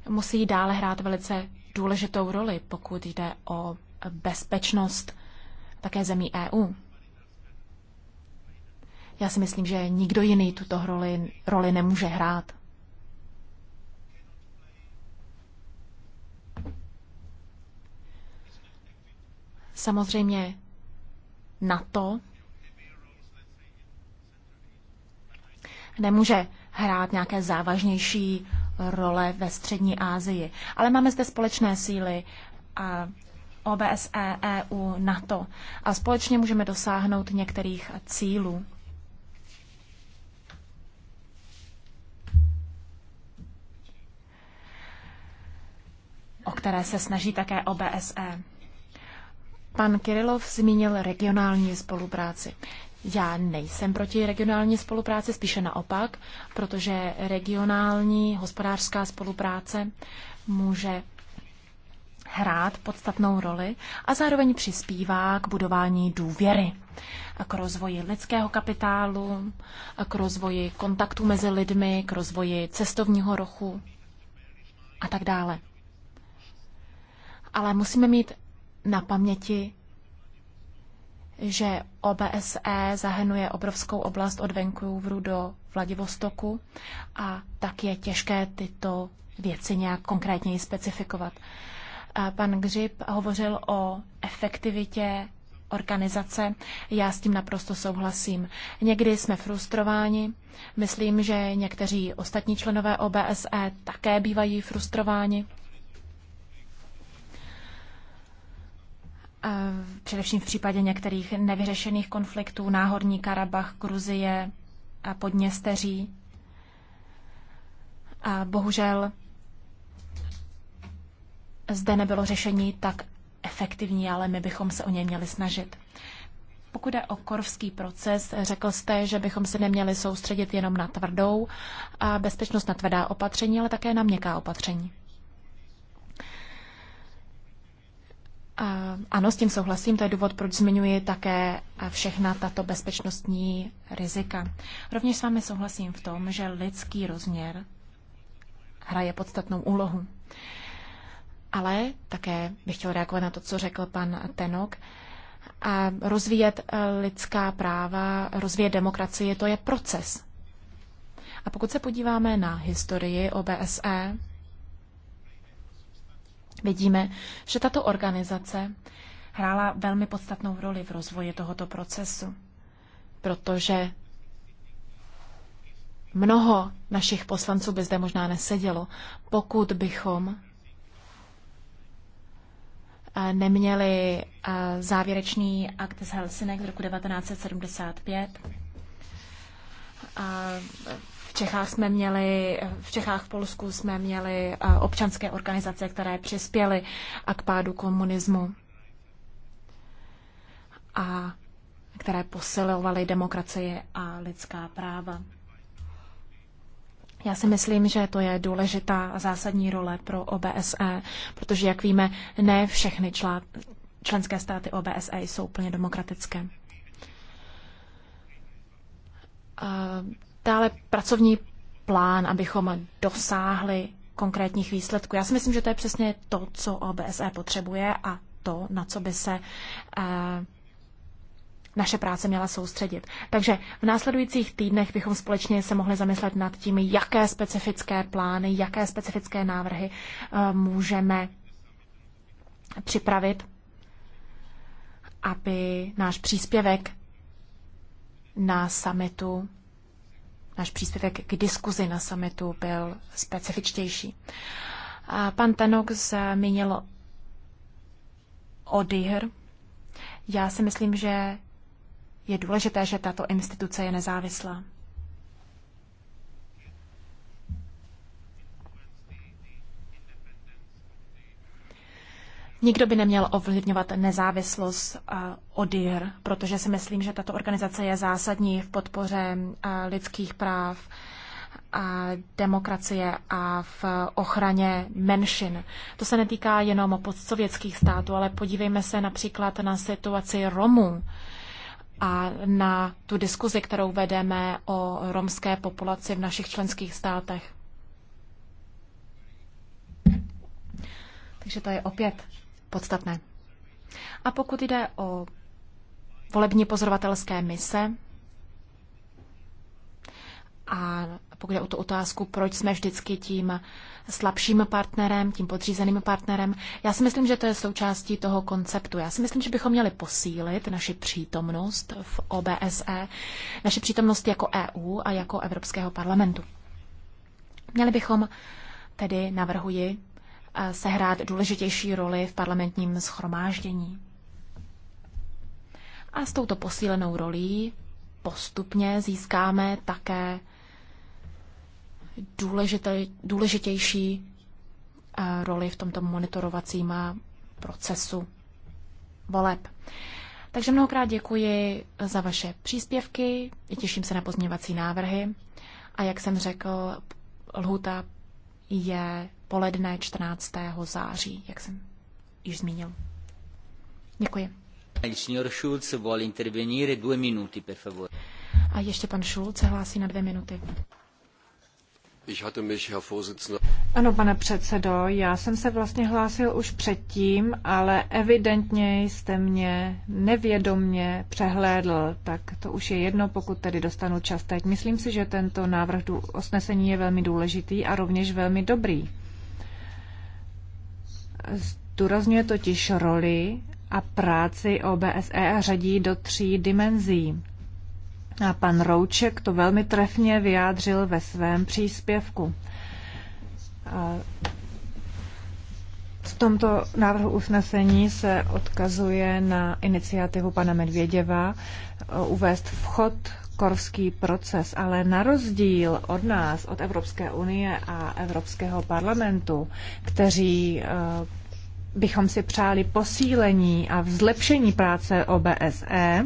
musí dále hrát velice důležitou roli, pokud jde o bezpečnost také zemí EU. Já si myslím, že nikdo jiný tuto roli, roli nemůže hrát. Samozřejmě NATO nemůže hrát nějaké závažnější role ve střední Asii. Ale máme zde společné síly a OBSE, EU, NATO a společně můžeme dosáhnout některých cílů. o které se snaží také OBSE. Pan Kirilov zmínil regionální spolupráci. Já nejsem proti regionální spolupráci, spíše naopak, protože regionální hospodářská spolupráce může hrát podstatnou roli a zároveň přispívá k budování důvěry, a k rozvoji lidského kapitálu, a k rozvoji kontaktu mezi lidmi, k rozvoji cestovního ruchu a tak dále. Ale musíme mít na paměti že OBSE zahrnuje obrovskou oblast od Vancouveru do Vladivostoku a tak je těžké tyto věci nějak konkrétněji specifikovat. Pan Gřib hovořil o efektivitě organizace. Já s tím naprosto souhlasím. Někdy jsme frustrováni. Myslím, že někteří ostatní členové OBSE také bývají frustrováni. především v případě některých nevyřešených konfliktů, Náhorní Karabach, Gruzie a Podněsteří. A bohužel zde nebylo řešení tak efektivní, ale my bychom se o něj měli snažit. Pokud je o korvský proces, řekl jste, že bychom se neměli soustředit jenom na tvrdou a bezpečnost na tvrdá opatření, ale také na měkká opatření. Ano, s tím souhlasím, to je důvod, proč zmiňuji také všechna tato bezpečnostní rizika. Rovněž s vámi souhlasím v tom, že lidský rozměr hraje podstatnou úlohu. Ale také bych chtěl reagovat na to, co řekl pan Tenok. A rozvíjet e, lidská práva, rozvíjet demokracii, to je proces. A pokud se podíváme na historii OBSE, Vidíme, že tato organizace hrála velmi podstatnou roli v rozvoji tohoto procesu, protože mnoho našich poslanců by zde možná nesedělo, pokud bychom eh, neměli eh, závěrečný akt z Helsinek z roku 1975. A v Čechách jsme měli, v Čechách v Polsku jsme měli eh, občanské organizace, které přispěly k pádu komunismu a které posilovaly demokracii a lidská práva. Já si myslím, že to je důležitá a zásadní role pro OBSE, protože, jak víme, ne všechny členské státy OBSE jsou úplně demokratické. A Dále pracovní plán, abychom dosáhli konkrétních výsledků. Já si myslím, že to je přesně to, co OBSE potřebuje a to, na co by se eh, naše práce měla soustředit. Takže v následujících týdnech bychom společně se mohli zamyslet nad tím, jaké specifické plány, jaké specifické návrhy eh, můžeme připravit, aby náš příspěvek na summitu náš příspěvek k diskuzi na summitu byl specifičtější. A pan Tanok zmínil ODIHR. Já si myslím, že je důležité, že tato instituce je nezávislá. Nikdo by neměl ovlivňovat nezávislost eh, ODIR, protože si myslím, že tato organizace je zásadní v podpoře eh, lidských práv, a eh, demokracie a v ochraně menšin. To se netýká jenom podsovětských států, ale podívejme se například na situaci Romů a na tu diskuzi, kterou vedeme o romské populaci v našich členských státech. Takže to je opět podstatné. A pokud jde o volební pozorovatelské mise, a pokud je o tu otázku, proč jsme vždycky tím slabším partnerem, tím podřízeným partnerem, já si myslím, že to je součástí toho konceptu. Já si myslím, že bychom měli posílit naši přítomnost v OBSE, naši přítomnost jako EU a jako Evropského parlamentu. Měli bychom, tedy navrhuji, sehrát důležitější roli v parlamentním schromáždění. A s touto posílenou rolí postupně získáme také důležitější roli v tomto monitorovacím procesu voleb. Takže mnohokrát děkuji za vaše příspěvky, těším se na pozměňovací návrhy a jak jsem řekl, lhuta je odpoledne 14. září, jak jsem již zmínil. Děkuji. Il signor Schulz vuole intervenire due minuti, per favore. A ještě pan Schulz se hlásí na dvě minuty. Ano, pane předsedo, já jsem se vlastně hlásil už předtím, ale evidentně jste mě nevědomně přehlédl, tak to už je jedno, pokud tedy dostanu čas teď. Myslím si, že tento návrh usnesení je velmi důležitý a rovněž velmi dobrý. Zdůrazňuje totiž roli a práci OBSE a řadí do tří dimenzí. A pan Rouček to velmi trefně vyjádřil ve svém příspěvku. A v tomto návrhu usnesení se odkazuje na iniciativu pana Medvěděva eh, uvést vchod korský proces, ale na rozdíl od nás, od Evropské unie a Evropského parlamentu, kteří eh, bychom si přáli posílení a vzlepšení práce OBSE,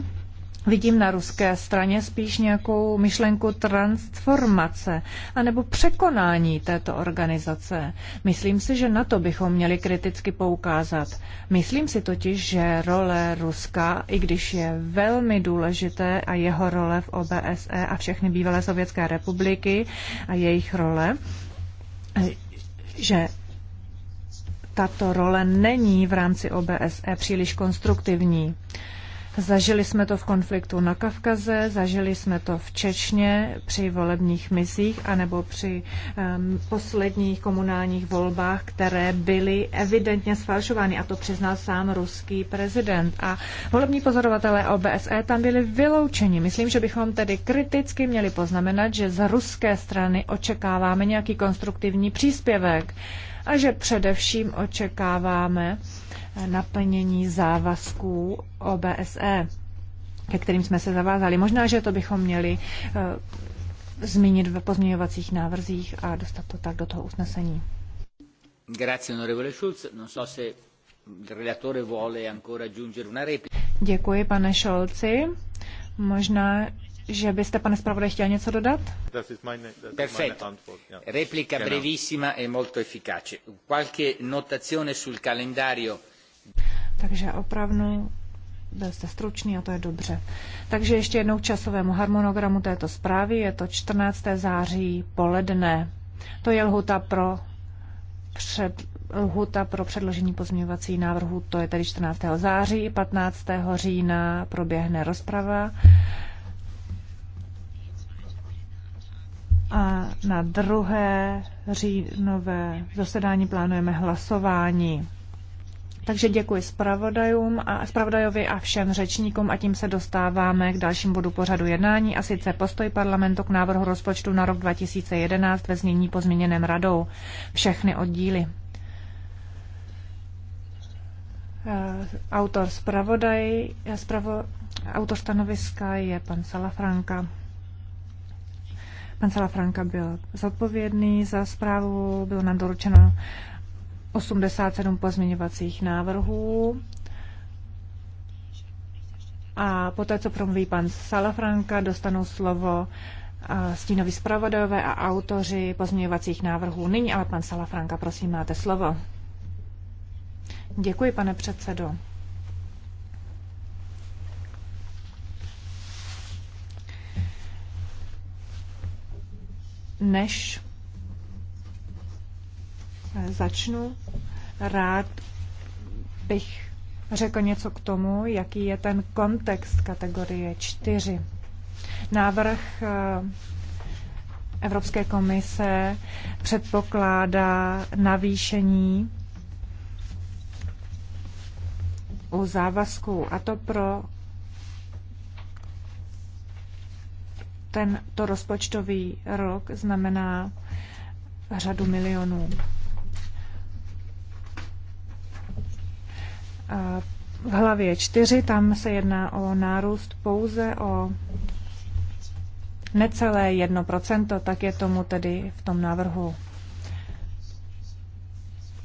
vidím na ruské straně spíš nějakou myšlenku transformace anebo překonání této organizace. Myslím si, že na to bychom měli kriticky poukázat. Myslím si totiž, že role Ruska, i když je velmi důležité a jeho role v OBSE a všechny bývalé sovětské republiky a jejich role, že tato role není v rámci OBSE příliš konstruktivní. Zažili jsme to v konfliktu na Kavkaze, zažili jsme to v Čečně při volebních misích anebo při um, posledních komunálních volbách, které byly evidentně sfalšovány a to přiznal sám ruský prezident. A volební pozorovatelé OBSE tam byli vyloučeni. Myslím, že bychom tedy kriticky měli poznamenat, že z ruské strany očekáváme nějaký konstruktivní příspěvek a že především očekáváme naplnění závazků OBSE, ke kterým jsme se zavázali. Možná, že to bychom měli eh, zmínit v pozměňovacích návrzích a dostat to tak do toho usnesení. Děkuji, pane Šolci. Možná, že byste, pane zpravodaj, chtěl něco dodat? Perfetto. Replica brevísima e molto efficace. Qualche notazione sul calendario. Takže opravdu byl jste stručný a to je dobře. Takže ještě jednou k časovému harmonogramu této zprávy. Je to 14. září poledne. To je lhuta pro před, lhuta pro předložení pozměňovací návrhu, to je tedy 14. září, 15. října proběhne rozprava A na druhé říjnové zasedání plánujeme hlasování. Takže děkuji zpravodajům a zpravodajovi a všem řečníkům a tím se dostáváme k dalším bodu pořadu jednání a sice postoj parlamentu k návrhu rozpočtu na rok 2011 ve znění pozměněném radou. Všechny oddíly. Eh, autor zpravodaj, eh, zpravo, autor stanoviska je pan Salafranka. Pan Salafranka byl zodpovědný za zprávu, bylo nám doručeno 87 pozměňovacích návrhů. A poté, co promluví pan Salafranka, dostanou slovo stínoví zpravodajové a autoři pozměňovacích návrhů. Nyní ale pan Salafranka, prosím, máte slovo. Děkuji, pane předsedo. Než začnu, rád bych řekl něco k tomu, jaký je ten kontext kategorie 4. Návrh eh, Evropské komise předpokládá navýšení u závazků, a to pro tento rozpočtový rok znamená řadu milionů. V hlavě 4 tam se jedná o nárůst pouze o necelé 1%, tak je tomu tedy v tom návrhu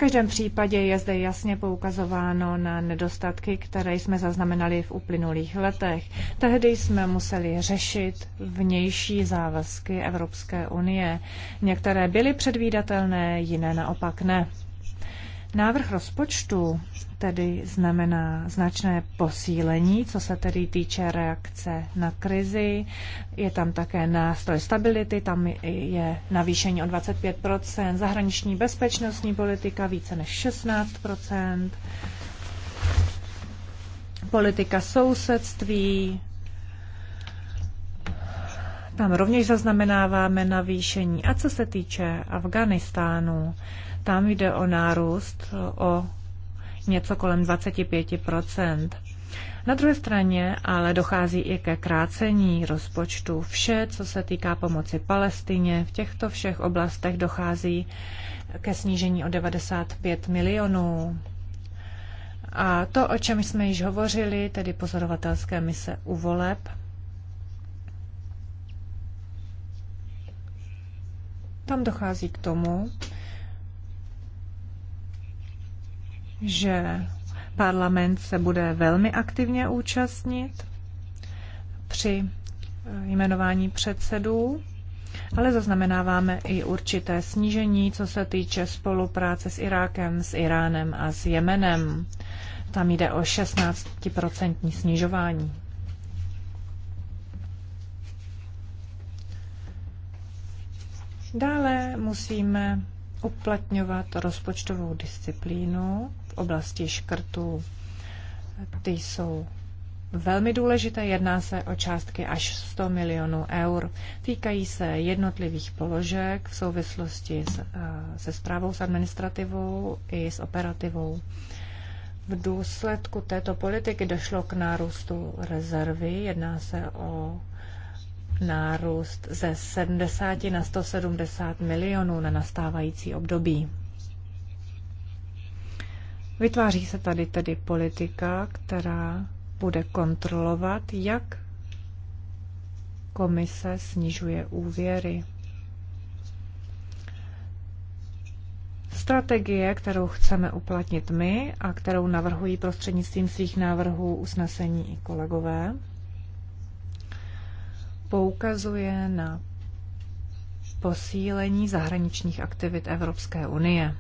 každém případě je zde jasně poukazováno na nedostatky, které jsme zaznamenali v uplynulých letech. Tehdy jsme museli řešit vnější závazky Evropské unie. Některé byly předvídatelné, jiné naopak ne. Návrh rozpočtu tedy znamená značné posílení, co se tedy týče reakce na krizi. Je tam také nástroj stability, tam je navýšení o 25 zahraniční bezpečnostní politika více než 16 politika sousedství. Tam rovněž zaznamenáváme navýšení. A co se týče Afganistánu, tam jde o nárůst o něco kolem 25 na druhé straně ale dochází i ke krácení rozpočtu. Vše, co se týká pomoci Palestině, v těchto všech oblastech dochází ke snížení o 95 milionů. A to, o čem jsme již hovořili, tedy pozorovatelské mise u voleb, tam dochází k tomu, že parlament se bude velmi aktivně účastnit při eh, jmenování předsedů, ale zaznamenáváme i určité snížení, co se týče spolupráce s Irákem, s Iránem a s Jemenem. Tam jde o 16% snižování. Dále musíme uplatňovat rozpočtovou disciplínu oblasti škrtů. Ty jsou velmi důležité, jedná se o částky až 100 milionů eur. Týkají se jednotlivých položek v souvislosti s, eh, se zprávou, s administrativou i s operativou. V důsledku této politiky došlo k nárůstu rezervy. Jedná se o nárůst ze 70 na 170 milionů na nastávající období. Vytváří se tady tedy politika, která bude kontrolovat, jak komise snižuje úvěry. Strategie, kterou chceme uplatnit my a kterou navrhují prostřednictvím svých návrhů usnesení i kolegové, poukazuje na posílení zahraničních aktivit Evropské unie.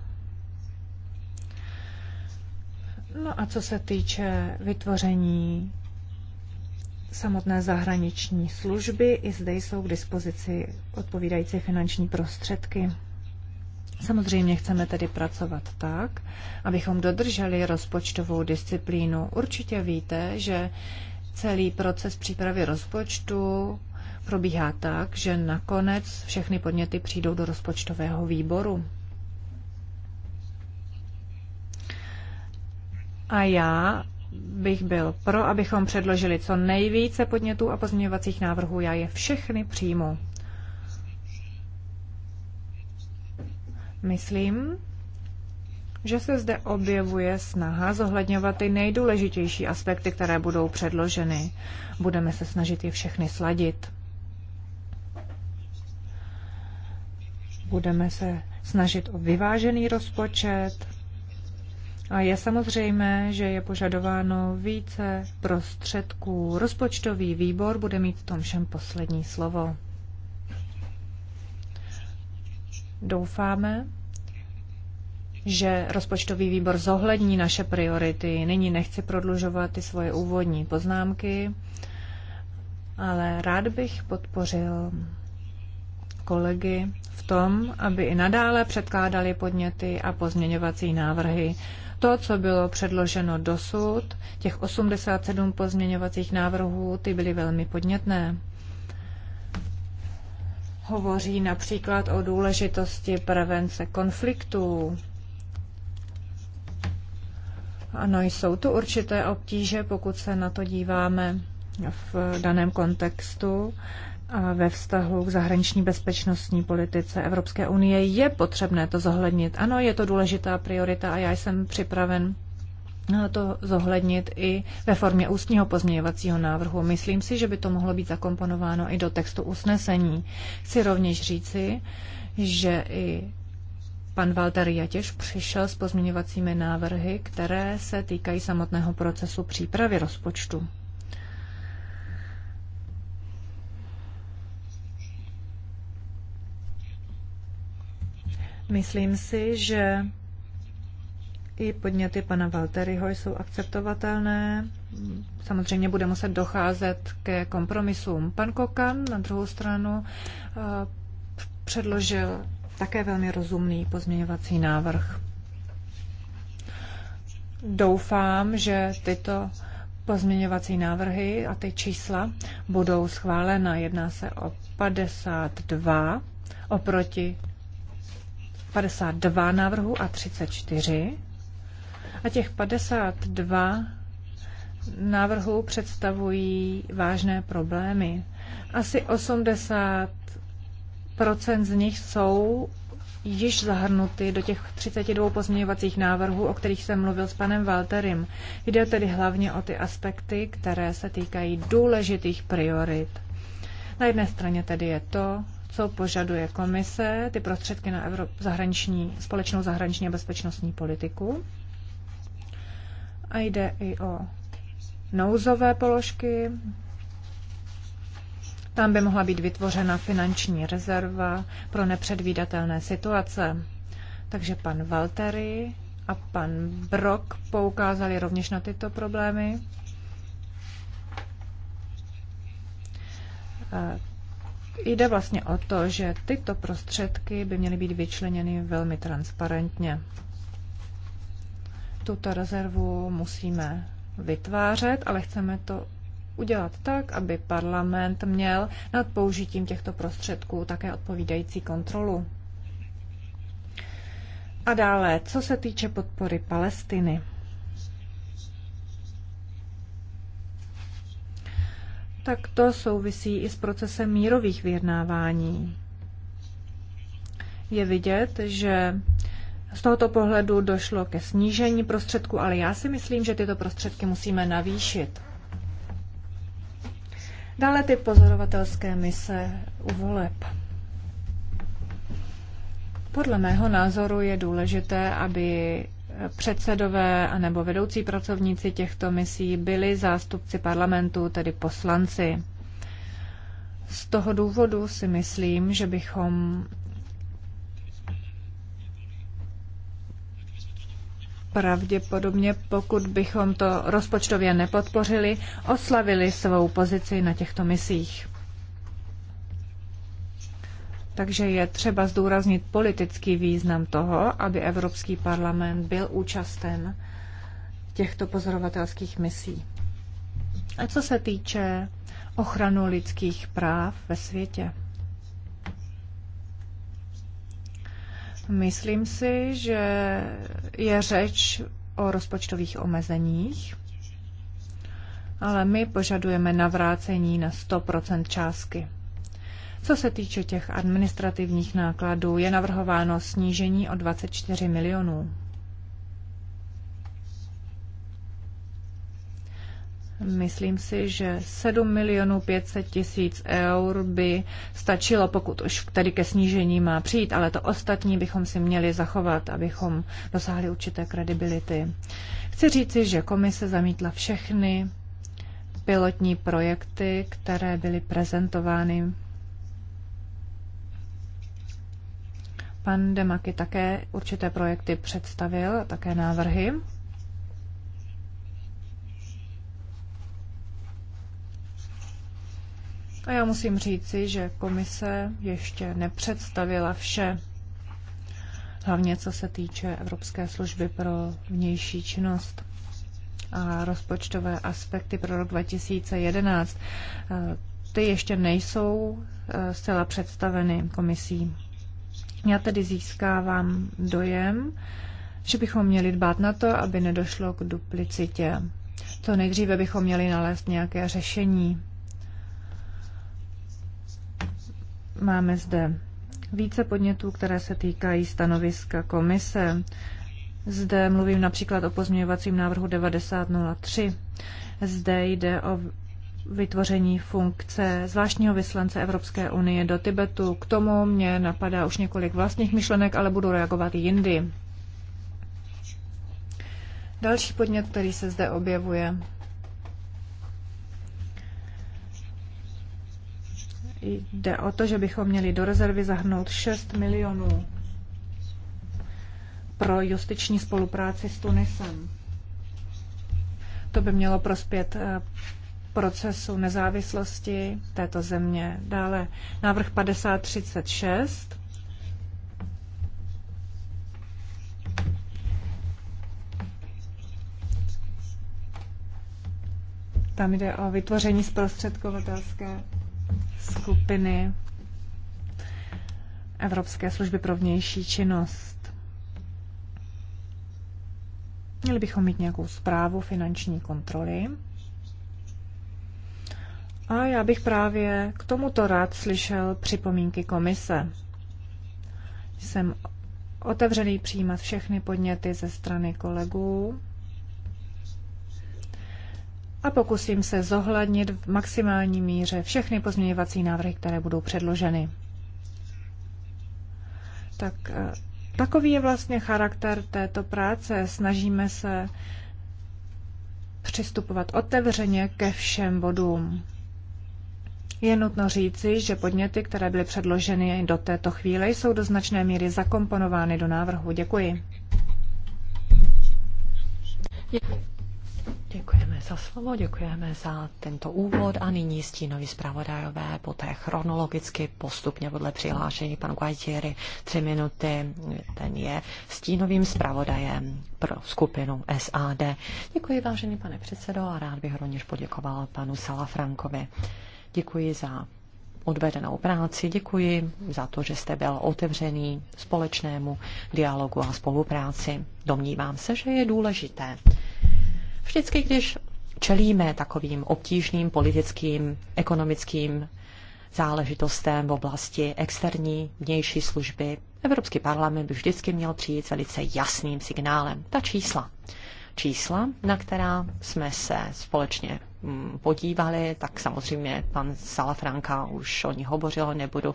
No a co se týče vytvoření samotné zahraniční služby, i zde jsou k dispozici odpovídající finanční prostředky. Samozřejmě chceme tedy pracovat tak, abychom dodrželi rozpočtovou disciplínu. Určitě víte, že celý proces přípravy rozpočtu probíhá tak, že nakonec všechny podněty přijdou do rozpočtového výboru. A já bych byl pro, abychom předložili co nejvíce podnětů a pozměňovacích návrhů. Já je všechny přijmu. Myslím, že se zde objevuje snaha zohledňovat ty nejdůležitější aspekty, které budou předloženy. Budeme se snažit je všechny sladit. Budeme se snažit o vyvážený rozpočet, a je samozřejmé, že je požadováno více prostředků. Rozpočtový výbor bude mít v tom všem poslední slovo. Doufáme, že rozpočtový výbor zohlední naše priority. Nyní nechci prodlužovat ty svoje úvodní poznámky, ale rád bych podpořil kolegy v tom, aby i nadále předkládali podněty a pozměňovací návrhy to, co bylo předloženo dosud, těch 87 pozměňovacích návrhů, ty byly velmi podnětné. Hovoří například o důležitosti prevence konfliktů. Ano, jsou tu určité obtíže, pokud se na to díváme v daném kontextu ve vztahu k zahraniční bezpečnostní politice Evropské unie je potřebné to zohlednit. Ano, je to důležitá priorita a já jsem připraven to zohlednit i ve formě ústního pozměňovacího návrhu. Myslím si, že by to mohlo být zakomponováno i do textu usnesení. Chci rovněž říci, že i pan Walter Jatěž přišel s pozměňovacími návrhy, které se týkají samotného procesu přípravy rozpočtu. Myslím si, že i podněty pana Valteryho jsou akceptovatelné. Samozřejmě bude muset docházet ke kompromisům. Pan Kokan na druhou stranu eh, předložil také velmi rozumný pozměňovací návrh. Doufám, že tyto pozměňovací návrhy a ty čísla budou schválena. Jedná se o 52 oproti 52 návrhů a 34. A těch 52 návrhů představují vážné problémy. Asi 80 z nich jsou již zahrnuty do těch 32 pozměňovacích návrhů, o kterých jsem mluvil s panem Walterem. Jde tedy hlavně o ty aspekty, které se týkají důležitých priorit. Na jedné straně tedy je to, co požaduje komise, ty prostředky na Evrop, zahraniční, společnou zahraniční a bezpečnostní politiku. A jde i o nouzové položky. Tam by mohla být vytvořena finanční rezerva pro nepředvídatelné situace. Takže pan Valtery a pan Brok poukázali rovněž na tyto problémy. Jde vlastně o to, že tyto prostředky by měly být vyčleněny velmi transparentně. Tuto rezervu musíme vytvářet, ale chceme to udělat tak, aby parlament měl nad použitím těchto prostředků také odpovídající kontrolu. A dále, co se týče podpory Palestiny. tak to souvisí i s procesem mírových vyjednávání. Je vidět, že z tohoto pohledu došlo ke snížení prostředků, ale já si myslím, že tyto prostředky musíme navýšit. Dále ty pozorovatelské mise u voleb. Podle mého názoru je důležité, aby předsedové nebo vedoucí pracovníci těchto misí byli zástupci parlamentu, tedy poslanci. Z toho důvodu si myslím, že bychom pravděpodobně, pokud bychom to rozpočtově nepodpořili, oslavili svou pozici na těchto misích. Takže je třeba zdůraznit politický význam toho, aby Evropský parlament byl účasten těchto pozorovatelských misí. A co se týče ochranu lidských práv ve světě? Myslím si, že je řeč o rozpočtových omezeních, ale my požadujeme navrácení na 100 částky. Co se týče těch administrativních nákladů, je navrhováno snížení o 24 milionů. Myslím si, že 7 milionů 500 tisíc eur by stačilo, pokud už tady ke snížení má přijít, ale to ostatní bychom si měli zachovat, abychom dosáhli určité kredibility. Chci říci, že komise zamítla všechny pilotní projekty, které byly prezentovány Pan Demaky také určité projekty představil, také návrhy. A já musím říci, že komise ještě nepředstavila vše, hlavně co se týče Evropské služby pro vnější činnost a rozpočtové aspekty pro rok 2011. Eh, ty ještě nejsou eh, zcela představeny komisí. Já tedy získávám dojem, že bychom měli dbát na to, aby nedošlo k duplicitě. To nejdříve bychom měli nalézt nějaké řešení. Máme zde více podnětů, které se týkají stanoviska komise. Zde mluvím například o pozměňovacím návrhu 9003. Zde jde o vytvoření funkce zvláštního vyslance Evropské unie do Tibetu. K tomu mě napadá už několik vlastních myšlenek, ale budu reagovat jindy. Další podnět, který se zde objevuje, jde o to, že bychom měli do rezervy zahrnout 6 milionů pro justiční spolupráci s Tunisem. To by mělo prospět eh, procesu nezávislosti této země. Dále návrh 5036. Tam jde o vytvoření zprostředkovatelské skupiny Evropské služby pro vnější činnost. Měli bychom mít nějakou zprávu finanční kontroly. A já bych právě k tomuto rád slyšel připomínky komise. Jsem otevřený přijímat všechny podněty ze strany kolegů a pokusím se zohlednit v maximální míře všechny pozměňovací návrhy, které budou předloženy. Tak eh, takový je vlastně charakter této práce. Snažíme se přistupovat otevřeně ke všem bodům. Je nutno říci, že podněty, které byly předloženy do této chvíle, jsou do značné míry zakomponovány do návrhu. Děkuji. Děkujeme za slovo, děkujeme za tento úvod a nyní stínoví zpravodajové, poté chronologicky postupně podle přihlášení pan Guajtieri tři minuty, ten je stínovým zpravodajem pro skupinu SAD. Děkuji vážený pane předsedo a rád bych rovněž poděkoval panu Salafrankovi Děkuji za odvedenou práci, děkuji za to, že jste byl otevřený společnému dialogu a spolupráci. Domnívám se, že je důležité. Vždycky, když čelíme takovým obtížným politickým, ekonomickým záležitostem v oblasti externí vnější služby, Evropský parlament by vždycky měl přijít velice jasným signálem. Ta čísla. Čísla, na která jsme se společně Mm, podívali, tak samozřejmě pan Salafranka už o ní hovořil, nebudu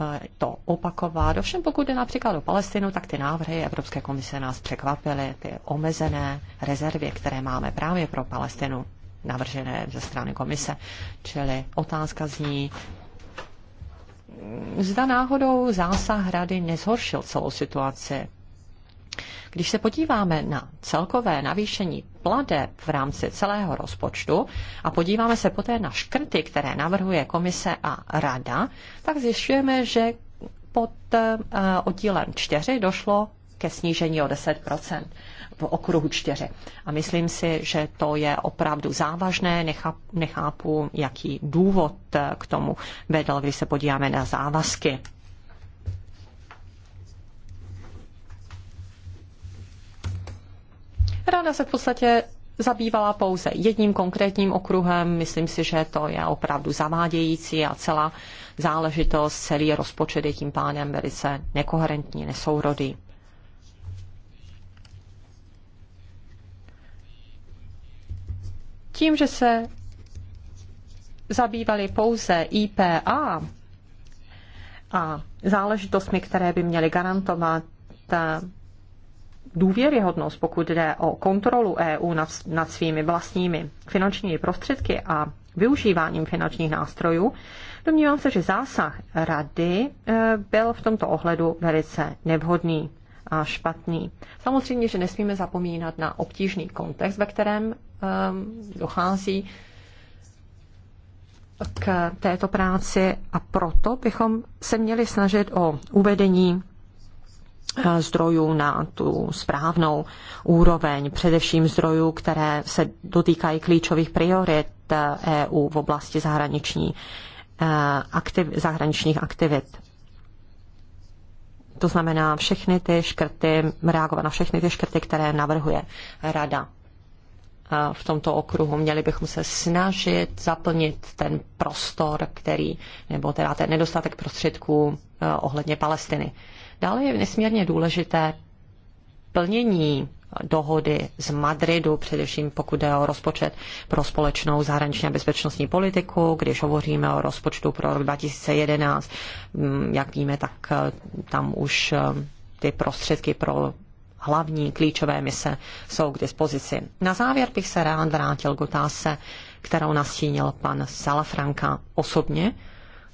eh, to opakovat. Ovšem pokud jde například o Palestinu, tak ty návrhy Evropské komise nás překvapily, ty omezené rezervy, které máme právě pro Palestinu navržené ze strany komise. Čili otázka zní, mm, zda náhodou zásah rady nezhoršil celou situaci. Když se podíváme na celkové navýšení plateb v rámci celého rozpočtu a podíváme se poté na škrty, které navrhuje komise a rada, tak zjišťujeme, že pod eh, oddílem 4 došlo ke snížení o 10 v okruhu 4. A myslím si, že to je opravdu závažné. Nechápu, nechápu jaký důvod eh, k tomu vedl, když se podíváme na závazky Ráda se v podstatě zabývala pouze jedním konkrétním okruhem. Myslím si, že to je opravdu zavádějící a celá záležitost, celý rozpočet je tím pádem velice nekoherentní, nesourodý. Tím, že se zabývali pouze IPA a záležitostmi, které by měly garantovat důvěryhodnost, pokud jde o kontrolu EU nad, nad svými vlastními finančními prostředky a využíváním finančních nástrojů, domnívám se, že zásah rady e, byl v tomto ohledu velice nevhodný a špatný. Samozřejmě, že nesmíme zapomínat na obtížný kontext, ve kterém um, dochází k této práci a proto bychom se měli snažit o uvedení Eh, zdrojů na tu správnou úroveň, především zdrojů, které se dotýkají klíčových priorit EU eh, e v oblasti zahraniční, eh, aktiv, zahraničních aktivit. To znamená všechny ty škrty, reagovat na všechny ty škrty, které navrhuje Rada v tomto okruhu. Měli bychom se snažit zaplnit ten prostor, který, nebo teda ten nedostatek prostředků ohledně Palestiny. Dále je nesmírně důležité plnění dohody z Madridu, především pokud jde o rozpočet pro společnou zahraniční a bezpečnostní politiku, když hovoříme o rozpočtu pro rok 2011, mm, jak víme, tak eh, tam už eh, ty prostředky pro hlavní klíčové mise jsou k dispozici. Na závěr bych se rád vrátil k otázce, kterou nastínil pan Salafranka osobně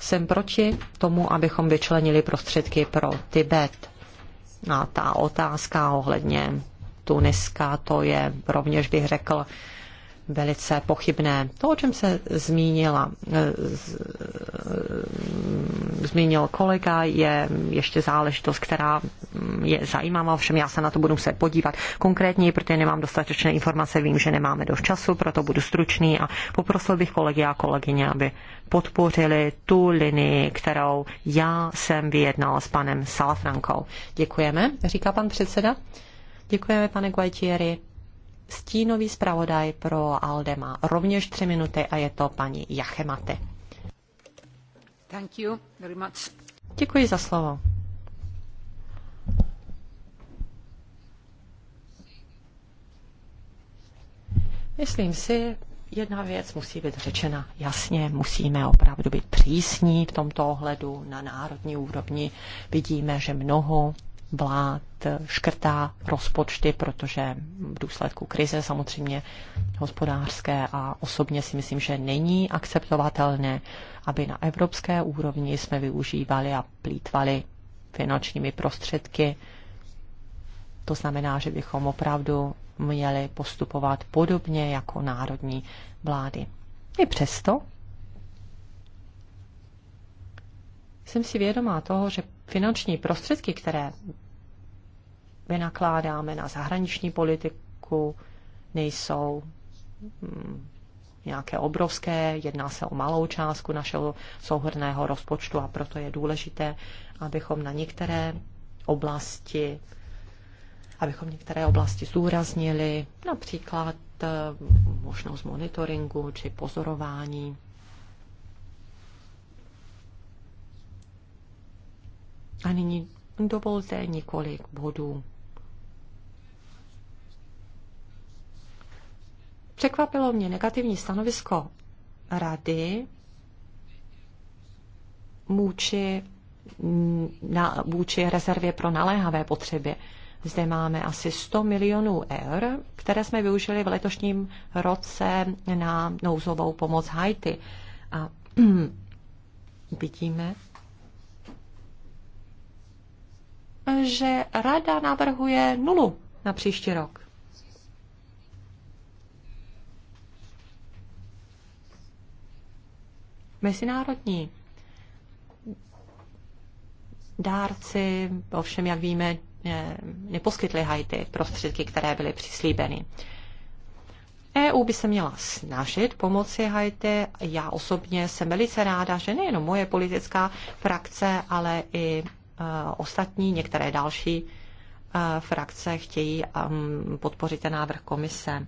jsem proti tomu, abychom vyčlenili prostředky pro Tibet. A ta otázka ohledně Tuniska, to je rovněž bych řekl velice pochybné. To, o čem se zmínila, eh, z, eh, zmínil kolega, je ještě záležitost, která je zajímavá, ovšem já se na to budu muset podívat konkrétně, protože nemám dostatečné informace, vím, že nemáme dost času, proto budu stručný a poprosil bych kolegy a kolegyně, aby podpořili tu linii, kterou já jsem vyjednal s panem Salafrankou. Děkujeme, říká pan předseda. Děkujeme, pane Guajtieri. Stínový zpravodaj pro ALDE má rovněž tři minuty a je to paní Jachemate. Thank you very much. Děkuji za slovo. Myslím si, jedna věc musí být řečena jasně, musíme opravdu být přísní v tomto ohledu na národní úrovni. Vidíme, že mnoho vlád škrtá rozpočty, protože v důsledku krize samozřejmě hospodářské a osobně si myslím, že není akceptovatelné, aby na evropské úrovni jsme využívali a plítvali finančními prostředky. To znamená, že bychom opravdu měli postupovat podobně jako národní vlády. I přesto jsem si vědomá toho, že finanční prostředky, které vynakládáme na zahraniční politiku, nejsou mm, nějaké obrovské, jedná se o malou částku našeho souhrného rozpočtu a proto je důležité, abychom na některé oblasti abychom některé oblasti zdůraznili, například eh, možnost monitoringu či pozorování A nyní dovolte několik bodů. Překvapilo mě negativní stanovisko rady vůči, na, vůči rezervě pro naléhavé potřeby. Zde máme asi 100 milionů eur, které jsme využili v letošním roce na nouzovou pomoc Haiti. A [clears throat] vidíme, že rada navrhuje nulu na příští rok. Mezinárodní dárci, ovšem, jak víme, eh, neposkytli Haiti prostředky, které byly přislíbeny. EU by se měla snažit pomoci Haiti. Já osobně jsem velice ráda, že nejenom moje politická frakce, ale i ostatní, některé další frakce chtějí um, podpořit ten návrh komise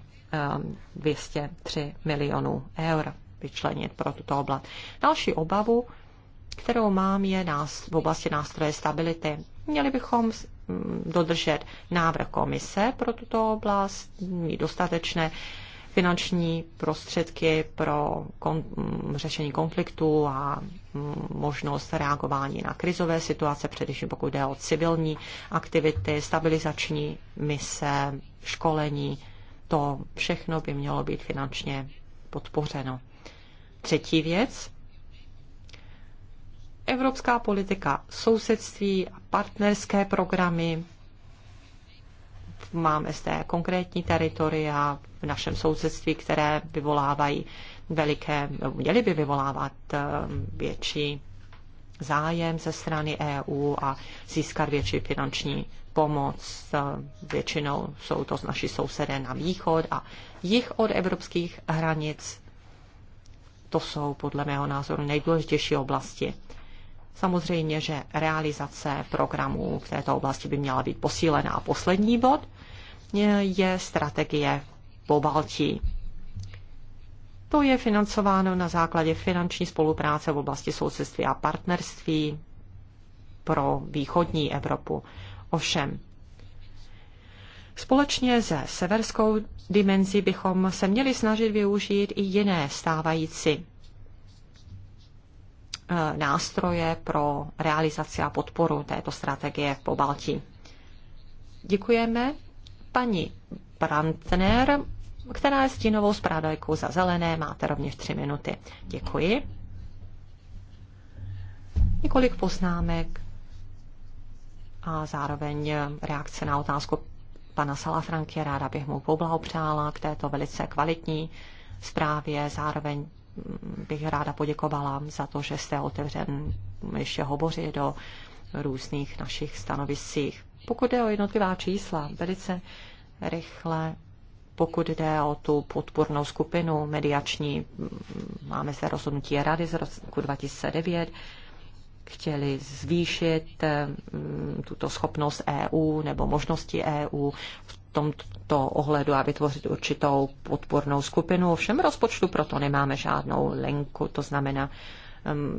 203 um, milionů eur vyčlenit pro tuto oblast. Další obavu, kterou mám, je nás, v oblasti nástroje stability. Měli bychom um, dodržet návrh komise pro tuto oblast, mít dostatečné finanční prostředky pro kon, mm, řešení konfliktu a mm, možnost reagování na krizové situace, především pokud jde o civilní aktivity, stabilizační mise, školení. To všechno by mělo být finančně podpořeno. Třetí věc. Evropská politika sousedství a partnerské programy Máme zde konkrétní teritoria v našem sousedství, které vyvolávají veliké, měly by vyvolávat ehm, větší zájem ze strany EU a získat větší finanční pomoc. Ehm, většinou jsou to naši sousedé na východ a jich od evropských hranic. To jsou podle mého názoru nejdůležitější oblasti. Samozřejmě, že realizace programů v této oblasti by měla být posílená. A poslední bod je strategie po Baltii. To je financováno na základě finanční spolupráce v oblasti sousedství a partnerství pro východní Evropu. Ovšem, společně se severskou dimenzí bychom se měli snažit využít i jiné stávající Eh, nástroje pro realizaci a podporu této strategie v Pobaltí. Děkujeme paní Brandner, která je stínovou zpravodajkou za zelené. Máte rovněž tři minuty. Děkuji. Několik poznámek a zároveň reakce na otázku pana Salafranky. Ráda bych mu poblahopřála k této velice kvalitní zprávě. Zároveň bych ráda poděkovala za to, že jste otevřen ještě hovořit do různých našich stanoviscích. Pokud jde o jednotlivá čísla, velice rychle, pokud jde o tu podpornou skupinu mediační, máme zde rozhodnutí Rady z roku 2009, chtěli zvýšit eh, tuto schopnost EU nebo možnosti EU v tomto ohledu a vytvořit určitou podpornou skupinu. Ovšem rozpočtu proto nemáme žádnou linku, to znamená,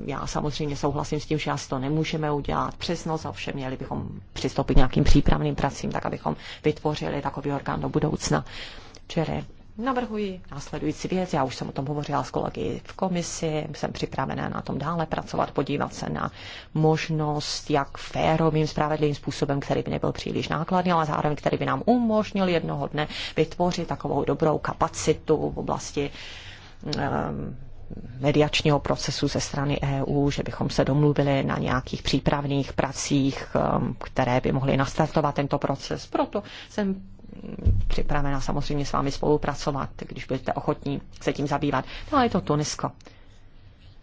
já samozřejmě souhlasím s tím, že asi to nemůžeme udělat přes noc, ovšem měli bychom přistoupit nějakým přípravným pracím, tak abychom vytvořili takový orgán do budoucna. Čere, Navrhuji následující věc, já už jsem o tom hovořila s kolegy v komisi, jsem připravená na tom dále pracovat, podívat se na možnost, jak férovým, spravedlivým způsobem, který by nebyl příliš nákladný, ale zároveň který by nám umožnil jednoho dne vytvořit takovou dobrou kapacitu v oblasti um, mediačního procesu ze strany EU, že bychom se domluvili na nějakých přípravných pracích, ehm, které by mohly nastartovat tento proces. Proto jsem připravena samozřejmě s vámi spolupracovat, když budete ochotní se tím zabývat. No a je to Tunisko.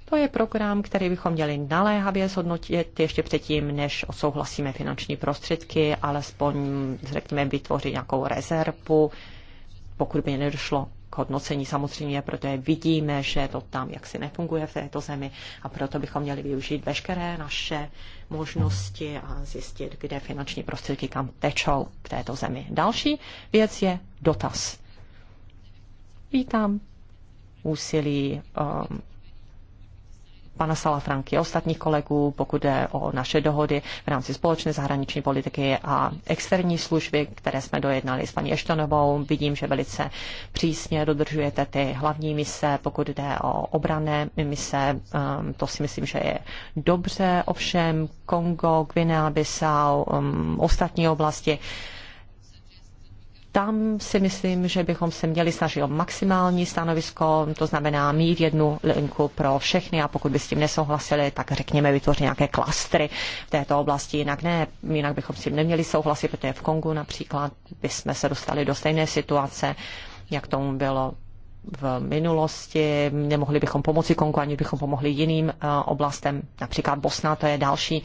To je program, který bychom měli naléhavě zhodnotit ještě předtím, než odsouhlasíme finanční prostředky, alespoň, řekněme, vytvořit nějakou rezervu, pokud by nedošlo k hodnocení samozřejmě, protože vidíme, že to tam jaksi nefunguje v této zemi a proto bychom měli využít veškeré naše možnosti a zjistit, kde finanční prostředky kam tečou v této zemi. Další věc je dotaz. Vítám úsilí um, pana Salafranky a ostatních kolegů, pokud jde o naše dohody v rámci společné zahraniční politiky a externí služby, které jsme dojednali s paní Eštonovou. Vidím, že velice přísně dodržujete ty hlavní mise, pokud jde o obrané mise. Um, to si myslím, že je dobře. Ovšem Kongo, Guinea-Bissau, um, ostatní oblasti tam si myslím, že bychom se měli snažit o maximální stanovisko, to znamená mít jednu linku pro všechny a pokud by s tím nesouhlasili, tak řekněme vytvořit nějaké klastry v této oblasti, jinak ne, jinak bychom s tím neměli souhlasit, protože v Kongu například bychom se dostali do stejné situace, jak tomu bylo v minulosti, nemohli bychom pomoci Kongu, ani bychom pomohli jiným eh, oblastem, například Bosna, to je další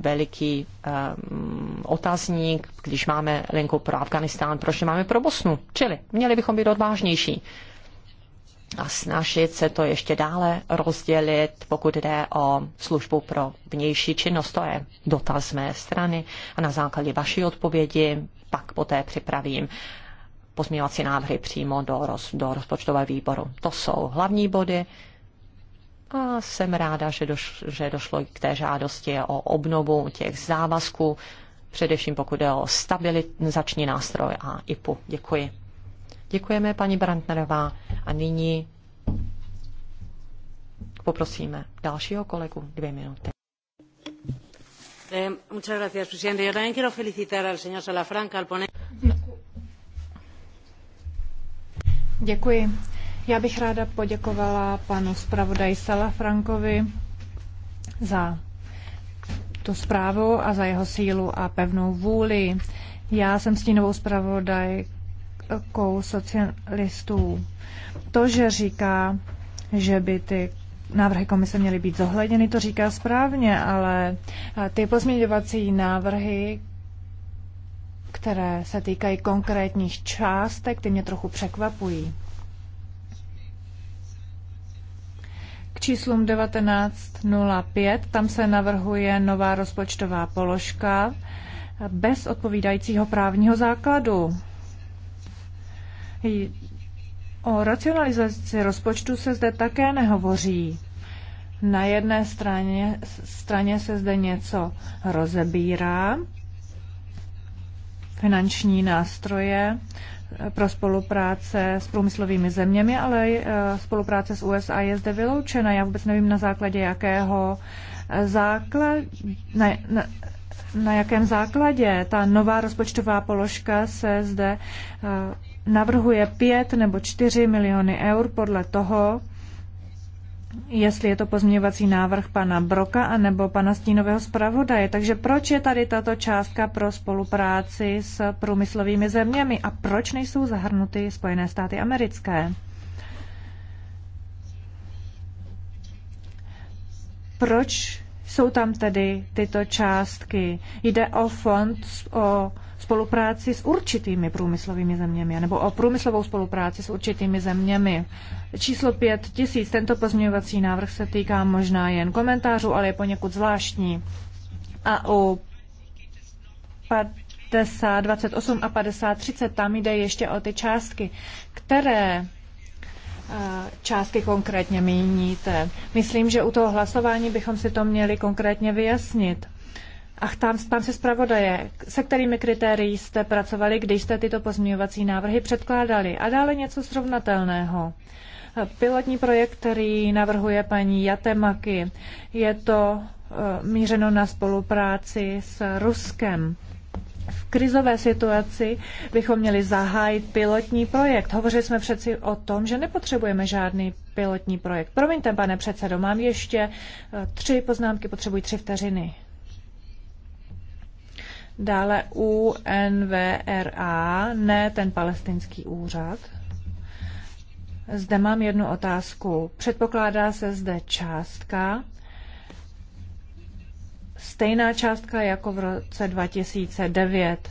veliký ehm, otazník, když máme linku pro Afganistán, proč máme pro Bosnu. Čili měli bychom být odvážnější a snažit se to ještě dále rozdělit, pokud jde o službu pro vnější činnost. To je dotaz mé strany a na základě vaší odpovědi pak poté připravím pozměňovací návrhy přímo do, roz, do rozpočtového výboru. To jsou hlavní body a jsem ráda, že, doš- že došlo k té žádosti o obnovu těch závazků, především pokud je o stabilizační nástroj a IPU. Děkuji. Děkujeme, paní Brandnerová. A nyní poprosíme dalšího kolegu dvě minuty. Děkuji. Já bych ráda poděkovala panu zpravodaji Salafrankovi za tu zprávu a za jeho sílu a pevnou vůli. Já jsem stínovou zpravodajkou socialistů. To, že říká, že by ty návrhy komise měly být zohledněny, to říká správně, ale ty pozměňovací návrhy, které se týkají konkrétních částek, ty mě trochu překvapují. číslům 1905. Tam se navrhuje nová rozpočtová položka bez odpovídajícího právního základu. O racionalizaci rozpočtu se zde také nehovoří. Na jedné straně, straně se zde něco rozebírá, finanční nástroje, pro spolupráce s průmyslovými zeměmi, ale eh, spolupráce s USA je zde vyloučena. Já vůbec nevím na základě jakého eh, základ, na, na, na jakém základě ta nová rozpočtová položka se zde eh, navrhuje 5 nebo 4 miliony eur podle toho, jestli je to pozměňovací návrh pana Broka anebo pana Stínového zpravodaje. Takže proč je tady tato částka pro spolupráci s průmyslovými zeměmi a proč nejsou zahrnuty Spojené státy americké? Proč jsou tam tedy tyto částky. Jde o fond o spolupráci s určitými průmyslovými zeměmi, nebo o průmyslovou spolupráci s určitými zeměmi. Číslo tisíc. tento pozměňovací návrh se týká možná jen komentářů, ale je poněkud zvláštní. A o 50, 28 a 50, 30 tam jde ještě o ty částky, které Eh, částky konkrétně míníte. Myslím, že u toho hlasování bychom si to měli konkrétně vyjasnit. A tam, tam se zpravodaje, se kterými kritérii jste pracovali, když jste tyto pozměňovací návrhy předkládali. A dále něco srovnatelného. Eh, pilotní projekt, který navrhuje paní Jatemaky, je to eh, mířeno na spolupráci s Ruskem v krizové situaci bychom měli zahájit pilotní projekt. Hovořili jsme přeci o tom, že nepotřebujeme žádný pilotní projekt. Promiňte, pane předsedo, mám ještě eh, tři poznámky, potřebuji tři vteřiny. Dále UNVRA, ne ten palestinský úřad. Zde mám jednu otázku. Předpokládá se zde částka, stejná částka jako v roce 2009.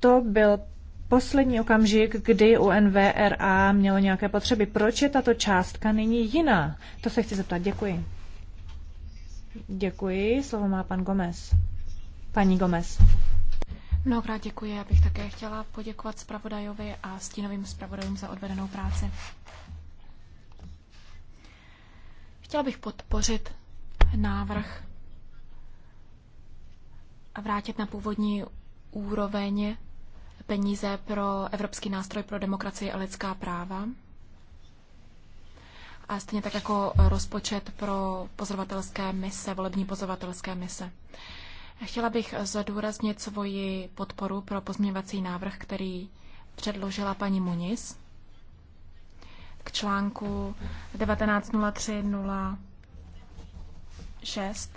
To byl poslední okamžik, kdy UNVRA mělo nějaké potřeby. Proč je tato částka nyní jiná? To se chci zeptat. Děkuji. Děkuji. Slovo má pan Gomez. Paní Gomez. Mnohokrát děkuji. Já bych také chtěla poděkovat zpravodajovi a stínovým zpravodajům za odvedenou práci. Chtěla bych podpořit návrh vrátit na původní úroveň peníze pro Evropský nástroj pro demokracii a lidská práva. A stejně tak jako rozpočet pro pozorovatelské mise, volební pozorovatelské mise. Chtěla bych zdůraznit svoji podporu pro pozměňovací návrh, který předložila paní Muniz k článku 1903 6.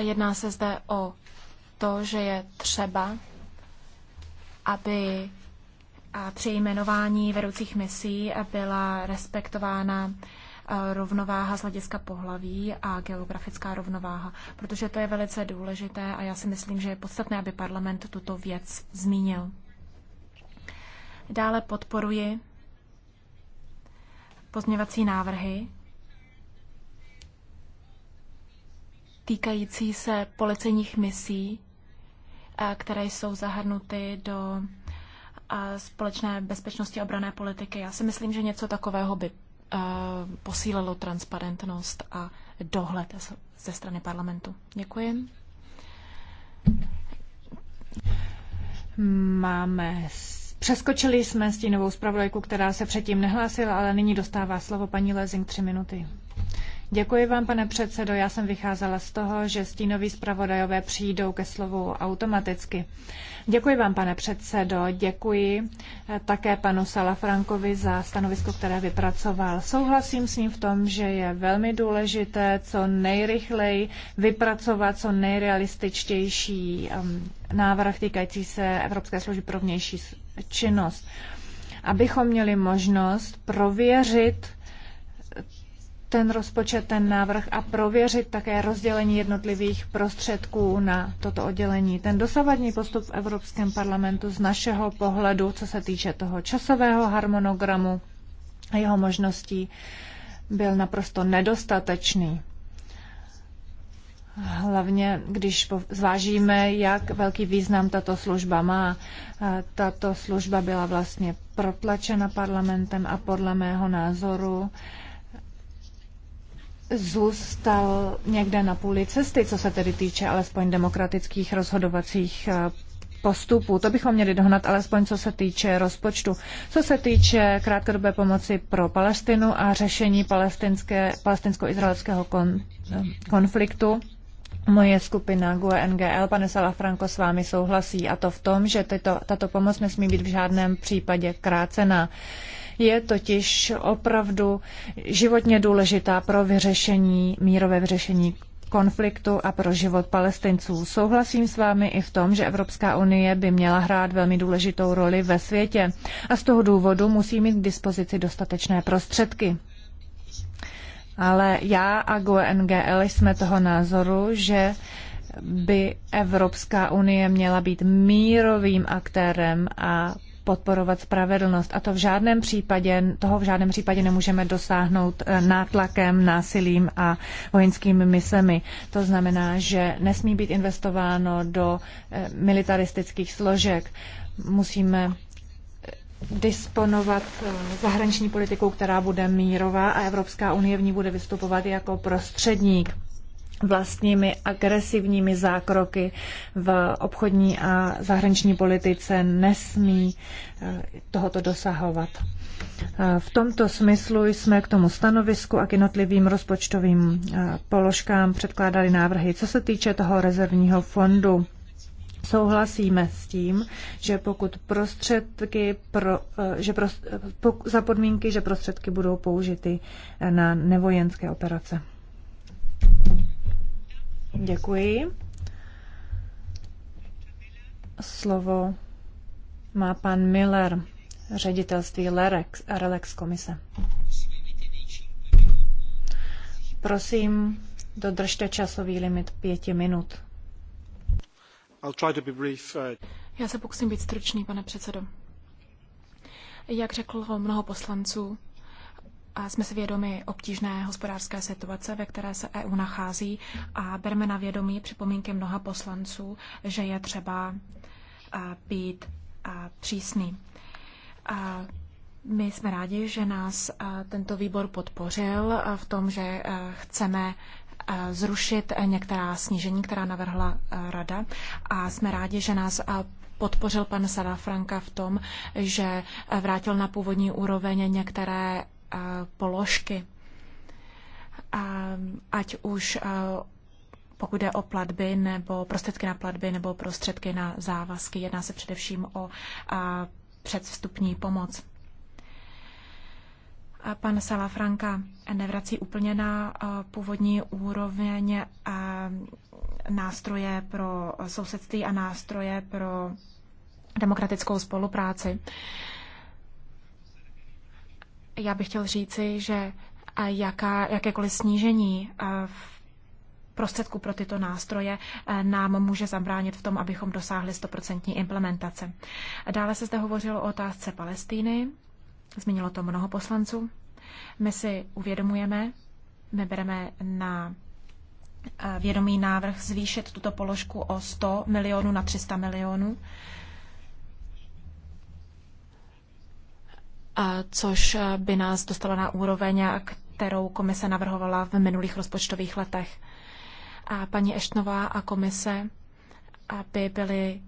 Jedná se zde o to, že je třeba, aby a při jmenování vedoucích misí byla respektována eh, rovnováha z hlediska pohlaví a geografická rovnováha, protože to je velice důležité a já si myslím, že je podstatné, aby parlament tuto věc zmínil. Dále podporuji pozměvací návrhy, týkající se policejních misí, které jsou zahrnuty do společné bezpečnosti a obrané politiky. Já si myslím, že něco takového by posílilo transparentnost a dohled ze strany parlamentu. Děkuji. Máme Přeskočili jsme novou zpravodajku, která se předtím nehlásila, ale nyní dostává slovo paní Lezing tři minuty. Děkuji vám, pane předsedo. Já jsem vycházela z toho, že stínoví zpravodajové přijdou ke slovu automaticky. Děkuji vám, pane předsedo. Děkuji eh, také panu Salafrankovi za stanovisko, které vypracoval. Souhlasím s ním v tom, že je velmi důležité co nejrychleji vypracovat co nejrealističtější návrh týkající se Evropské služby pro vnější činnost abychom měli možnost prověřit ten rozpočet, ten návrh a prověřit také rozdělení jednotlivých prostředků na toto oddělení. Ten dosavadní postup v Evropském parlamentu z našeho pohledu, co se týče toho časového harmonogramu a jeho možností, byl naprosto nedostatečný. Hlavně, když zvážíme, jak velký význam tato služba má. Tato služba byla vlastně protlačena parlamentem a podle mého názoru zůstal někde na půli cesty, co se tedy týče alespoň demokratických rozhodovacích eh, postupů. To bychom měli dohnat alespoň co se týče rozpočtu. Co se týče krátkodobé pomoci pro Palestinu a řešení palestinsko-izraelského kon, eh, konfliktu, Moje skupina GUE NGL, pane Salafranco, s vámi souhlasí a to v tom, že tyto, tato pomoc nesmí být v žádném případě krácena je totiž opravdu životně důležitá pro vyřešení, mírové vyřešení konfliktu a pro život palestinců. Souhlasím s vámi i v tom, že Evropská unie by měla hrát velmi důležitou roli ve světě a z toho důvodu musí mít k dispozici dostatečné prostředky. Ale já a GUE/NGL jsme toho názoru, že by Evropská unie měla být mírovým aktérem a podporovat spravedlnost a to v žádném případě, toho v žádném případě nemůžeme dosáhnout eh, nátlakem, násilím a vojenskými misemi. To znamená, že nesmí být investováno do eh, militaristických složek. Musíme eh, disponovat zahraniční politikou, která bude mírová a Evropská unie v ní bude vystupovat jako prostředník vlastními agresivními zákroky v obchodní a zahraniční politice nesmí eh, tohoto dosahovat. Eh, v tomto smyslu jsme k tomu stanovisku a k jednotlivým rozpočtovým eh, položkám předkládali návrhy. Co se týče toho rezervního fondu, souhlasíme s tím, že pokud prostředky pro, že prost, pok, za podmínky, že prostředky budou použity na nevojenské operace. Děkuji. Slovo má pan Miller, ředitelství Lerex, Relex komise. Prosím, dodržte časový limit pěti minut. Uh, Já se pokusím být stručný, pane předsedo. Jak řekl mnoho poslanců, jsme si vědomi obtížné hospodářské situace, ve které se EU nachází a bereme na vědomí připomínky mnoha poslanců, že je třeba být přísný. My jsme rádi, že nás tento výbor podpořil v tom, že chceme zrušit některá snížení, která navrhla rada. A jsme rádi, že nás podpořil pan Franka v tom, že vrátil na původní úroveň některé položky. Ať už pokud jde o platby nebo prostředky na platby nebo prostředky na závazky, jedná se především o předvstupní pomoc. A pan Salafranka nevrací úplně na původní úroveň nástroje pro sousedství a nástroje pro demokratickou spolupráci. Já bych chtěl říci, že jaká, jakékoliv snížení v prostředku pro tyto nástroje nám může zabránit v tom, abychom dosáhli 100% implementace. Dále se zde hovořilo o otázce Palestíny. Zmínilo to mnoho poslanců. My si uvědomujeme, my bereme na vědomý návrh zvýšit tuto položku o 100 milionů na 300 milionů. což by nás dostalo na úroveň, kterou komise navrhovala v minulých rozpočtových letech. A paní Eštnová a komise by byli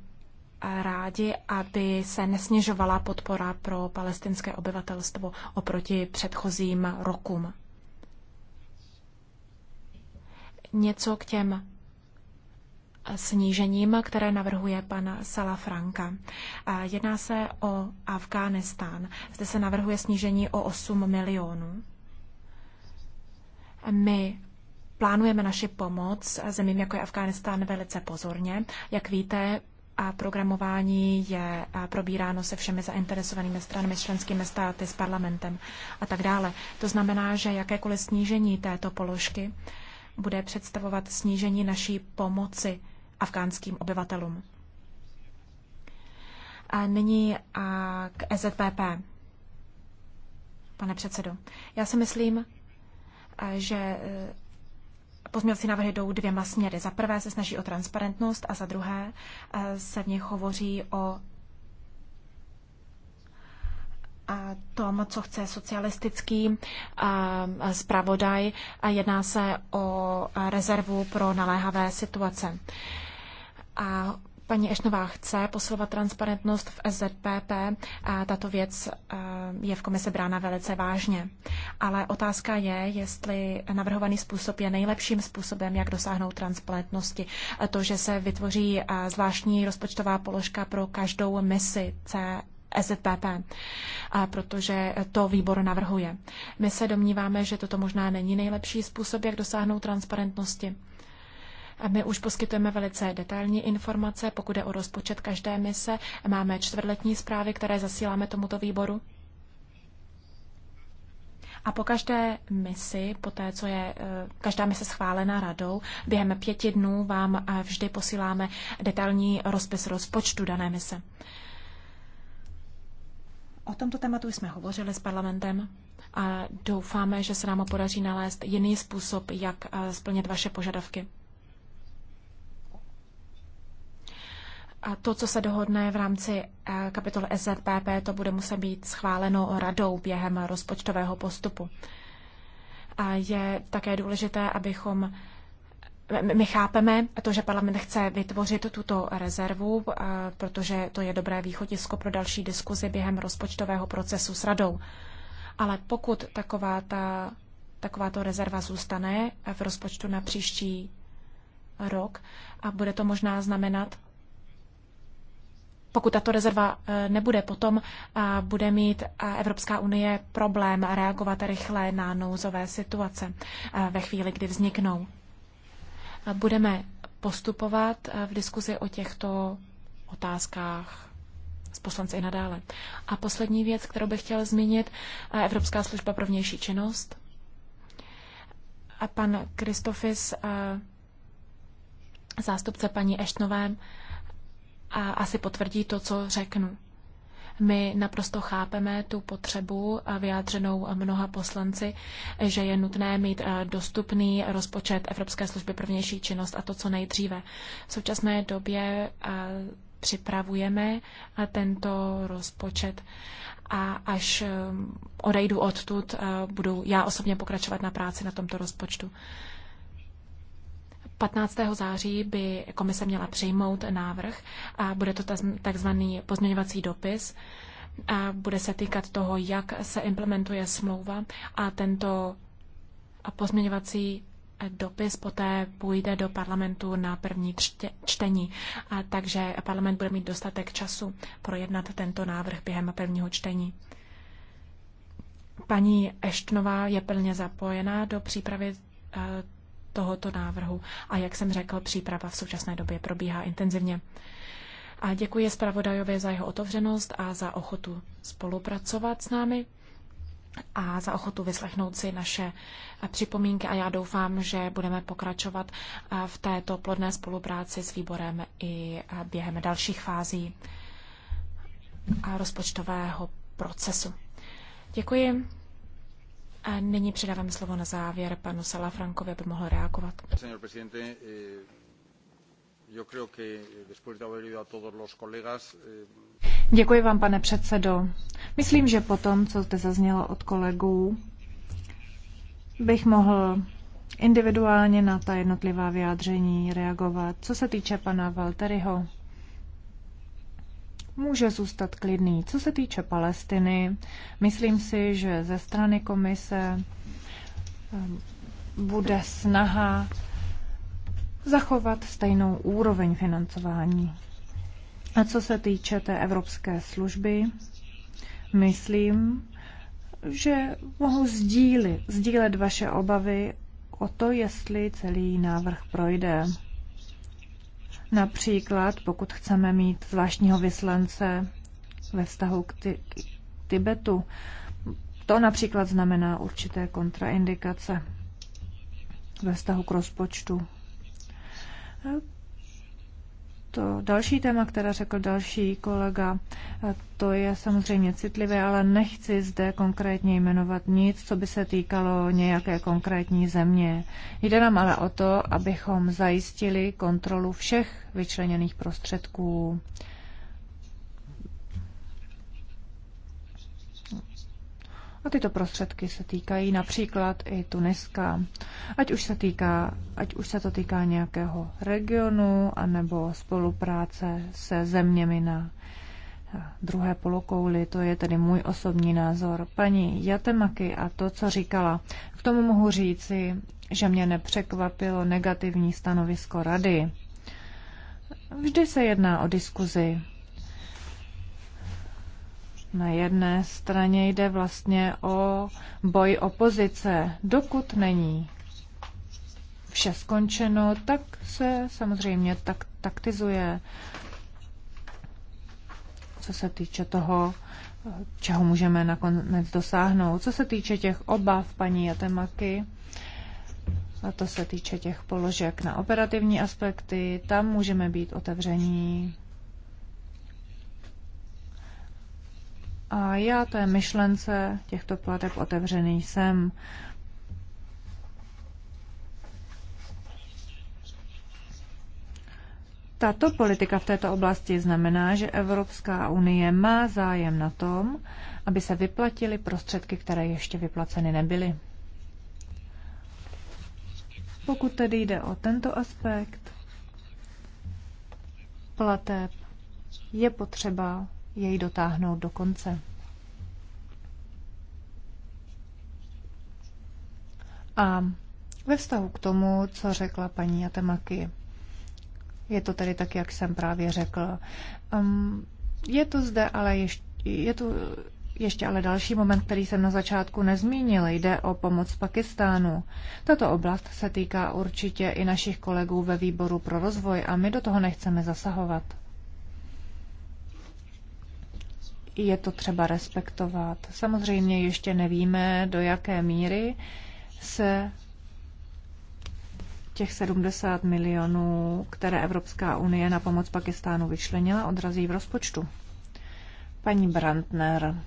rádi, aby se nesnižovala podpora pro palestinské obyvatelstvo oproti předchozím rokům. Něco k těm snížením, které navrhuje pan Salafranka. Jedná se o Afghánistán. Zde se navrhuje snížení o 8 milionů. My plánujeme naši pomoc zemím, jako je Afghánistán, velice pozorně. Jak víte, a programování je probíráno se všemi zainteresovanými stranami, s členskými státy, s parlamentem a tak dále. To znamená, že jakékoliv snížení této položky bude představovat snížení naší pomoci afgánským obyvatelům. A nyní k EZPP. Pane předsedo, já si myslím, že e, Pozměňovací návrhy jdou dvěma směry. Za prvé se snaží o transparentnost a za druhé e, se v nich hovoří o tom, co chce socialistický e, zpravodaj. Jedná se o rezervu pro naléhavé situace. A paní Ešnová chce posilovat transparentnost v SZPP. A tato věc eh, je v komise brána velice vážně. Ale otázka je, jestli navrhovaný způsob je nejlepším způsobem, jak dosáhnout transparentnosti. To, že se vytvoří eh, zvláštní rozpočtová položka pro každou misi C SZPP, protože to výbor navrhuje. My se domníváme, že toto možná není nejlepší způsob, jak dosáhnout transparentnosti. A my už poskytujeme velice detailní informace, pokud je o rozpočet každé mise. Máme čtvrtletní zprávy, které zasíláme tomuto výboru. A po každé misi, po té, co je eh, každá mise schválená radou, během pěti dnů vám eh, vždy posíláme detailní rozpis rozpočtu dané mise. O tomto tématu jsme hovořili s parlamentem a doufáme, že se nám podaří nalézt jiný způsob, jak eh, splnit vaše požadavky. A to, co se dohodne v rámci eh, kapitoly SZPP, to bude muset být schváleno radou během rozpočtového postupu. A je také důležité, abychom my chápeme to, že parlament chce vytvořit tuto rezervu, eh, protože to je dobré východisko pro další diskuzi během rozpočtového procesu s radou. Ale pokud taková ta, takováto rezerva zůstane v rozpočtu na příští rok, a bude to možná znamenat, pokud tato rezerva eh, nebude, potom bude mít Evropská unie problém reagovat rychle na nouzové situace eh, ve chvíli, kdy vzniknou. Budeme postupovat eh, v diskuzi o těchto otázkách s poslanci i nadále. A poslední věc, kterou bych chtěl zmínit, Evropská služba pro vnější činnost. A pan Kristofis, zástupce paní Eštnové, a asi potvrdí to, co řeknu. My naprosto chápeme tu potřebu vyjádřenou mnoha poslanci, že je nutné mít dostupný rozpočet Evropské služby pro vnější činnost a to co nejdříve. V současné době připravujeme tento rozpočet a až um, odejdu odtud, budu já osobně pokračovat na práci na tomto rozpočtu. 15. září by komise měla přijmout návrh a bude to takzvaný pozměňovací dopis a bude se týkat toho, jak se implementuje smlouva a tento pozměňovací dopis poté půjde do parlamentu na první čtení. A takže parlament bude mít dostatek času projednat tento návrh během prvního čtení. Paní Eštnová je plně zapojená do přípravy eh, tohoto návrhu a jak jsem řekl, příprava v současné době probíhá intenzivně. A děkuji zpravodajovi za jeho otevřenost a za ochotu spolupracovat s námi a za ochotu vyslechnout si naše připomínky a já doufám, že budeme pokračovat v této plodné spolupráci s výborem i během dalších fází rozpočtového procesu. Děkuji. A nyní předávám slovo na závěr panu Salafrankovi, aby mohl reagovat. Eh, eh, eh, Děkuji vám, pane předsedo. Myslím, že po tom, co zde zaznělo od kolegů, bych mohl individuálně na ta jednotlivá vyjádření reagovat. Co se týče pana Valteriho, může zůstat klidný. Co se týče Palestiny, myslím si, že ze strany komise ehm, bude snaha zachovat stejnou úroveň financování. A co se týče té evropské služby, myslím, že mohu sdílit, sdílet vaše obavy o to, jestli celý návrh projde. Například, pokud chceme mít zvláštního vyslance ve vztahu k, ty, k Tibetu, to například znamená určité kontraindikace ve vztahu k rozpočtu to další téma, které řekl další kolega, to je samozřejmě citlivé, ale nechci zde konkrétně jmenovat nic, co by se týkalo nějaké konkrétní země. Jde nám ale o to, abychom zajistili kontrolu všech vyčleněných prostředků. A tyto prostředky se týkají například i Tuniska. Ať už se, týká, ať už se to týká nějakého regionu, anebo spolupráce se zeměmi na druhé polokouli, to je tedy můj osobní názor. Paní Jatemaky a to, co říkala, k tomu mohu říci, že mě nepřekvapilo negativní stanovisko rady. Vždy se jedná o diskuzi na jedné straně jde vlastně o boj opozice. Dokud není vše skončeno, tak se samozřejmě tak, taktizuje, co se týče toho, čeho můžeme nakonec dosáhnout. Co se týče těch obav paní Jatemaky, a to se týče těch položek na operativní aspekty, tam můžeme být otevření A já té myšlence těchto plateb otevřený jsem. Tato politika v této oblasti znamená, že Evropská unie má zájem na tom, aby se vyplatily prostředky, které ještě vyplaceny nebyly. Pokud tedy jde o tento aspekt plateb, je potřeba jej dotáhnout do konce. A ve vztahu k tomu, co řekla paní Jatemaky, je to tedy tak, jak jsem právě řekl. Um, je to zde ale ještě, je tu ještě ale další moment, který jsem na začátku nezmínil, jde o pomoc Pakistánu. Tato oblast se týká určitě i našich kolegů ve výboru pro rozvoj a my do toho nechceme zasahovat. je to třeba respektovat. Samozřejmě ještě nevíme, do jaké míry se těch 70 milionů, které Evropská unie na pomoc Pakistánu vyčlenila, odrazí v rozpočtu. Paní Brandner,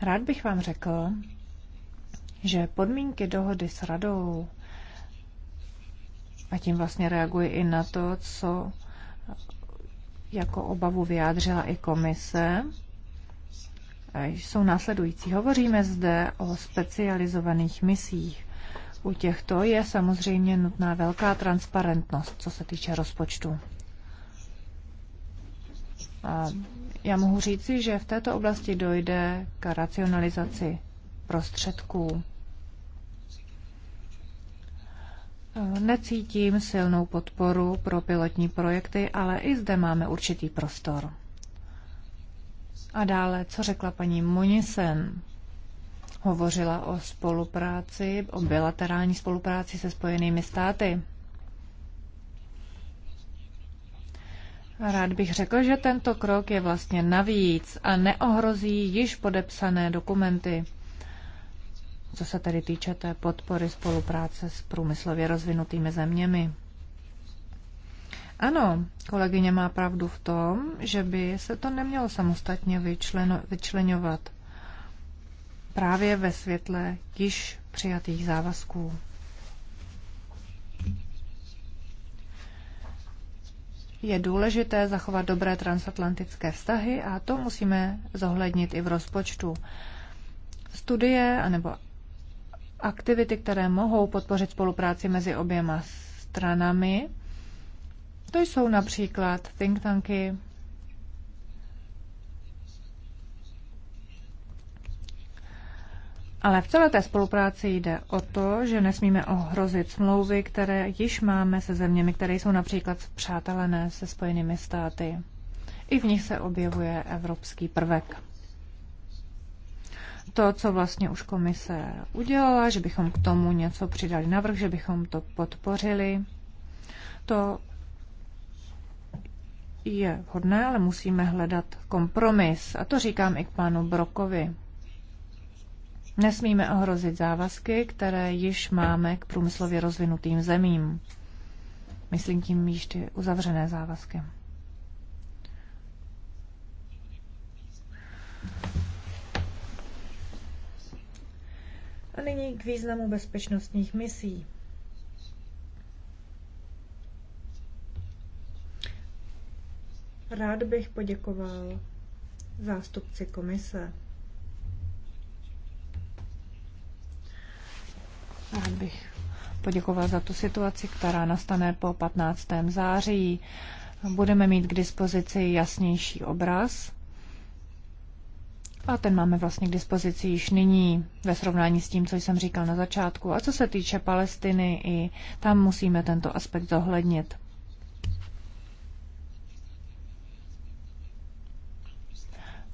rád bych vám řekl, že podmínky dohody s radou, a tím vlastně reaguji i na to, co jako obavu vyjádřila i komise, jsou následující. Hovoříme zde o specializovaných misích. U těchto je samozřejmě nutná velká transparentnost, co se týče rozpočtu. A já mohu říci, že v této oblasti dojde k racionalizaci prostředků. Necítím silnou podporu pro pilotní projekty, ale i zde máme určitý prostor. A dále, co řekla paní Monisen? Hovořila o spolupráci, o bilaterální spolupráci se Spojenými státy. Rád bych řekl, že tento krok je vlastně navíc a neohrozí již podepsané dokumenty. Co se tedy týče té podpory spolupráce s průmyslově rozvinutými zeměmi. Ano, kolegyně má pravdu v tom, že by se to nemělo samostatně vyčleno, vyčlenovat právě ve světle již přijatých závazků. Je důležité zachovat dobré transatlantické vztahy a to musíme zohlednit i v rozpočtu. Studie anebo aktivity, které mohou podpořit spolupráci mezi oběma stranami, to jsou například think tanky, Ale v celé té spolupráci jde o to, že nesmíme ohrozit smlouvy, které již máme se zeměmi, které jsou například přátelené se Spojenými státy. I v nich se objevuje evropský prvek. To, co vlastně už komise udělala, že bychom k tomu něco přidali navrh, že bychom to podpořili, to je vhodné, ale musíme hledat kompromis. A to říkám i k panu Brokovi. Nesmíme ohrozit závazky, které již máme k průmyslově rozvinutým zemím. Myslím tím již ty uzavřené závazky. A nyní k významu bezpečnostních misí. Rád bych poděkoval zástupci komise. Rád bych poděkoval za tu situaci, která nastane po 15. září. Budeme mít k dispozici jasnější obraz a ten máme vlastně k dispozici již nyní ve srovnání s tím, co jsem říkal na začátku. A co se týče Palestiny, i tam musíme tento aspekt zohlednit.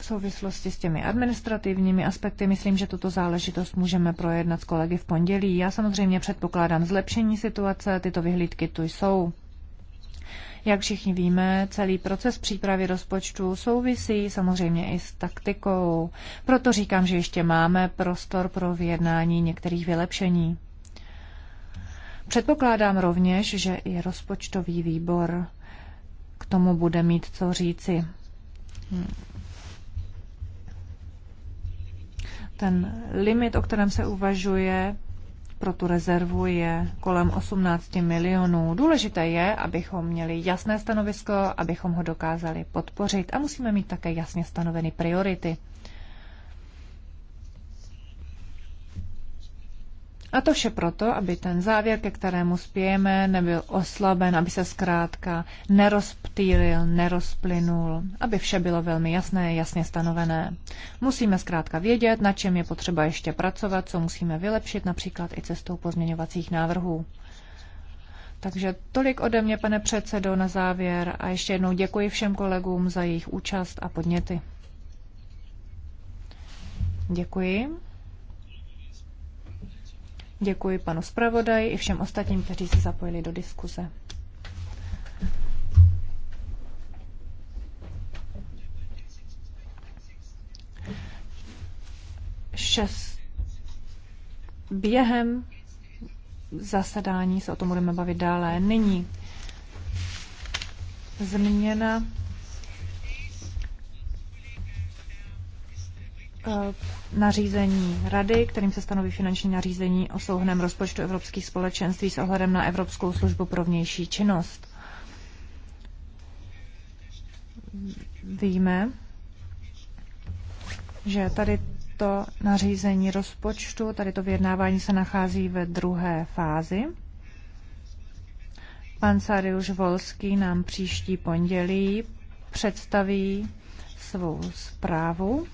V souvislosti s těmi administrativními aspekty myslím, že tuto záležitost můžeme projednat s kolegy v pondělí. Já samozřejmě předpokládám zlepšení situace, tyto vyhlídky tu jsou. Jak všichni víme, celý proces přípravy rozpočtu souvisí samozřejmě i s taktikou. Proto říkám, že ještě máme prostor pro vyjednání některých vylepšení. Předpokládám rovněž, že i rozpočtový výbor k tomu bude mít co říci. Hmm. Ten limit, o kterém se uvažuje pro tu rezervu, je kolem 18 milionů. Důležité je, abychom měli jasné stanovisko, abychom ho dokázali podpořit a musíme mít také jasně stanoveny priority. A to vše proto, aby ten závěr, ke kterému spějeme, nebyl oslaben, aby se zkrátka nerozptýlil, nerozplynul, aby vše bylo velmi jasné, jasně stanovené. Musíme zkrátka vědět, na čem je potřeba ještě pracovat, co musíme vylepšit, například i cestou pozměňovacích návrhů. Takže tolik ode mě, pane předsedo, na závěr a ještě jednou děkuji všem kolegům za jejich účast a podněty. Děkuji. Děkuji panu zpravodaji i všem ostatním, kteří se zapojili do diskuze. Šest. Během zasedání se o tom budeme bavit dále. Nyní změna Eh, nařízení Rady, kterým se stanoví finanční nařízení o souhném rozpočtu Evropských společenství s ohledem na Evropskou službu pro vnější činnost. Víme, že tady to nařízení rozpočtu, tady to vyjednávání se nachází ve druhé fázi. Pan Sariuš Volský nám příští pondělí představí svou zprávu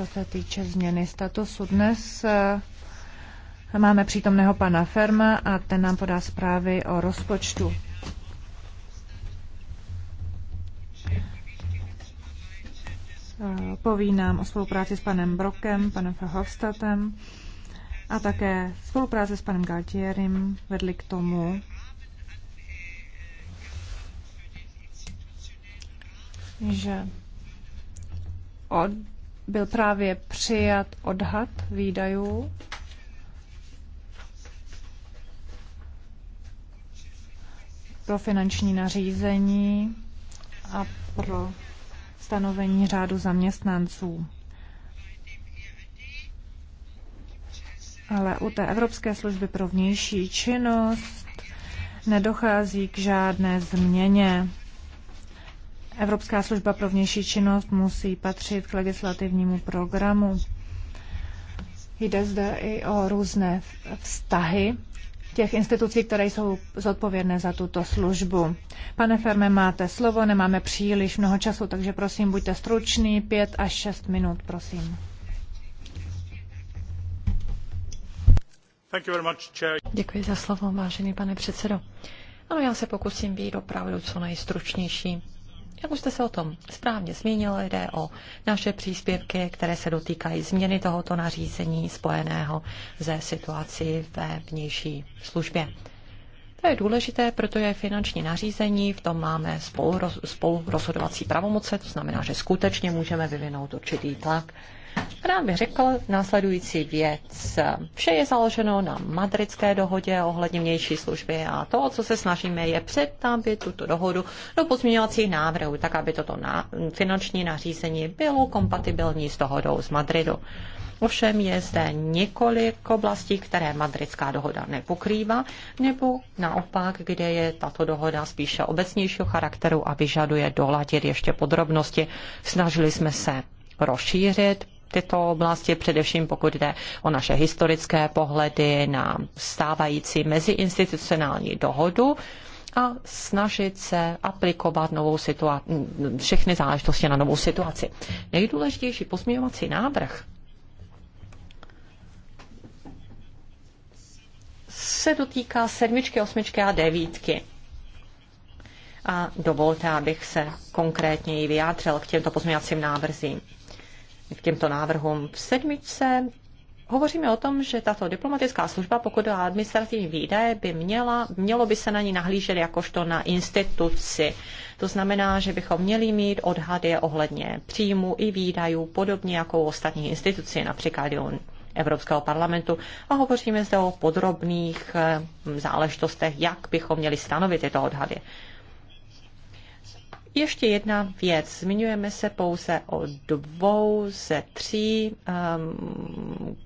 co se týče změny statusu. Dnes eh, máme přítomného pana Ferma a ten nám podá zprávy o rozpočtu. Eh, poví nám o spolupráci s panem Brokem, panem Verhofstadtem a také spolupráce s panem Galtierim vedli k tomu, že od byl právě přijat odhad výdajů pro finanční nařízení a pro stanovení řádu zaměstnanců. Ale u té Evropské služby pro vnější činnost nedochází k žádné změně. Evropská služba pro vnější činnost musí patřit k legislativnímu programu. Jde zde i o různé vztahy těch institucí, které jsou zodpovědné za tuto službu. Pane Ferme, máte slovo, nemáme příliš mnoho času, takže prosím, buďte stručný, pět až šest minut, prosím. Děkuji za slovo, vážený pane předsedo. Ano, já se pokusím být opravdu co nejstručnější. Jak už jste se o tom správně zmínil, jde o naše příspěvky, které se dotýkají změny tohoto nařízení spojeného ze situaci ve vnější službě. To je důležité, protože finanční nařízení, v tom máme spolu, spolu rozhodovací pravomoce, to znamená, že skutečně můžeme vyvinout určitý tlak rád bych řekl následující věc. Vše je založeno na madridské dohodě ohledně vnější služby a to, co se snažíme, je přetavit tuto dohodu do pozměňovacích návrhů, tak aby toto na, finanční nařízení bylo kompatibilní s dohodou z Madridu. Ovšem je zde několik oblastí, které madridská dohoda nepokrývá, nebo naopak, kde je tato dohoda spíše obecnějšího charakteru a vyžaduje doladit ještě podrobnosti. Snažili jsme se rozšířit tyto oblasti, především pokud jde o naše historické pohledy na stávající meziinstitucionální dohodu a snažit se aplikovat novou situa- všechny záležitosti na novou situaci. Nejdůležitější pozměňovací návrh se dotýká sedmičky, osmičky a devítky. A dovolte, abych se konkrétněji vyjádřil k těmto pozměňovacím návrzím k těmto návrhům. V sedmičce hovoříme o tom, že tato diplomatická služba, pokud o administrativní výdaje, by měla, mělo by se na ní nahlížet jakožto na instituci. To znamená, že bychom měli mít odhady ohledně příjmu i výdajů, podobně jako u ostatních institucí, například u Evropského parlamentu. A hovoříme zde o podrobných eh, záležitostech, jak bychom měli stanovit tyto odhady. Ještě jedna věc. Zmiňujeme se pouze o dvou ze tří um,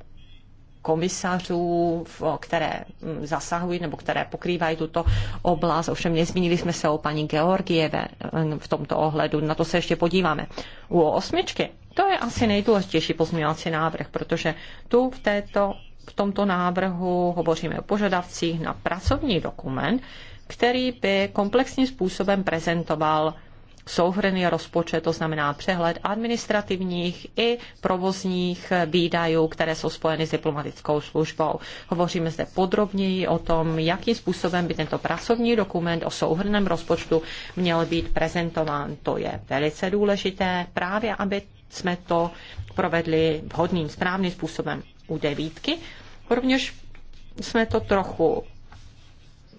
komisařů, které mm, zasahují nebo které pokrývají tuto oblast. Ovšem nezmínili jsme se o paní Georgieve mm, v tomto ohledu, na to se ještě podíváme. U osmičky, to je asi nejdůležitější pozměňovací návrh, protože tu v, této, v tomto návrhu hovoříme o požadavcích na pracovní dokument, který by komplexním způsobem prezentoval souhrný rozpočet, to znamená přehled administrativních i provozních výdajů, které jsou spojeny s diplomatickou službou. Hovoříme zde podrobněji o tom, jakým způsobem by tento pracovní dokument o souhrném rozpočtu měl být prezentován. To je velice důležité, právě aby jsme to provedli vhodným, správným způsobem u devítky. Rovněž jsme to trochu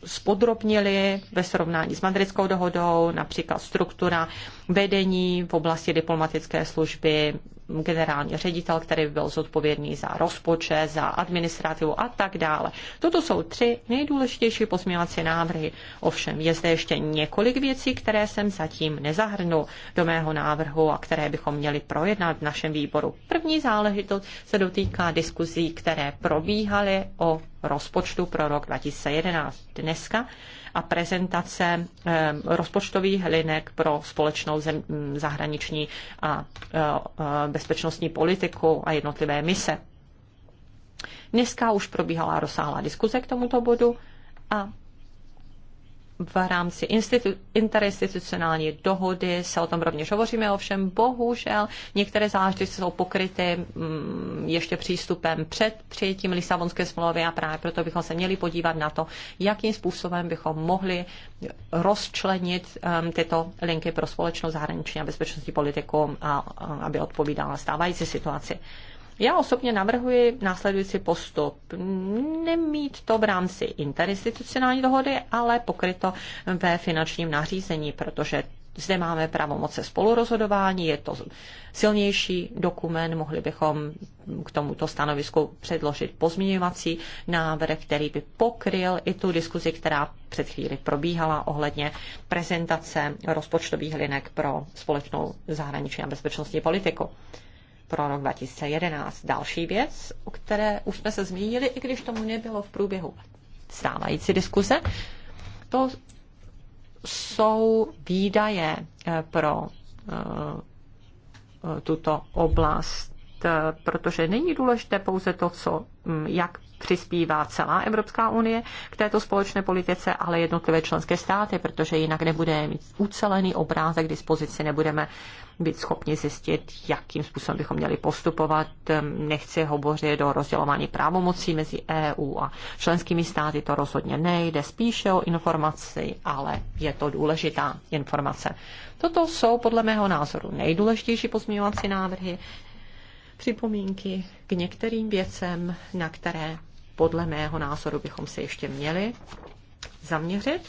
spodrobnili ve srovnání s madridskou dohodou, například struktura vedení v oblasti diplomatické služby, generální ředitel, který byl zodpovědný za rozpočet, za administrativu a tak dále. Toto jsou tři nejdůležitější pozměňovací návrhy. Ovšem, je zde ještě několik věcí, které jsem zatím nezahrnul do mého návrhu a které bychom měli projednat v našem výboru. První záležitost se dotýká diskuzí, které probíhaly o rozpočtu pro rok 2011. Dneska a prezentace ehm, rozpočtových linek pro společnou zem, mm, zahraniční a e, e, bezpečnostní politiku a jednotlivé mise. Dneska už probíhala rozsáhlá diskuze k tomuto bodu a v rámci institu- interinstitucionální dohody se o tom rovněž hovoříme, ovšem bohužel některé záležitosti jsou pokryty mm, ještě přístupem před přijetím Lisabonské smlouvy a právě proto bychom se měli podívat na to, jakým způsobem bychom mohli rozčlenit um, tyto linky pro společnou zahraniční a bezpečnostní politiku, a, a, aby odpovídala stávající situaci. Já osobně navrhuji následující postup. Nemít to v rámci interinstitucionální dohody, ale pokryto ve finančním nařízení, protože zde máme pravomoce spolurozhodování, je to silnější dokument, mohli bychom k tomuto stanovisku předložit pozměňovací návrh, který by pokryl i tu diskuzi, která před chvíli probíhala ohledně prezentace rozpočtových linek pro společnou zahraniční a bezpečnostní politiku pro rok 2011. Další věc, o které už jsme se zmínili, i když tomu nebylo v průběhu stávající diskuse, to jsou výdaje eh, pro eh, eh, tuto oblast, protože není důležité pouze to, co, mm, jak přispívá celá Evropská unie k této společné politice, ale jednotlivé členské státy, protože jinak nebude mít ucelený obrázek k dispozici, nebudeme být schopni zjistit, jakým způsobem bychom měli postupovat. Ehm, nechci hovořit o rozdělování právomocí mezi EU a členskými státy, to rozhodně nejde, spíše o informaci, ale je to důležitá informace. Toto jsou podle mého názoru nejdůležitější pozměňovací návrhy, připomínky k některým věcem, na které podle mého názoru bychom se ještě měli zaměřit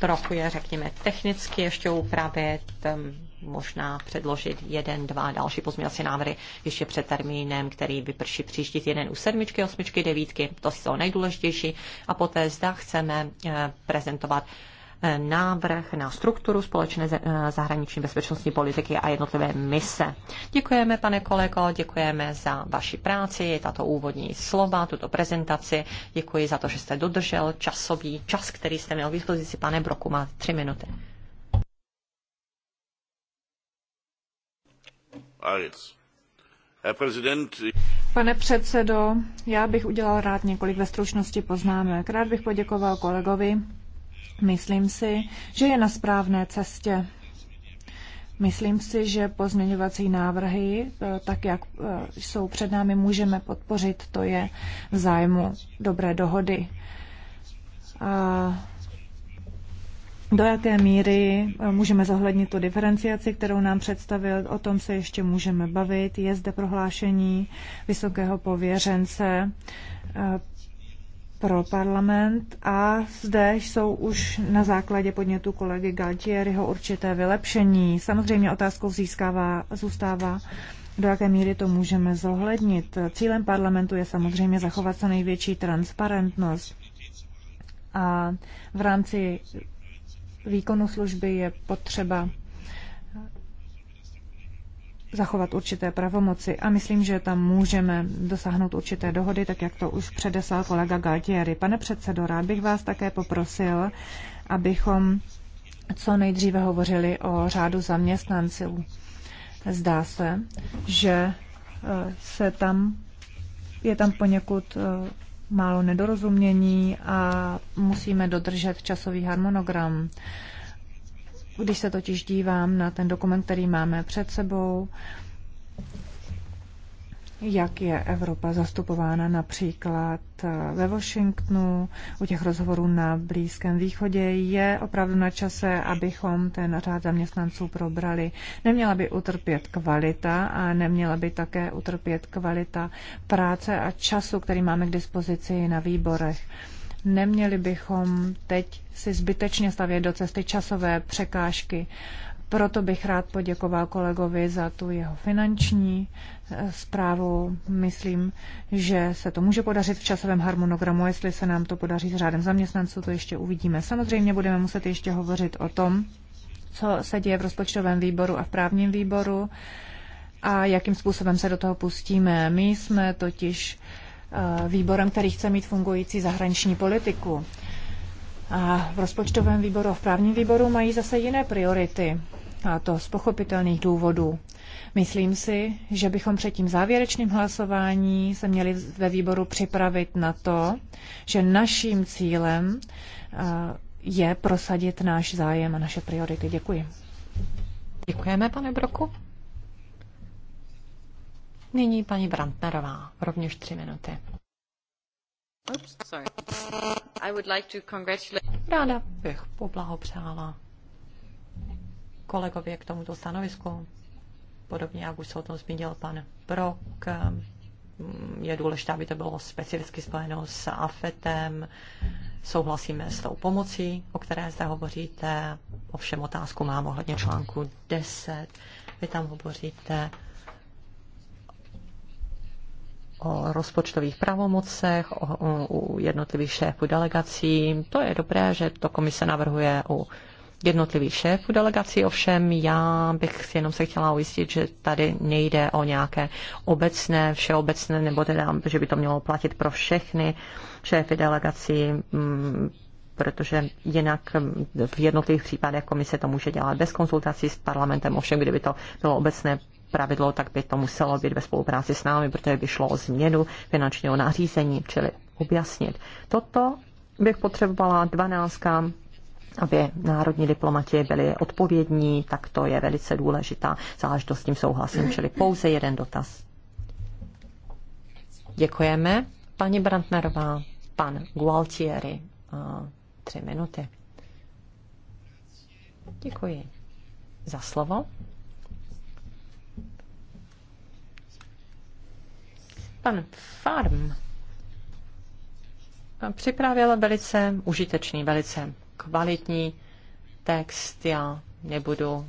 trochu je, řekněme, technicky ještě upravit, ehm, možná předložit jeden, dva další pozměňovací návrhy ještě před termínem, který vyprší příští týden u sedmičky, osmičky, devítky, to jsou nejdůležitější. A poté zda chceme eh, prezentovat návrh na strukturu společné eh, zahraniční bezpečnostní politiky a jednotlivé mise. Děkujeme, pane kolego, děkujeme za vaši práci, tato úvodní slova, tuto prezentaci. Děkuji za to, že jste dodržel časový čas, který jste měl k dispozici. Pane Broku, má tři minuty. Pane předsedo, já bych udělal rád několik ve stručnosti poznámek. Rád bych poděkoval kolegovi Myslím si, že je na správné cestě. Myslím si, že pozměňovací návrhy, e, tak jak e, jsou před námi, můžeme podpořit. To je v zájmu dobré dohody. A do jaké míry e, můžeme zohlednit tu diferenciaci, kterou nám představil, o tom se ještě můžeme bavit. Je zde prohlášení vysokého pověřence pro parlament a zde jsou už na základě podnětu kolegy Galtieriho určité vylepšení. Samozřejmě otázkou získává, zůstává, do jaké míry to můžeme zohlednit. Cílem parlamentu je samozřejmě zachovat co největší transparentnost. A v rámci výkonu služby je potřeba zachovat určité pravomoci a myslím, že tam můžeme dosáhnout určité dohody, tak jak to už předeslal kolega Galtieri. Pane předsedo, rád bych vás také poprosil, abychom co nejdříve hovořili o řádu zaměstnanců. Zdá se, že e, se tam, je tam poněkud e, málo nedorozumění a musíme dodržet časový harmonogram. Když se totiž dívám na ten dokument, který máme před sebou, jak je Evropa zastupována například eh, ve Washingtonu, u těch rozhovorů na Blízkém východě, je opravdu na čase, abychom ten řád zaměstnanců probrali. Neměla by utrpět kvalita a neměla by také utrpět kvalita práce a času, který máme k dispozici na výborech. Neměli bychom teď si zbytečně stavět do cesty časové překážky. Proto bych rád poděkoval kolegovi za tu jeho finanční eh, zprávu. Myslím, že se to může podařit v časovém harmonogramu. Jestli se nám to podaří s řádem zaměstnanců, to ještě uvidíme. Samozřejmě budeme muset ještě hovořit o tom, co se děje v rozpočtovém výboru a v právním výboru a jakým způsobem se do toho pustíme. My jsme totiž Eh, výborem, který chce mít fungující zahraniční politiku. A v rozpočtovém výboru a v právním výboru mají zase jiné priority. A to z pochopitelných důvodů. Myslím si, že bychom před tím závěrečným hlasování se měli ve výboru připravit na to, že naším cílem eh, je prosadit náš zájem a naše priority. Děkuji. Děkujeme, pane Broku. Nyní paní Brantnerová, rovněž tři minuty. to Ráda bych poblahopřála kolegově k tomuto stanovisku. Podobně, jak už se o tom zmínil pan Brok, mm, je důležité, aby to bylo specificky spojeno s AFETem. Souhlasíme s tou pomocí, o které zde hovoříte. Ovšem otázku mám ohledně článku 10. Vy tam hovoříte o rozpočtových pravomocech, o, o, u jednotlivých šéfů delegací. To je dobré, že to komise navrhuje u jednotlivých šéfů delegací, ovšem já bych jenom se chtěla ujistit, že tady nejde o nějaké obecné, všeobecné, nebo teda, že by to mělo platit pro všechny šéfy delegací, mm, protože jinak v jednotlivých případech komise to může dělat bez konzultací s parlamentem, ovšem kdyby to bylo obecné pravidlo, tak by to muselo být ve spolupráci s námi, protože by šlo o změnu finančního nařízení, čili objasnit. Toto bych potřebovala dvanáctkám aby národní diplomati byli odpovědní, tak to je velice důležitá záležitost s tím souhlasím, čili pouze jeden dotaz. Děkujeme. Paní Brantnerová, pan Gualtieri, tři minuty. Děkuji za slovo. Pan Farm připravil velice užitečný, velice kvalitní text. Já nebudu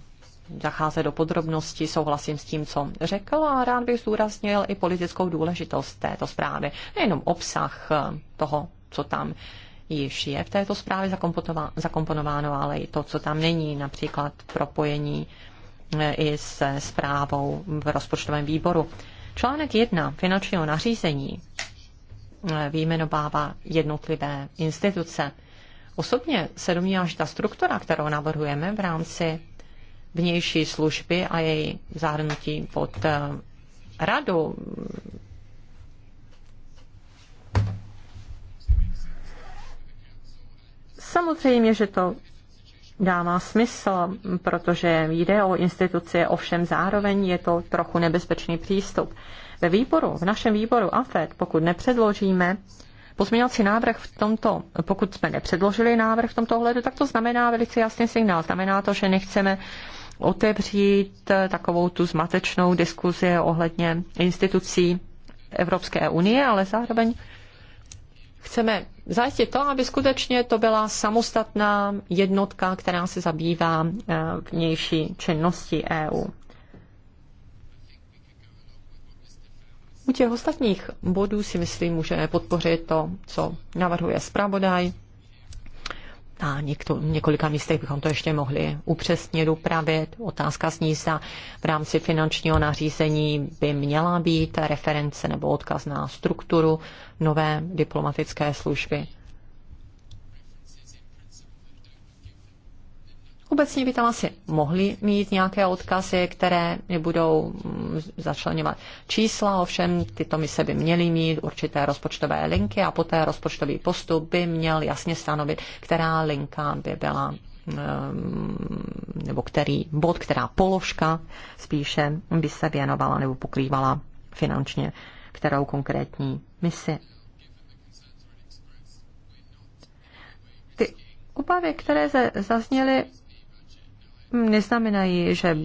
zacházet do podrobností, souhlasím s tím, co řekl a rád bych zdůraznil i politickou důležitost této zprávy. Nejenom obsah eh, toho, co tam již je v této zprávě zakomponováno, ale i to, co tam není, například propojení eh, i se zprávou v rozpočtovém výboru. Článek 1 finančního nařízení eh, vyjmenovává jednotlivé instituce. Osobně se domnívám, že ta struktura, kterou navrhujeme v rámci vnější služby a její zahrnutí pod eh, radu, Samozřejmě, že to dává smysl, protože jde o instituci, ovšem zároveň je to trochu nebezpečný přístup. Ve výboru, v našem výboru AFED, pokud nepředložíme pozměňovací návrh v tomto, pokud jsme nepředložili návrh v tomto ohledu, tak to znamená velice jasný signál. Znamená to, že nechceme otevřít takovou tu zmatečnou diskuzi ohledně institucí Evropské unie, ale zároveň chceme zajistit to, aby skutečně to byla samostatná jednotka, která se zabývá eh, vnější činnosti EU. U těch ostatních bodů si myslím, můžeme podpořit to, co navrhuje zpravodaj na někto, několika místech bychom to ještě mohli upřesnit, upravit. Otázka zní, se, v rámci finančního nařízení by měla být reference nebo odkaz na strukturu nové diplomatické služby. Obecně by tam asi mohli mít nějaké odkazy, které nebudou mm, začlenovat čísla, ovšem tyto mise by měly mít určité rozpočtové linky a poté rozpočtový postup by měl jasně stanovit, která linka by byla mm, nebo který bod, která položka spíše by se věnovala nebo pokrývala finančně kterou konkrétní misi. Ty obavy, které zazněly, neznamenají, že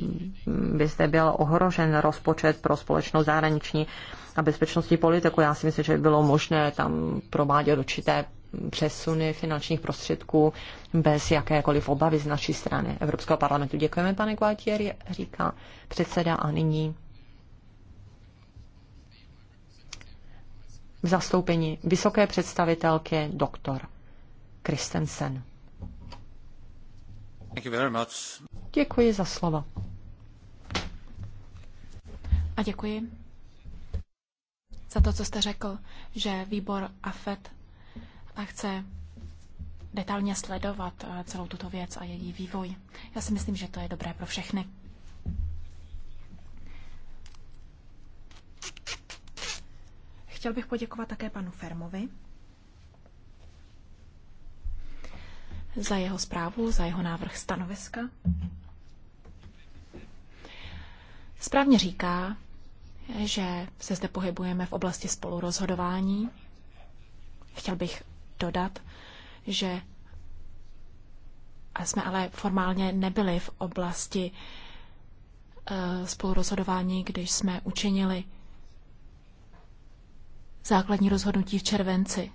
by zde byl ohrožen rozpočet pro společnou zahraniční a bezpečnostní politiku. Já si myslím, že by bylo možné tam provádět určité přesuny finančních prostředků bez jakékoliv obavy z naší strany Evropského parlamentu. Děkujeme, pane Guatier, říká předseda a nyní v zastoupení vysoké představitelky doktor Kristensen. Děkuji za slovo. A děkuji za to, co jste řekl, že výbor AFET a chce detailně sledovat eh, celou tuto věc a její vývoj. Já si myslím, že to je dobré pro všechny. Chtěl bych poděkovat také panu Fermovi. za jeho zprávu, za jeho návrh stanoviska. Správně říká, že se zde pohybujeme v oblasti spolurozhodování. Chtěl bych dodat, že jsme ale formálně nebyli v oblasti eh, spolurozhodování, když jsme učinili základní rozhodnutí v červenci.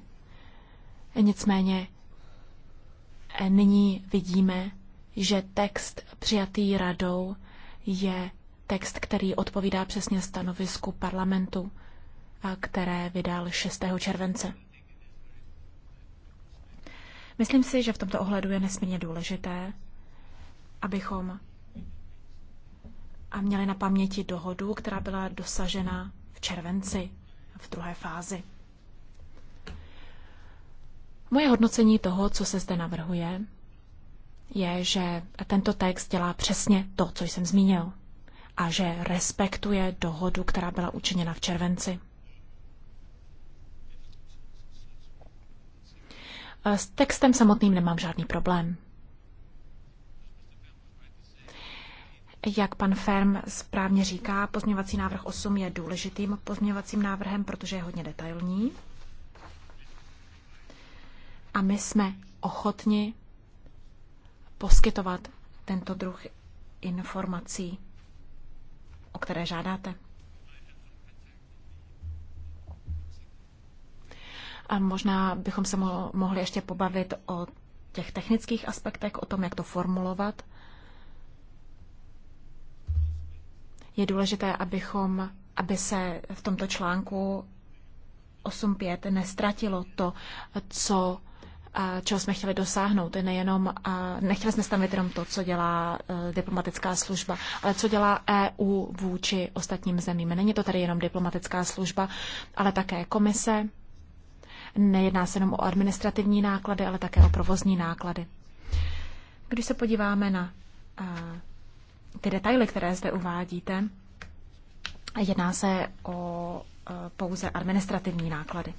Nicméně Eh, nyní vidíme, že text přijatý radou je text, který odpovídá přesně stanovisku parlamentu, které vydal 6. července. Myslím si, že v tomto ohledu je nesmírně důležité, abychom a měli na paměti dohodu, která byla dosažena v červenci v druhé fázi. Moje hodnocení toho, co se zde navrhuje, je, že tento text dělá přesně to, co jsem zmínil a že respektuje dohodu, která byla učiněna v červenci. S textem samotným nemám žádný problém. Jak pan Ferm správně říká, pozměňovací návrh 8 je důležitým pozměňovacím návrhem, protože je hodně detailní. A my jsme ochotni poskytovat tento druh informací, o které žádáte. A možná bychom se mohli ještě pobavit o těch technických aspektech, o tom, jak to formulovat. Je důležité, abychom, aby se v tomto článku 8.5 nestratilo to, co čeho jsme chtěli dosáhnout. Nejenom, nechtěli jsme stavit jenom to, co dělá e, diplomatická služba, ale co dělá EU vůči ostatním zemím. Není to tady jenom diplomatická služba, ale také komise. Nejedná se jenom o administrativní náklady, ale také o provozní náklady. Když se podíváme na e, ty detaily, které zde uvádíte, jedná se o e, pouze administrativní náklady.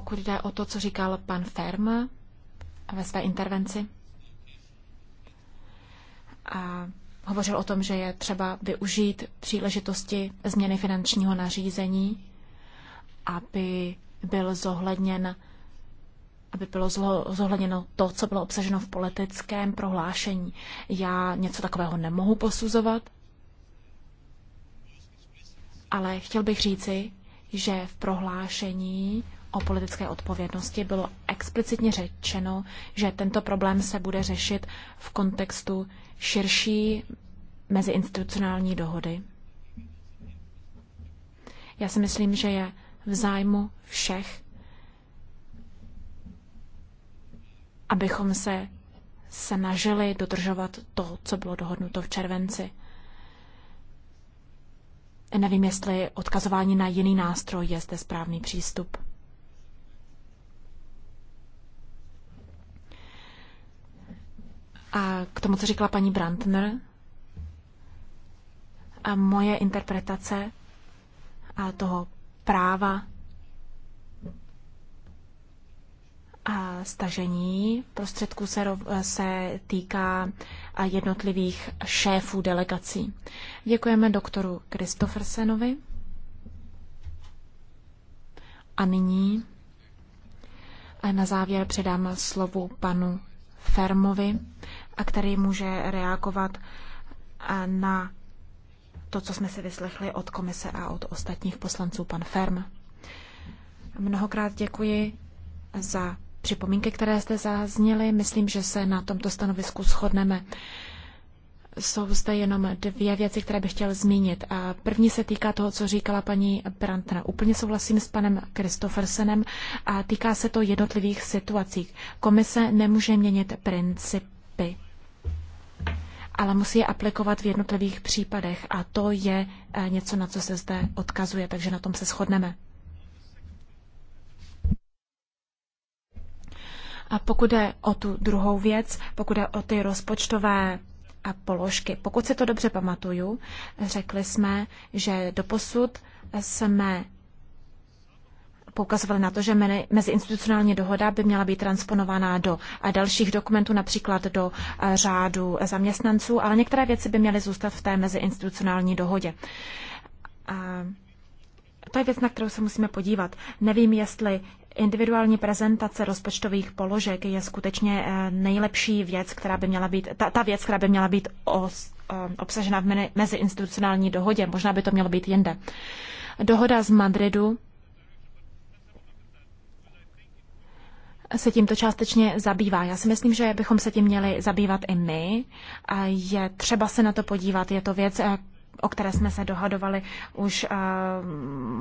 pokud jde o to, co říkal pan Ferm ve své intervenci. A hovořil o tom, že je třeba využít příležitosti změny finančního nařízení, aby byl zohledněn aby bylo zohledněno to, co bylo obsaženo v politickém prohlášení. Já něco takového nemohu posuzovat, ale chtěl bych říci, že v prohlášení o politické odpovědnosti bylo explicitně řečeno, že tento problém se bude řešit v kontextu širší meziinstitucionální dohody. Já si myslím, že je v zájmu všech, abychom se snažili dodržovat to, co bylo dohodnuto v červenci. Nevím, jestli odkazování na jiný nástroj je zde správný přístup. A k tomu, co říkala paní Brandner, a moje interpretace a toho práva a stažení prostředků se, se týká jednotlivých šéfů delegací. Děkujeme doktoru Kristoffersenovi. A nyní na závěr předám slovo panu Fermovi, a který může reagovat eh, na to, co jsme si vyslechli od komise a od ostatních poslanců, pan Ferm. Mnohokrát děkuji za připomínky, které jste zazněly. Myslím, že se na tomto stanovisku shodneme. Jsou zde jenom dvě věci, které bych chtěl zmínit. A první se týká toho, co říkala paní Brantna. Úplně souhlasím s panem Kristoffersenem a týká se to jednotlivých situací. Komise nemůže měnit principy, ale musí je aplikovat v jednotlivých případech a to je eh, něco, na co se zde odkazuje, takže na tom se shodneme. A pokud je o tu druhou věc, pokud je o ty rozpočtové položky. Pokud si to dobře pamatuju, řekli jsme, že doposud jsme poukazovali na to, že meziinstitucionální dohoda by měla být transponována do dalších dokumentů, například do řádu zaměstnanců, ale některé věci by měly zůstat v té meziinstitucionální dohodě. A to je věc, na kterou se musíme podívat. Nevím, jestli individuální prezentace rozpočtových položek je skutečně eh, nejlepší věc, která by měla být, ta, ta věc, která by měla být os, eh, obsažena v meziinstitucionální dohodě. Možná by to mělo být jinde. Dohoda z Madridu se tímto částečně zabývá. Já si myslím, že bychom se tím měli zabývat i my. Je třeba se na to podívat. Je to věc, eh, o které jsme se dohadovali už eh,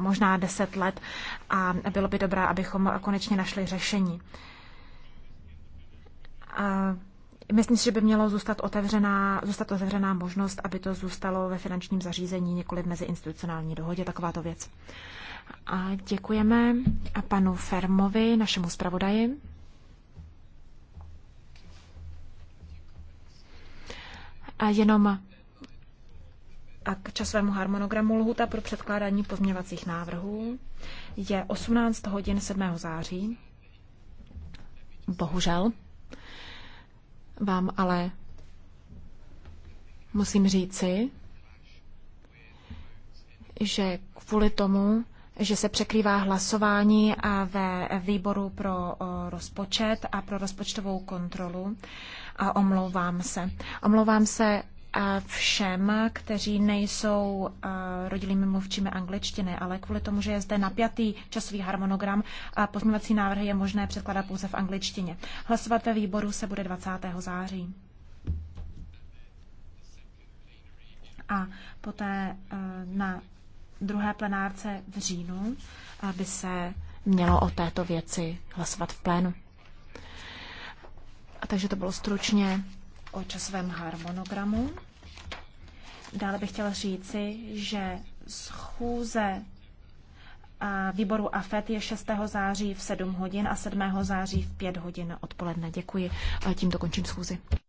možná deset let a bylo by dobré, abychom konečně našli řešení. A eh, myslím si, že by mělo zůstat otevřená, zůstat otevřená možnost, aby to zůstalo ve finančním zařízení, nikoli v meziinstitucionální dohodě, takováto věc. A děkujeme a panu Fermovi, našemu zpravodaji. A jenom a k časovému harmonogramu lhuta pro předkládání pozměňovacích návrhů je 18 hodin 7. září. Bohužel vám ale musím říci, že kvůli tomu, že se překrývá hlasování a ve výboru pro rozpočet a pro rozpočtovou kontrolu, a omlouvám se. Omlouvám se všem, kteří nejsou rodilými mluvčími angličtiny, ale kvůli tomu, že je zde napjatý časový harmonogram, pozměňovací návrhy je možné předkládat pouze v angličtině. Hlasovat ve výboru se bude 20. září. A poté na druhé plenárce v říjnu by se mělo o této věci hlasovat v plénu. A takže to bylo stručně o časovém harmonogramu. Dále bych chtěla říci, že schůze a výboru AFET je 6. září v 7 hodin a 7. září v 5 hodin odpoledne. Děkuji. Tímto končím schůzi.